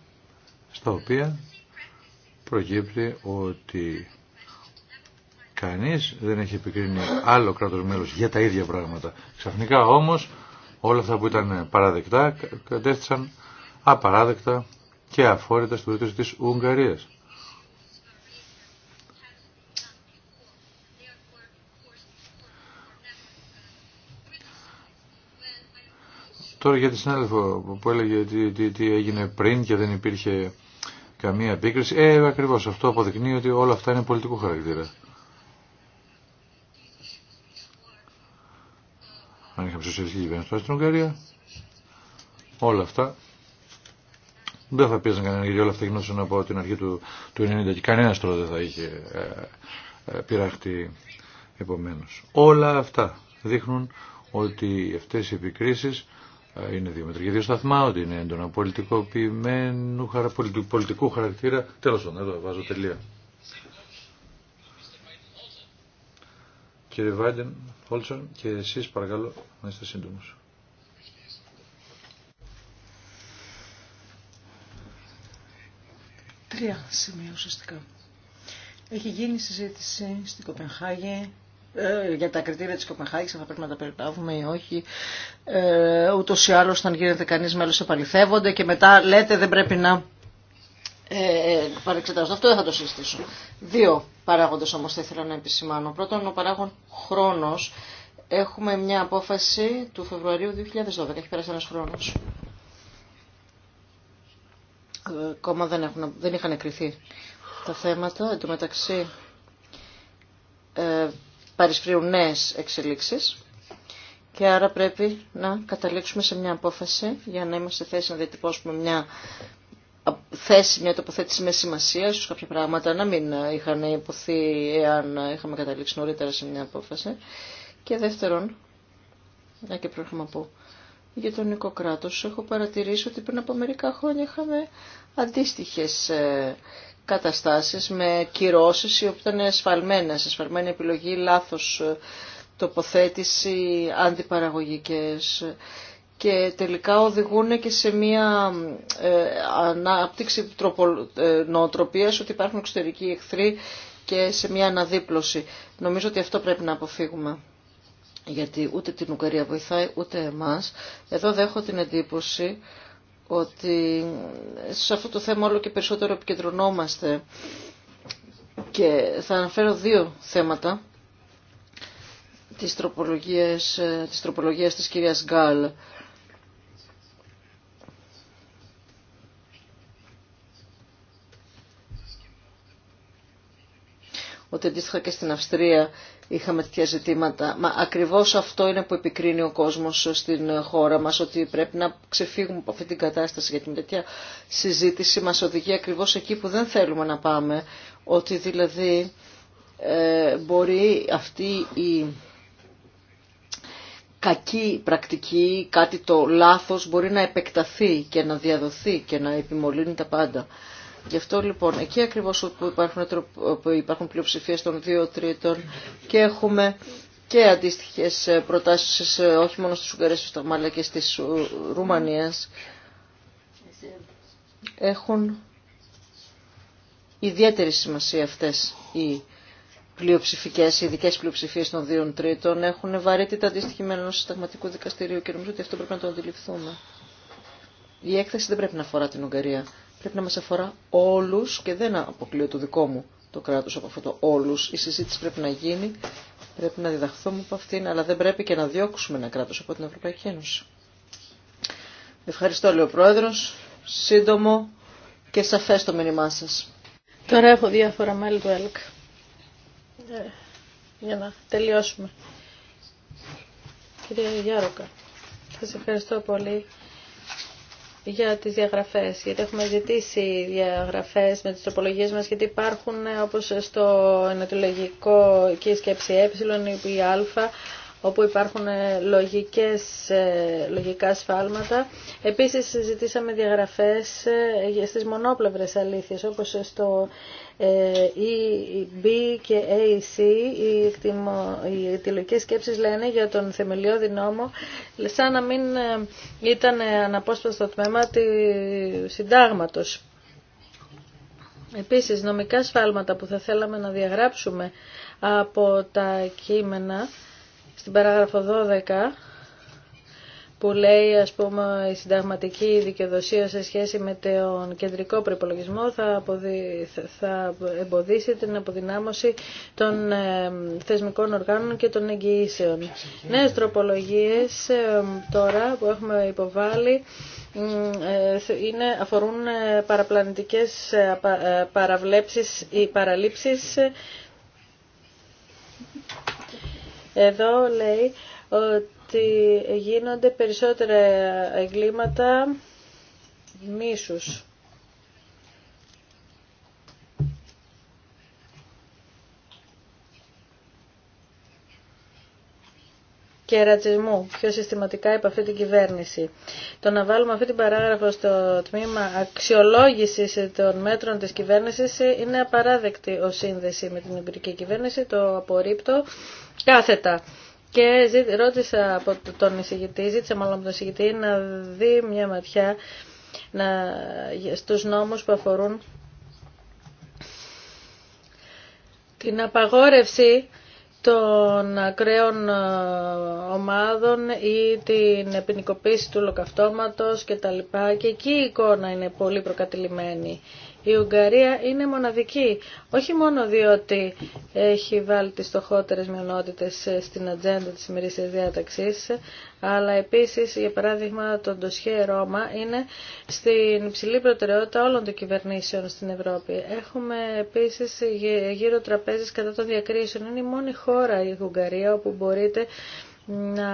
στα οποία προκύπτει ότι κανείς δεν έχει επικρίνει άλλο κράτος μέλος για τα ίδια πράγματα. Ξαφνικά όμως όλα αυτά που ήταν παραδεκτά κατέστησαν απαράδεκτα και αφόρητα στο δίκτυο της Ουγγαρίας. Τώρα για τη συνάδελφο που έλεγε τι, τι, τι έγινε πριν και δεν υπήρχε καμία επίκριση. Ε, ακριβώς αυτό αποδεικνύει ότι όλα αυτά είναι πολιτικού χαρακτήρα. Αν είχαμε σωσιαστική κυβέρνηση τώρα στην Ουγγαρία, όλα αυτά δεν θα πίεζαν κανέναν γιατί όλα αυτά γινόταν από την αρχή του, του 90 και κανένα τώρα δεν θα είχε ε, ε πειράχτη επομένω. Όλα αυτά δείχνουν ότι αυτές οι επικρίσεις είναι διομετρική δύο σταθμά, ότι είναι έντονα πολιτικοποιημένου, πολιτικού χαρακτήρα. Τέλος πάντων, εδώ βάζω τελεία. Κύριε Βάιντεν, Χόλτσον και εσείς παρακαλώ να είστε σύντομος. Τρία σημεία ουσιαστικά. Έχει γίνει συζήτηση στην Κοπενχάγη ε, για τα κριτήρια της Κοπεχάγης, αν θα πρέπει να τα περιλάβουμε ή όχι. Ε, ούτως ή άλλως όταν γίνεται κανείς μέλος επαληθεύονται και μετά λέτε δεν πρέπει να ε, Αυτό δεν θα το συστήσω. Δύο παράγοντες όμως θα ήθελα να επισημάνω. Πρώτον, ο παράγον χρόνος. Έχουμε μια απόφαση του Φεβρουαρίου 2012. Έχει πέρασει ένας χρόνος. Ε, ακόμα δεν, δεν είχαν εκριθεί τα θέματα. Εν ε, παρισφρίουν νέε εξελίξεις και άρα πρέπει να καταλήξουμε σε μια απόφαση για να είμαστε θέση να διατυπώσουμε μια θέση, μια τοποθέτηση με σημασία, ίσως κάποια πράγματα να μην είχαν υποθεί εάν είχαμε καταλήξει νωρίτερα σε μια απόφαση. Και δεύτερον, να και πρόγραμμα για τον οικοκράτος έχω παρατηρήσει ότι πριν από μερικά χρόνια είχαμε αντίστοιχες ε, καταστάσεις με κυρώσεις οι οποίες ήταν εσφαλμένες, εσφαλμένη επιλογή, λάθος ε, τοποθέτηση, αντιπαραγωγικές και τελικά οδηγούν και σε μια ε, ανάπτυξη ε, νοοτροπίας ότι υπάρχουν εξωτερικοί εχθροί και σε μια αναδίπλωση. Νομίζω ότι αυτό πρέπει να αποφύγουμε γιατί ούτε την Ουγγαρία βοηθάει ούτε εμάς. Εδώ δέχω την εντύπωση ότι σε αυτό το θέμα όλο και περισσότερο επικεντρωνόμαστε και θα αναφέρω δύο θέματα της τροπολογίας ε, της, τροπολογίας της κυρίας Γκάλ ότι αντίστοιχα και στην Αυστρία είχαμε τέτοια ζητήματα. Μα ακριβώς αυτό είναι που επικρίνει ο κόσμος στην χώρα μας, ότι πρέπει να ξεφύγουμε από αυτή την κατάσταση, γιατί με τέτοια συζήτηση μας οδηγεί ακριβώς εκεί που δεν θέλουμε να πάμε, ότι δηλαδή ε, μπορεί αυτή η κακή πρακτική, κάτι το λάθος μπορεί να επεκταθεί και να διαδοθεί και να επιμολύνει τα πάντα. Γι' αυτό λοιπόν εκεί ακριβώς όπου υπάρχουν, όπου υπάρχουν πλειοψηφίες των δύο τρίτων και έχουμε και αντίστοιχες προτάσεις όχι μόνο στις στα αλλά και στις Ρουμανίες έχουν ιδιαίτερη σημασία αυτές οι πλειοψηφικές, οι ειδικές πλειοψηφίες των δύο τρίτων έχουν βαρύτητα αντίστοιχη με ενός συνταγματικού Δικαστηρίο και νομίζω ότι αυτό πρέπει να το αντιληφθούμε. Η έκθεση δεν πρέπει να αφορά την Ουγγαρία πρέπει να μας αφορά όλους και δεν αποκλείω το δικό μου το κράτος από αυτό το όλους. Η συζήτηση πρέπει να γίνει, πρέπει να διδαχθούμε από αυτήν, αλλά δεν πρέπει και να διώξουμε ένα κράτος από την Ευρωπαϊκή Ένωση. Ευχαριστώ, λέει ο Πρόεδρος. Σύντομο και σαφές το μήνυμά σας. Τώρα έχω διάφορα μέλη του ΕΛΚ. Ε, για να τελειώσουμε. Κυρία Γιάροκα, σας ευχαριστώ πολύ για τις διαγραφές, γιατί έχουμε ζητήσει διαγραφές με τις τροπολογίες μας, γιατί υπάρχουν ε, όπως στο ενατολογικό και η σκέψη ε ή α, όπου υπάρχουν ε, λογικές, ε, λογικά σφάλματα. Επίσης ζητήσαμε διαγραφές στις μονόπλευρες αλήθειες, όπως στο ε, B και AC, οι, εκτιμο, οι σκέψεις λένε για τον θεμελιώδη νόμο, σαν να μην ε, ήταν αναπόσπαστο τμήμα του συντάγματος. Επίσης, νομικά σφάλματα που θα θέλαμε να διαγράψουμε από τα κείμενα, στην παράγραφο 12, που λέει ας πούμε η συνταγματική δικαιοδοσία σε σχέση με τον κεντρικό προπολογισμό θα, αποδι... θα εμποδίσει την αποδυνάμωση των ε, θεσμικών οργάνων και των εγγυήσεων. Νέες τροπολογίες ε, τώρα που έχουμε υποβάλει ε, είναι, αφορούν παραπλανητικές παραβλέψεις ή παραλήψεις. Εδώ λέει ότι γίνονται περισσότερα εγκλήματα μίσους. και ρατσισμού πιο συστηματικά υπ' αυτή την κυβέρνηση. Το να βάλουμε αυτή την παράγραφο στο τμήμα αξιολόγηση των μέτρων της κυβέρνησης είναι απαράδεκτη ο σύνδεση με την εμπειρική κυβέρνηση, το απορρίπτω κάθετα και ρώτησα από τον εισηγητή, ζήτησα μάλλον από τον να δει μια ματιά να, στους νόμους που αφορούν την απαγόρευση των ακραίων ε, ομάδων ή την επινικοποίηση του λοκαυτώματος και τα λοιπά. Και εκεί η εικόνα είναι πολύ προκατηλημένη. Η Ουγγαρία είναι μοναδική, όχι μόνο διότι έχει βάλει τις στοχότερες μειονότητες ε, στην ατζέντα της ημερήσιας διάταξης, αλλά επίσης, για παράδειγμα, το ντοσχέ Ρώμα είναι στην υψηλή προτεραιότητα όλων των κυβερνήσεων στην Ευρώπη. Έχουμε επίσης γύρω τραπέζες κατά των διακρίσεων. Είναι η μόνη χώρα η Ουγγαρία όπου μπορείτε να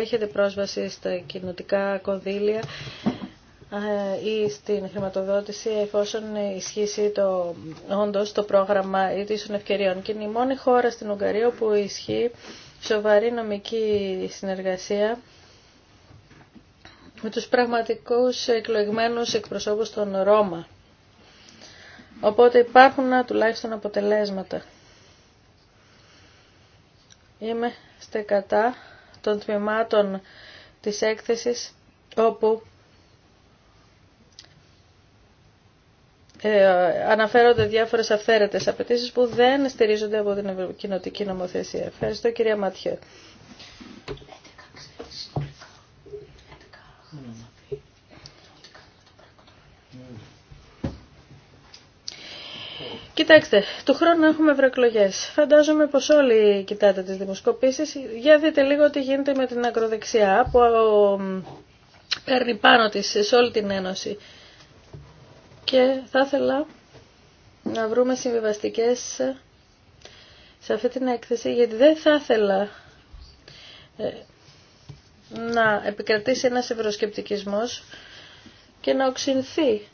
έχετε πρόσβαση στα κοινωτικά κονδύλια ε, ή στην χρηματοδότηση εφόσον ισχύσει το, όντως το πρόγραμμα ίσων ευκαιριών. Και είναι η μόνη χώρα στην χρηματοδοτηση εφοσον ισχυσει το οντως το προγραμμα των ευκαιριων και ειναι η μονη χωρα στην ουγγαρια που ισχύει σοβαρή νομική συνεργασία με τους πραγματικούς εκλογμένους εκπροσώπους των Ρώμα. Οπότε υπάρχουν τουλάχιστον αποτελέσματα. Είμαι στεκατά των τμήματων της έκθεσης όπου ε, αναφέρονται διάφορες αυθαίρετε απαιτήσει που δεν στηρίζονται από την κοινοτική νομοθεσία. Ευχαριστώ κυρία Ματιέ. Κοιτάξτε, του χρόνου έχουμε ευρωεκλογέ. Φαντάζομαι πω όλοι κοιτάτε τι δημοσκοπήσει. Για δείτε λίγο τι γίνεται με την ακροδεξιά που ε, παίρνει πάνω τη σε όλη την Ένωση και θα ήθελα να βρούμε συμβιβαστικές σε αυτή την έκθεση γιατί δεν θα ήθελα ε, να επικρατήσει ένας ευρωσκεπτικισμός και να οξυνθεί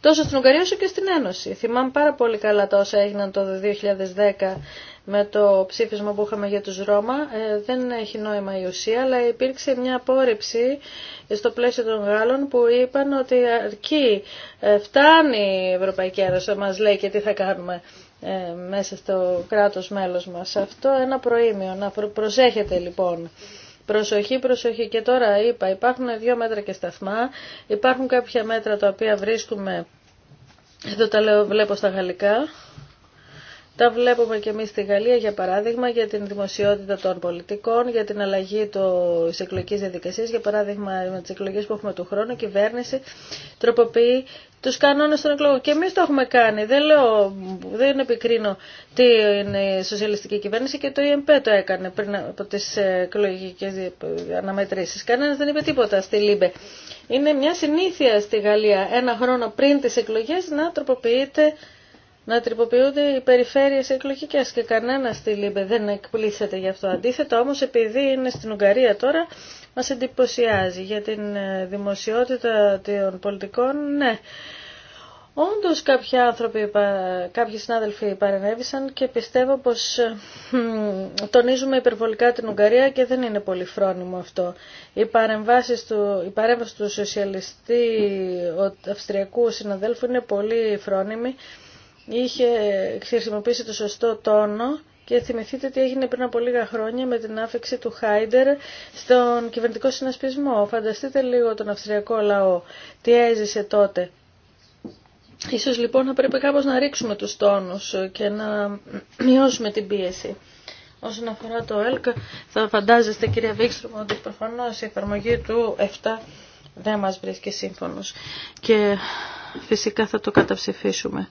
τόσο στην Ουγγαρία όσο και στην Ένωση. Θυμάμαι πάρα πολύ καλά τα όσα έγιναν το 2010 με το ψήφισμα που είχαμε για τους Ρώμα. Ε, δεν έχει νόημα η ουσία, αλλά υπήρξε μια απόρριψη στο πλαίσιο των Γάλλων που είπαν ότι αρκεί, ε, φτάνει η Ευρωπαϊκή Ένωση, μας λέει και τι θα κάνουμε ε, μέσα στο κράτος μέλος μας. Αυτό ένα προήμιο, να προσέχετε λοιπόν. Προσοχή, προσοχή. Και τώρα είπα, υπάρχουν δύο μέτρα και σταθμά. Υπάρχουν κάποια μέτρα τα οποία βρίσκουμε, εδώ τα βλέπω στα γαλλικά, τα βλέπουμε και εμείς στη Γαλλία, για παράδειγμα, για την δημοσιότητα των πολιτικών, για την αλλαγή τη εκλογική διαδικασία, Για παράδειγμα, με τις εκλογές που έχουμε του χρόνου, η κυβέρνηση τροποποιεί τους κανόνες των εκλογών. Και εμείς το έχουμε κάνει. Δεν, λέω, δεν επικρίνω τι είναι η σοσιαλιστική κυβέρνηση και το EMP το έκανε πριν από τις εκλογικές αναμετρήσεις. Κανένας δεν είπε τίποτα στη ΛΥΜΠΕ. Είναι μια συνήθεια στη Γαλλία ένα χρόνο πριν τις εκλογές να τροποποιείται να τρυποποιούνται οι περιφέρειε εκλογικέ. και κανένα στη Λίμπε δεν εκπλήσεται γι' αυτό. Αντίθετα όμω, επειδή είναι στην Ουγγαρία τώρα μα εντυπωσιάζει για την ε, δημοσιότητα των πολιτικών, ναι. Όντω κάποιοι άνθρωποι, κάποιοι συνάδελφοι παρενέβησαν και πιστεύω πω ε, τονίζουμε υπερβολικά την Ουγγαρία και δεν είναι πολύ φρόνιμο αυτό. Η, του, η παρέμβαση του σοσιαλιστή αυστριακού συναδέλφου είναι πολύ φρόνιμη είχε χρησιμοποιήσει το σωστό τόνο και θυμηθείτε τι έγινε πριν από λίγα χρόνια με την άφηξη του Χάιντερ στον κυβερνητικό συνασπισμό. Φανταστείτε λίγο τον αυστριακό λαό, τι έζησε τότε. Ίσως λοιπόν θα πρέπει κάπως να ρίξουμε τους τόνους και να μειώσουμε την πίεση. Όσον αφορά το ΕΛΚ, θα φαντάζεστε κυρία Βίξτρομ ότι προφανώς η εφαρμογή του 7 δεν μας βρίσκει σύμφωνος. Και φυσικά θα το καταψηφίσουμε.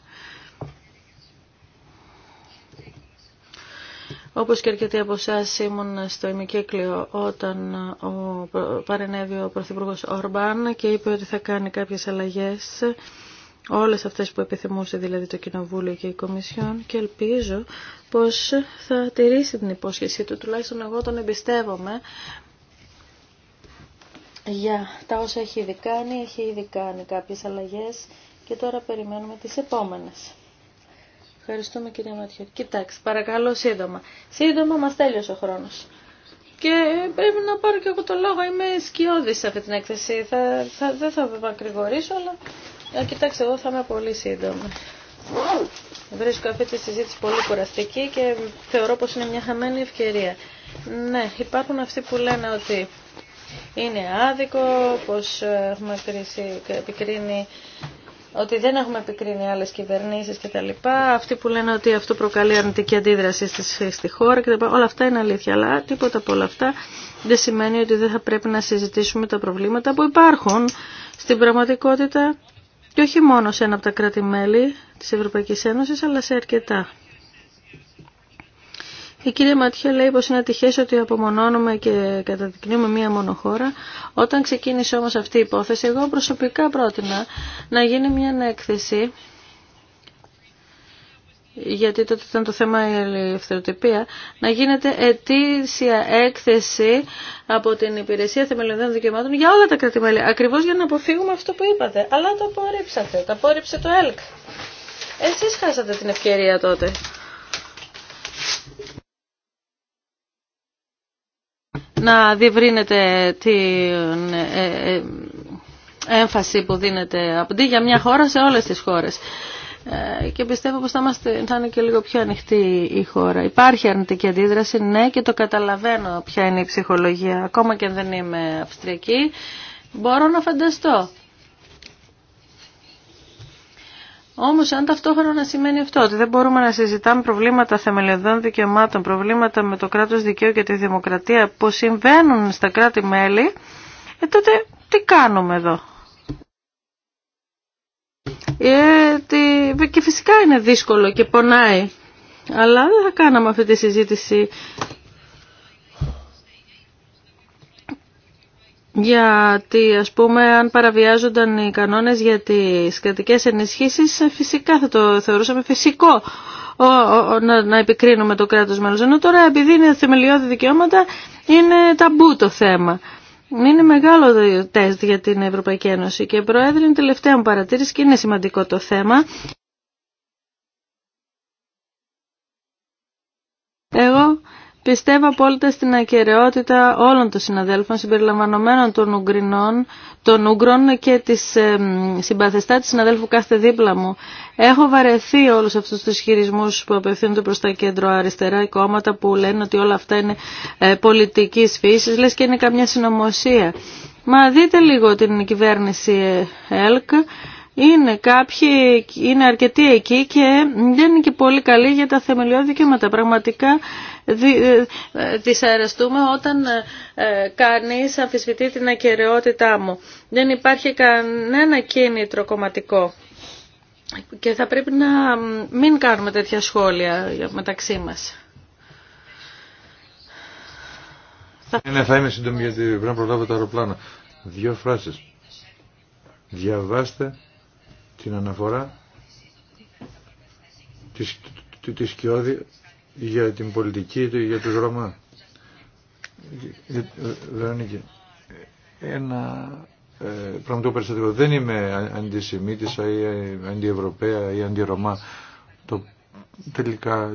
Όπως και αρκετοί από εσά ήμουν στο ημικύκλιο όταν ο, παρενέβη ο Πρωθυπουργός Ορμπάν και είπε ότι θα κάνει κάποιες αλλαγές, όλες αυτές που επιθυμούσε δηλαδή το Κοινοβούλιο και η Κομισιόν και ελπίζω πως θα τηρήσει την υπόσχεσή του, τουλάχιστον εγώ τον εμπιστεύομαι για τα όσα έχει ήδη κάνει, έχει ήδη κάνει κάποιες αλλαγές και τώρα περιμένουμε τις επόμενες. Ευχαριστούμε κύριε Ματιώτη. Κοιτάξτε, παρακαλώ σύντομα. Σύντομα μας τέλειωσε ο χρόνος. Και πρέπει να πάρω και εγώ το λόγο. Είμαι σκιώδη σε αυτή την έκθεση. Θα, θα, δεν θα ακριβωρήσω, αλλά ε, κοιτάξτε, εγώ θα είμαι πολύ σύντομα. Βρίσκω αυτή τη συζήτηση πολύ κουραστική και θεωρώ πως είναι μια χαμένη ευκαιρία. Ναι, υπάρχουν αυτοί που λένε ότι είναι άδικο, πως έχουμε επικρίνει ότι δεν έχουμε επικρίνει άλλες κυβερνήσεις και τα λοιπά, αυτοί που λένε ότι αυτό προκαλεί αρνητική αντίδραση στη χώρα και τα όλα αυτά είναι αλήθεια, αλλά τίποτα από όλα αυτά δεν σημαίνει ότι δεν θα πρέπει να συζητήσουμε τα προβλήματα που υπάρχουν στην πραγματικότητα και όχι μόνο σε ένα από τα κράτη-μέλη της Ευρωπαϊκής Ένωσης, αλλά σε αρκετά. Η κυρία Ματιέ λέει πως είναι ατυχές ότι απομονώνουμε και καταδεικνύουμε μία μόνο χώρα. Όταν ξεκίνησε όμως αυτή η υπόθεση, εγώ προσωπικά πρότεινα να γίνει μια έκθεση γιατί τότε ήταν το θέμα η ελευθεροτυπία, να γίνεται ετήσια έκθεση από την Υπηρεσία Θεμελιωδών Δικαιωμάτων για όλα τα κρατημέλια. Ακριβώς για να αποφύγουμε αυτό που είπατε. Αλλά το απορρίψατε. Το απόρριψε το ΕΛΚ. Εσείς χάσατε την ευκαιρία τότε. να διευρύνετε την ε, ε, έμφαση που δίνεται από για μια χώρα σε όλες τις χώρες. Ε, και πιστεύω πως θα, είμαστε, θα είναι και λίγο πιο ανοιχτή η χώρα. Υπάρχει αρνητική αντίδραση, ναι, και το καταλαβαίνω ποια είναι η ψυχολογία. Ακόμα και αν δεν είμαι Αυστριακή, μπορώ να φανταστώ Όμως αν ταυτόχρονα σημαίνει αυτό ότι δεν μπορούμε να συζητάμε προβλήματα θεμελιωδών δικαιωμάτων, προβλήματα με το κράτος δικαίου και τη δημοκρατία που συμβαίνουν στα κράτη-μέλη, ε, τότε τι κάνουμε εδώ. Ε, Και φυσικά είναι δύσκολο και πονάει. Αλλά δεν θα κάναμε αυτή τη συζήτηση Γιατί ας πούμε αν παραβιάζονταν οι κανόνες για τις κρατικές ενισχύσεις ε, φυσικά θα το θεωρούσαμε φυσικό να, επικρίνουμε το κράτος μέλος. Ενώ τώρα επειδή είναι θεμελιώδη δικαιώματα είναι ταμπού το θέμα. Είναι μεγάλο τεστ για την Ευρωπαϊκή Ένωση και Πρόεδρε είναι τελευταία μου παρατήρηση και είναι σημαντικό το θέμα. Εγώ Πιστεύω απόλυτα στην ακαιρεότητα όλων των συναδέλφων συμπεριλαμβανομένων των Ουγγρινών, των Ούγγρων και της ε, συμπαθεστά της συναδέλφου κάθε δίπλα μου. Έχω βαρεθεί όλους αυτούς τους χειρισμού που απευθύνονται προς τα κέντρο αριστερά κόμματα που λένε ότι όλα αυτά είναι ε, πολιτικής φύσης, λες και είναι καμιά συνωμοσία. Μα δείτε λίγο την κυβέρνηση ε, ΕΛΚ. Είναι κάποιοι, είναι αρκετοί εκεί και δεν είναι και πολύ καλοί για τα θεμελιώδη δικαιώματα. Πραγματικά δυσαρεστούμε ε, ε, όταν ε, κανείς αμφισβητεί την ακαιρεότητά μου. Δεν υπάρχει κανένα κίνητρο κομματικό. Και θα πρέπει να μην κάνουμε τέτοια σχόλια μεταξύ μας. Ναι, ναι, θα είμαι σύντομη γιατί πρέπει να προλάβω το αεροπλάνο. Δύο φράσεις. Διαβάστε την αναφορά της, της για την πολιτική, του για τους Ρωμά. Ε, Βερονίκη, ένα ε, πραγματικό περιστατικό. Δεν είμαι αντισημίτης ή ε, αντιευρωπαία ή αντιρωμά. Το, τελικά ε,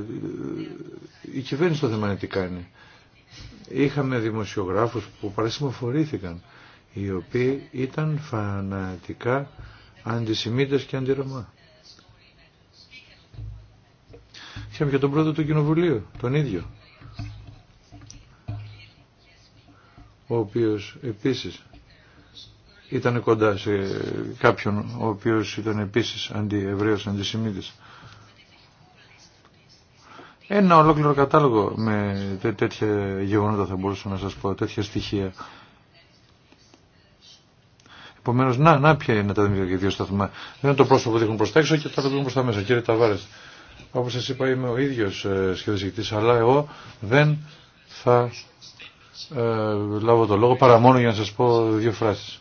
η κυβέρνηση το θέμα είναι τι κάνει. Είχαμε δημοσιογράφους που παρασυμφορήθηκαν οι οποίοι ήταν φανατικά αντισημίτες και αντιρωμά. Είχαμε και τον πρόεδρο του Κοινοβουλίου, τον ίδιο. Ο οποίος επίσης ήταν κοντά σε κάποιον ο οποίος ήταν επίσης αντιεβραίος αντισημίτης. Ένα ολόκληρο κατάλογο με τέτοια γεγονότα θα μπορούσα να σας πω, τέτοια στοιχεία. Επομένως, να, να ποια είναι τα δημιουργία δύο σταθμά. Δεν είναι το πρόσωπο που δείχνουν προς τα έξω και το δείχνουν τα μέσα. Κύριε Ταβάρες, όπως σας είπα είμαι ο ίδιος ε, σχεδοσυγητής αλλά εγώ δεν θα ε, λάβω το λόγο παρά μόνο για να σας πω δύο φράσεις.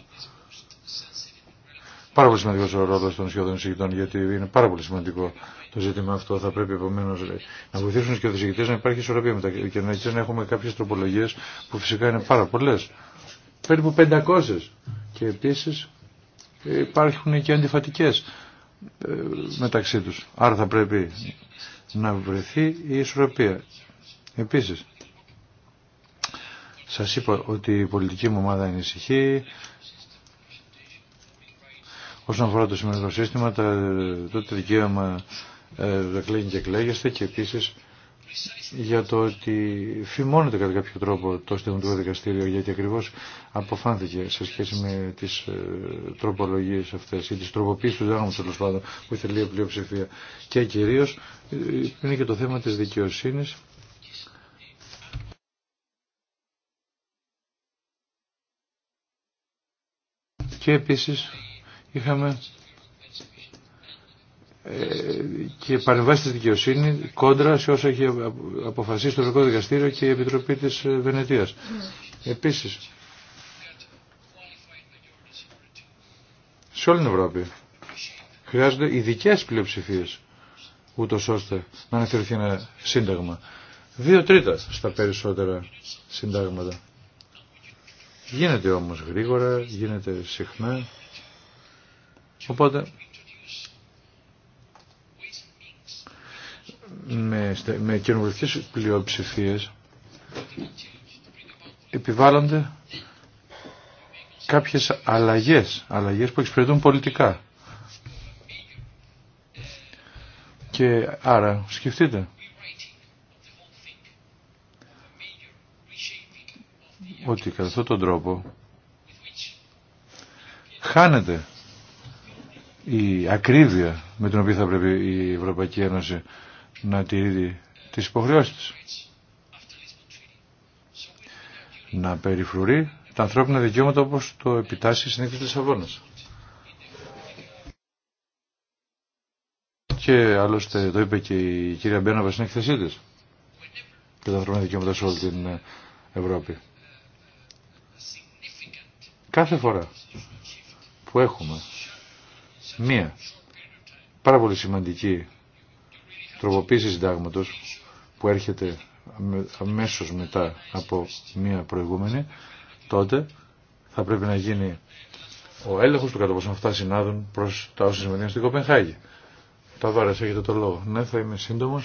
Πάρα πολύ σημαντικό ο ρόλο των σχεδόν γιατί είναι πάρα πολύ σημαντικό το ζήτημα αυτό. Θα πρέπει επομένω να βοηθήσουν και του να υπάρχει ισορροπία μεταξύ και να έχουμε κάποιε τροπολογίε που φυσικά είναι πάρα πολλέ. Περίπου 500. Και επίση υπάρχουν και αντιφατικέ. Ε, μεταξύ τους. Άρα θα πρέπει να βρεθεί η ισορροπία. Επίσης, σας είπα ότι η πολιτική μου ομάδα ανησυχεί όσον αφορά το σημερινό σύστημα, το δικαίωμα ε, κλείνει και κλαίγεστε και επίσης για το ότι φημώνεται κατά κάποιο τρόπο το στεγνωτικό δικαστήριο γιατί ακριβώς αποφάνθηκε σε σχέση με τις ε, τροπολογίες αυτές ή τις τροποποίησεις του δράγματος τέλο πάντων που ήθελε η πλειοψηφία και κυρίως ε, είναι και το θέμα της δικαιοσύνης και επίσης είχαμε και παρεμβάσει τη δικαιοσύνη κόντρα σε όσα έχει αποφασίσει το Ευρωπαϊκό Δικαστήριο και η Επιτροπή της Βενετίας. Ναι. Επίσης, σε όλη την Ευρώπη χρειάζονται ειδικέ πλειοψηφίε ούτω ώστε να αναθεωρηθεί ένα σύνταγμα. Δύο τρίτα στα περισσότερα συντάγματα. Γίνεται όμως γρήγορα, γίνεται συχνά. Οπότε με, με κοινοβουλευτικές πλειοψηφίες επιβάλλονται κάποιες αλλαγές, αλλαγές που εξυπηρετούν πολιτικά. Και άρα σκεφτείτε. Ότι κατά αυτόν τον τρόπο χάνεται η ακρίβεια με την οποία θα πρέπει η Ευρωπαϊκή Ένωση να τηρεί τις υποχρεώσεις της. Να περιφρουρεί τα ανθρώπινα δικαιώματα όπως το επιτάσσει η συνήθεια της αγώνας. Και άλλωστε το είπε και η κυρία Μπέναβα στην έκθεσή της και τα ανθρώπινα δικαιώματα σε όλη την Ευρώπη. Κάθε φορά που έχουμε μία πάρα πολύ σημαντική τροποποίηση συντάγματο που έρχεται αμέσω μετά από μία προηγούμενη, τότε θα πρέπει να γίνει ο έλεγχος του κατά πόσο αυτά συνάδουν προς τα όσα συμβαίνουν στην Κοπενχάγη. Τα βάρε έχετε το λόγο. Ναι, θα είμαι σύντομο.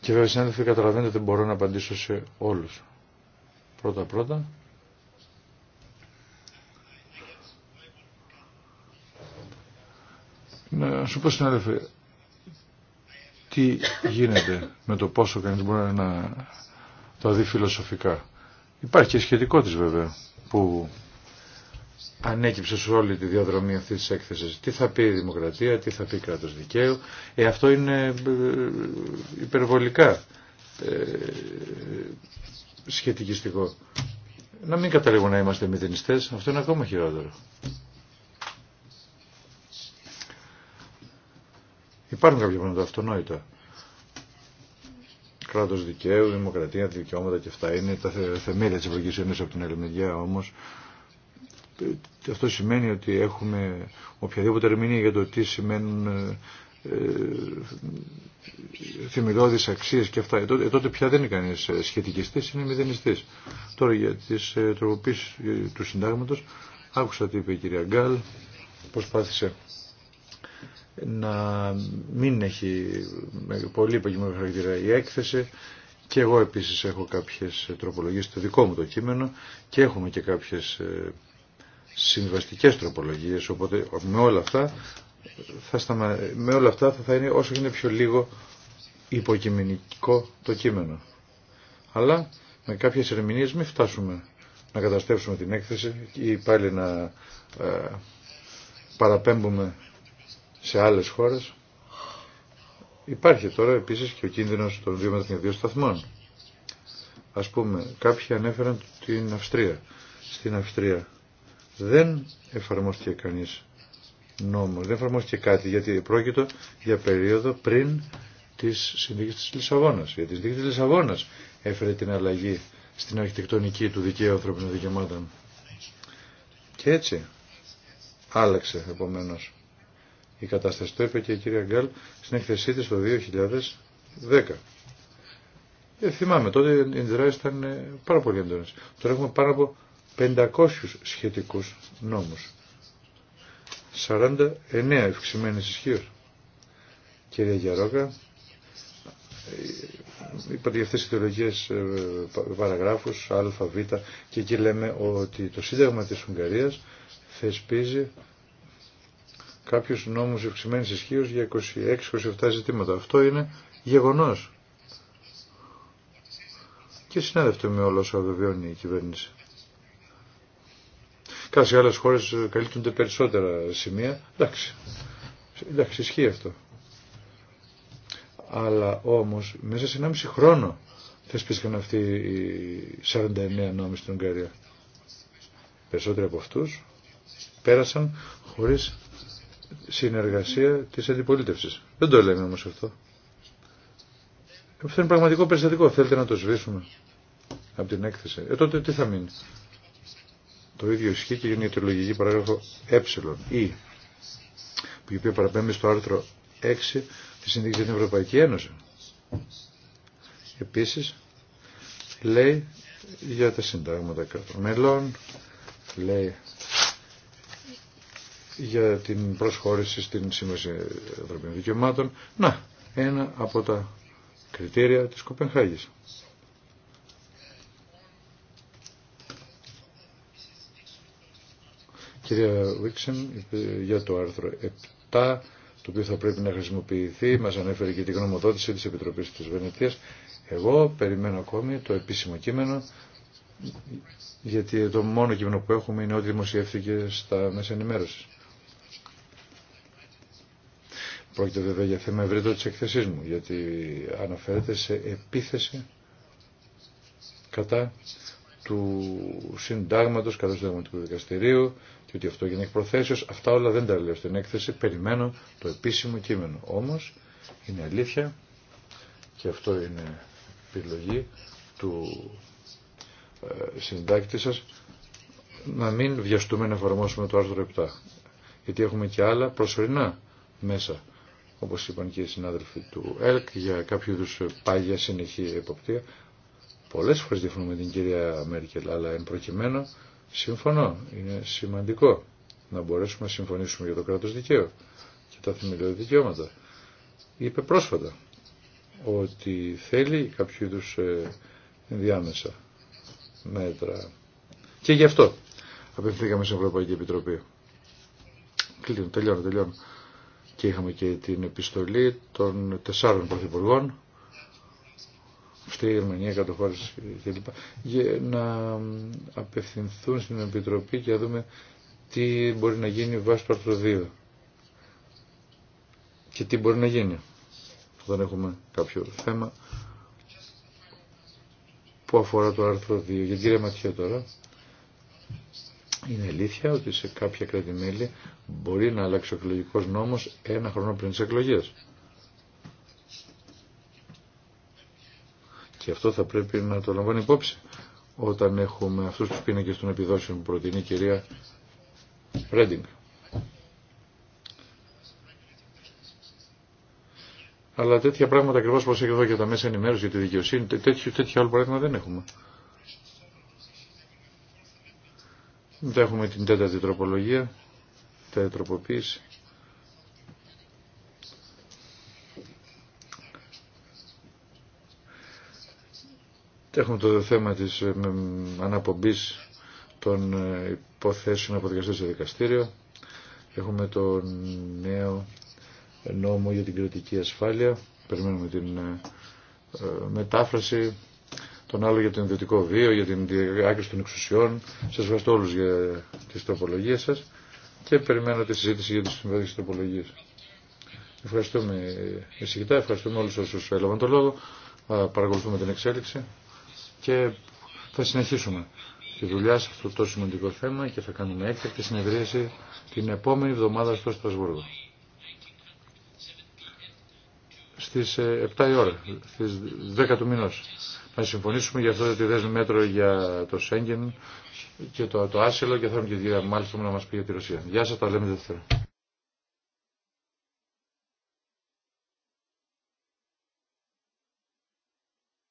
Και βέβαια συνάδελφοι καταλαβαίνετε ότι μπορώ να απαντήσω σε όλους. Πρώτα πρώτα Να σου πω συνάδελφε, τι γίνεται με το πόσο κανείς μπορεί να το δει φιλοσοφικά. Υπάρχει και σχετικό της βέβαια που ανέκυψε σε όλη τη διαδρομή αυτή της έκθεσης. Τι θα πει η δημοκρατία, τι θα πει η κράτος δικαίου. Ε, αυτό είναι ε, υπερβολικά ε, σχετικιστικό. Να μην καταλήγω να είμαστε μηδενιστές, αυτό είναι ακόμα χειρότερο. Υπάρχουν κάποια πράγματα αυτονόητα. Κράτο δικαίου, δημοκρατία, δικαιώματα και αυτά είναι τα θεμέλια τη Ευρωπαϊκή Ένωση από την άλλη μεριά όμω. Ε, αυτό σημαίνει ότι έχουμε οποιαδήποτε ερμηνεία για το τι σημαίνουν ε, ε, θεμελιώδεις αξίες και αυτά. Ε, τότε, πια δεν είναι κανείς σχετικιστής, είναι μηδενιστής. Τώρα για τις ε, τροποποίησεις του συντάγματος, άκουσα τι είπε η κυρία Γκάλ, προσπάθησε να μην έχει πολύ υπογείμενο χαρακτήρα η έκθεση και εγώ επίσης έχω κάποιες τροπολογίες στο δικό μου το κείμενο και έχουμε και κάποιες ε, συμβαστικές τροπολογίες οπότε με όλα αυτά θα, σταμα... με όλα αυτά θα είναι όσο είναι πιο λίγο υποκειμενικό το κείμενο. Αλλά με κάποιες ερμηνείες μην φτάσουμε να καταστρέψουμε την έκθεση ή πάλι να ε, παραπέμπουμε σε άλλες χώρες. Υπάρχει τώρα επίσης και ο κίνδυνος των δύο δύο σταθμών. Ας πούμε, κάποιοι ανέφεραν την Αυστρία. Στην Αυστρία δεν εφαρμόστηκε κανείς νόμος, δεν εφαρμόστηκε κάτι, γιατί πρόκειτο για περίοδο πριν της συνδίκης της Λισαβόνας. Γιατί η συνδίκη της Λισαβόνας έφερε την αλλαγή στην αρχιτεκτονική του δικαίου ανθρώπινων δικαιωμάτων. Και έτσι άλλαξε επομένως η κατάσταση. Το είπε και η κυρία Γκάλ στην έκθεσή της το 2010. Ε, θυμάμαι, τότε οι δράσεις ήταν ε, πάρα πολύ έντονες. Τώρα έχουμε πάνω από 500 σχετικούς νόμους. 49 ευξημένες ισχύω. Κυρία Γιαρόκα, ε, είπατε για αυτές τις ιδεολογίες ε, παραγράφους, α, β και εκεί λέμε ότι το Σύνταγμα της Ουγγαρίας θεσπίζει κάποιους νόμου ευξημένης ισχύω για 26-27 ζητήματα. Αυτό είναι γεγονός. Και συνέδευτο με όλα όσα βεβαιώνει η κυβέρνηση. Κάτι σε άλλες χώρες καλύπτονται περισσότερα σημεία. Εντάξει. Εντάξει, ισχύει αυτό. Αλλά όμως μέσα σε 1,5 χρόνο θεσπίστηκαν αυτοί οι 49 νόμοι στην Ουγγαρία. Περισσότεροι από αυτούς πέρασαν χωρίς συνεργασία της αντιπολίτευσης. Δεν το λέμε όμως αυτό. Αυτό είναι πραγματικό περιστατικό. Θέλετε να το σβήσουμε από την έκθεση. Ε, τότε τι θα μείνει. Το ίδιο ισχύει και για την λογική παράγραφο ε ή που η οποία παραπέμπει στο άρθρο 6 της Συνδίκης για την Ευρωπαϊκή Ένωση. Επίσης λέει για τα συντάγματα Μελλον λέει για την προσχώρηση στην Σύμβαση Ευρωπαϊκών Δικαιωμάτων. Να, ένα από τα κριτήρια της Κοπενχάγης. Κυρία Βίξεν, για το άρθρο 7, το οποίο θα πρέπει να χρησιμοποιηθεί, μας ανέφερε και την γνωμοδότηση της Επιτροπής της Βενετίας. Εγώ περιμένω ακόμη το επίσημο κείμενο, γιατί το μόνο κείμενο που έχουμε είναι ό,τι δημοσιεύθηκε στα μέσα ενημέρωσης. Πρόκειται βέβαια για θέμα ευρύτερο τη εκθεσή μου, γιατί αναφέρεται σε επίθεση κατά του συντάγματο, κατά του συνταγματικού δικαστηρίου και ότι αυτό γίνεται εκ Αυτά όλα δεν τα λέω στην έκθεση, περιμένω το επίσημο κείμενο. όμω είναι αλήθεια και αυτό είναι επιλογή του ε, συντάκτη σα να μην βιαστούμε να εφαρμόσουμε το άρθρο 7. Γιατί έχουμε και άλλα προσωρινά μέσα όπως είπαν και οι συνάδελφοι του ΕΛΚ, για κάποιο είδους πάγια συνεχή εποπτεία. Πολλές φορές διαφωνούμε την κυρία Μέρκελ, αλλά εν προκειμένου συμφωνώ. Είναι σημαντικό να μπορέσουμε να συμφωνήσουμε για το κράτος δικαίου και τα θεμελιώδη δικαιώματα. Είπε πρόσφατα ότι θέλει κάποιο είδους ε, ενδιάμεσα μέτρα. Και γι' αυτό απευθύνθηκαμε στην Ευρωπαϊκή Επιτροπή. Κλείνω, τελειώνω, τελειώνω και είχαμε και την επιστολή των τεσσάρων πρωθυπουργών στη Γερμανία, κατοχώρηση κλπ. Για να απευθυνθούν στην Επιτροπή και να δούμε τι μπορεί να γίνει βάσει του Άρθρο 2. Και τι μπορεί να γίνει. Δεν έχουμε κάποιο θέμα που αφορά το άρθρο 2. Για την κυρία Ματιά τώρα. Είναι αλήθεια ότι σε κάποια κράτη-μέλη μπορεί να αλλάξει ο εκλογικό νόμος ένα χρόνο πριν τι εκλογέ. Και αυτό θα πρέπει να το λαμβάνει υπόψη όταν έχουμε αυτούς τους πίνακε των επιδόσεων που προτείνει η κυρία Ρέντινγκ. Αλλά τέτοια πράγματα ακριβώ όπω εδώ για τα μέσα ενημέρωση, για τη δικαιοσύνη, τέτοιο, τέτοιο άλλο παράδειγμα δεν έχουμε. Μετά έχουμε την τέταρτη τροπολογία, τέταρτη τροποποίηση. Έχουμε το θέμα της ε, αναπομπής των ε, υποθέσεων από δικαστήριο σε δικαστήριο. Έχουμε το νέο νόμο για την κριτική ασφάλεια. Περιμένουμε την ε, μετάφραση τον άλλο για τον ιδιωτικό βίο, για την διάκριση των εξουσιών. σα ευχαριστώ όλου για τι τροπολογίε σα και περιμένω τη συζήτηση για τι συμβατικές τροπολογίες. Ευχαριστούμε εισηγητά, ευχαριστούμε όλου όσου έλαβαν το λόγο, παρακολουθούμε την εξέλιξη και θα συνεχίσουμε τη δουλειά σε αυτό το σημαντικό θέμα και θα κάνουμε έκτακτη συνεδρίαση την επόμενη εβδομάδα στο Στρασβούργο. Στις 7 ε, η ώρα, στις 10 του μηνός να συμφωνήσουμε για αυτό το δέσμη μέτρο για το Σέγγεν και το, το άσυλο και θα έχουμε και τη μάλιστα να μας πει για τη Ρωσία. Γεια σας, τα λέμε δεύτερο.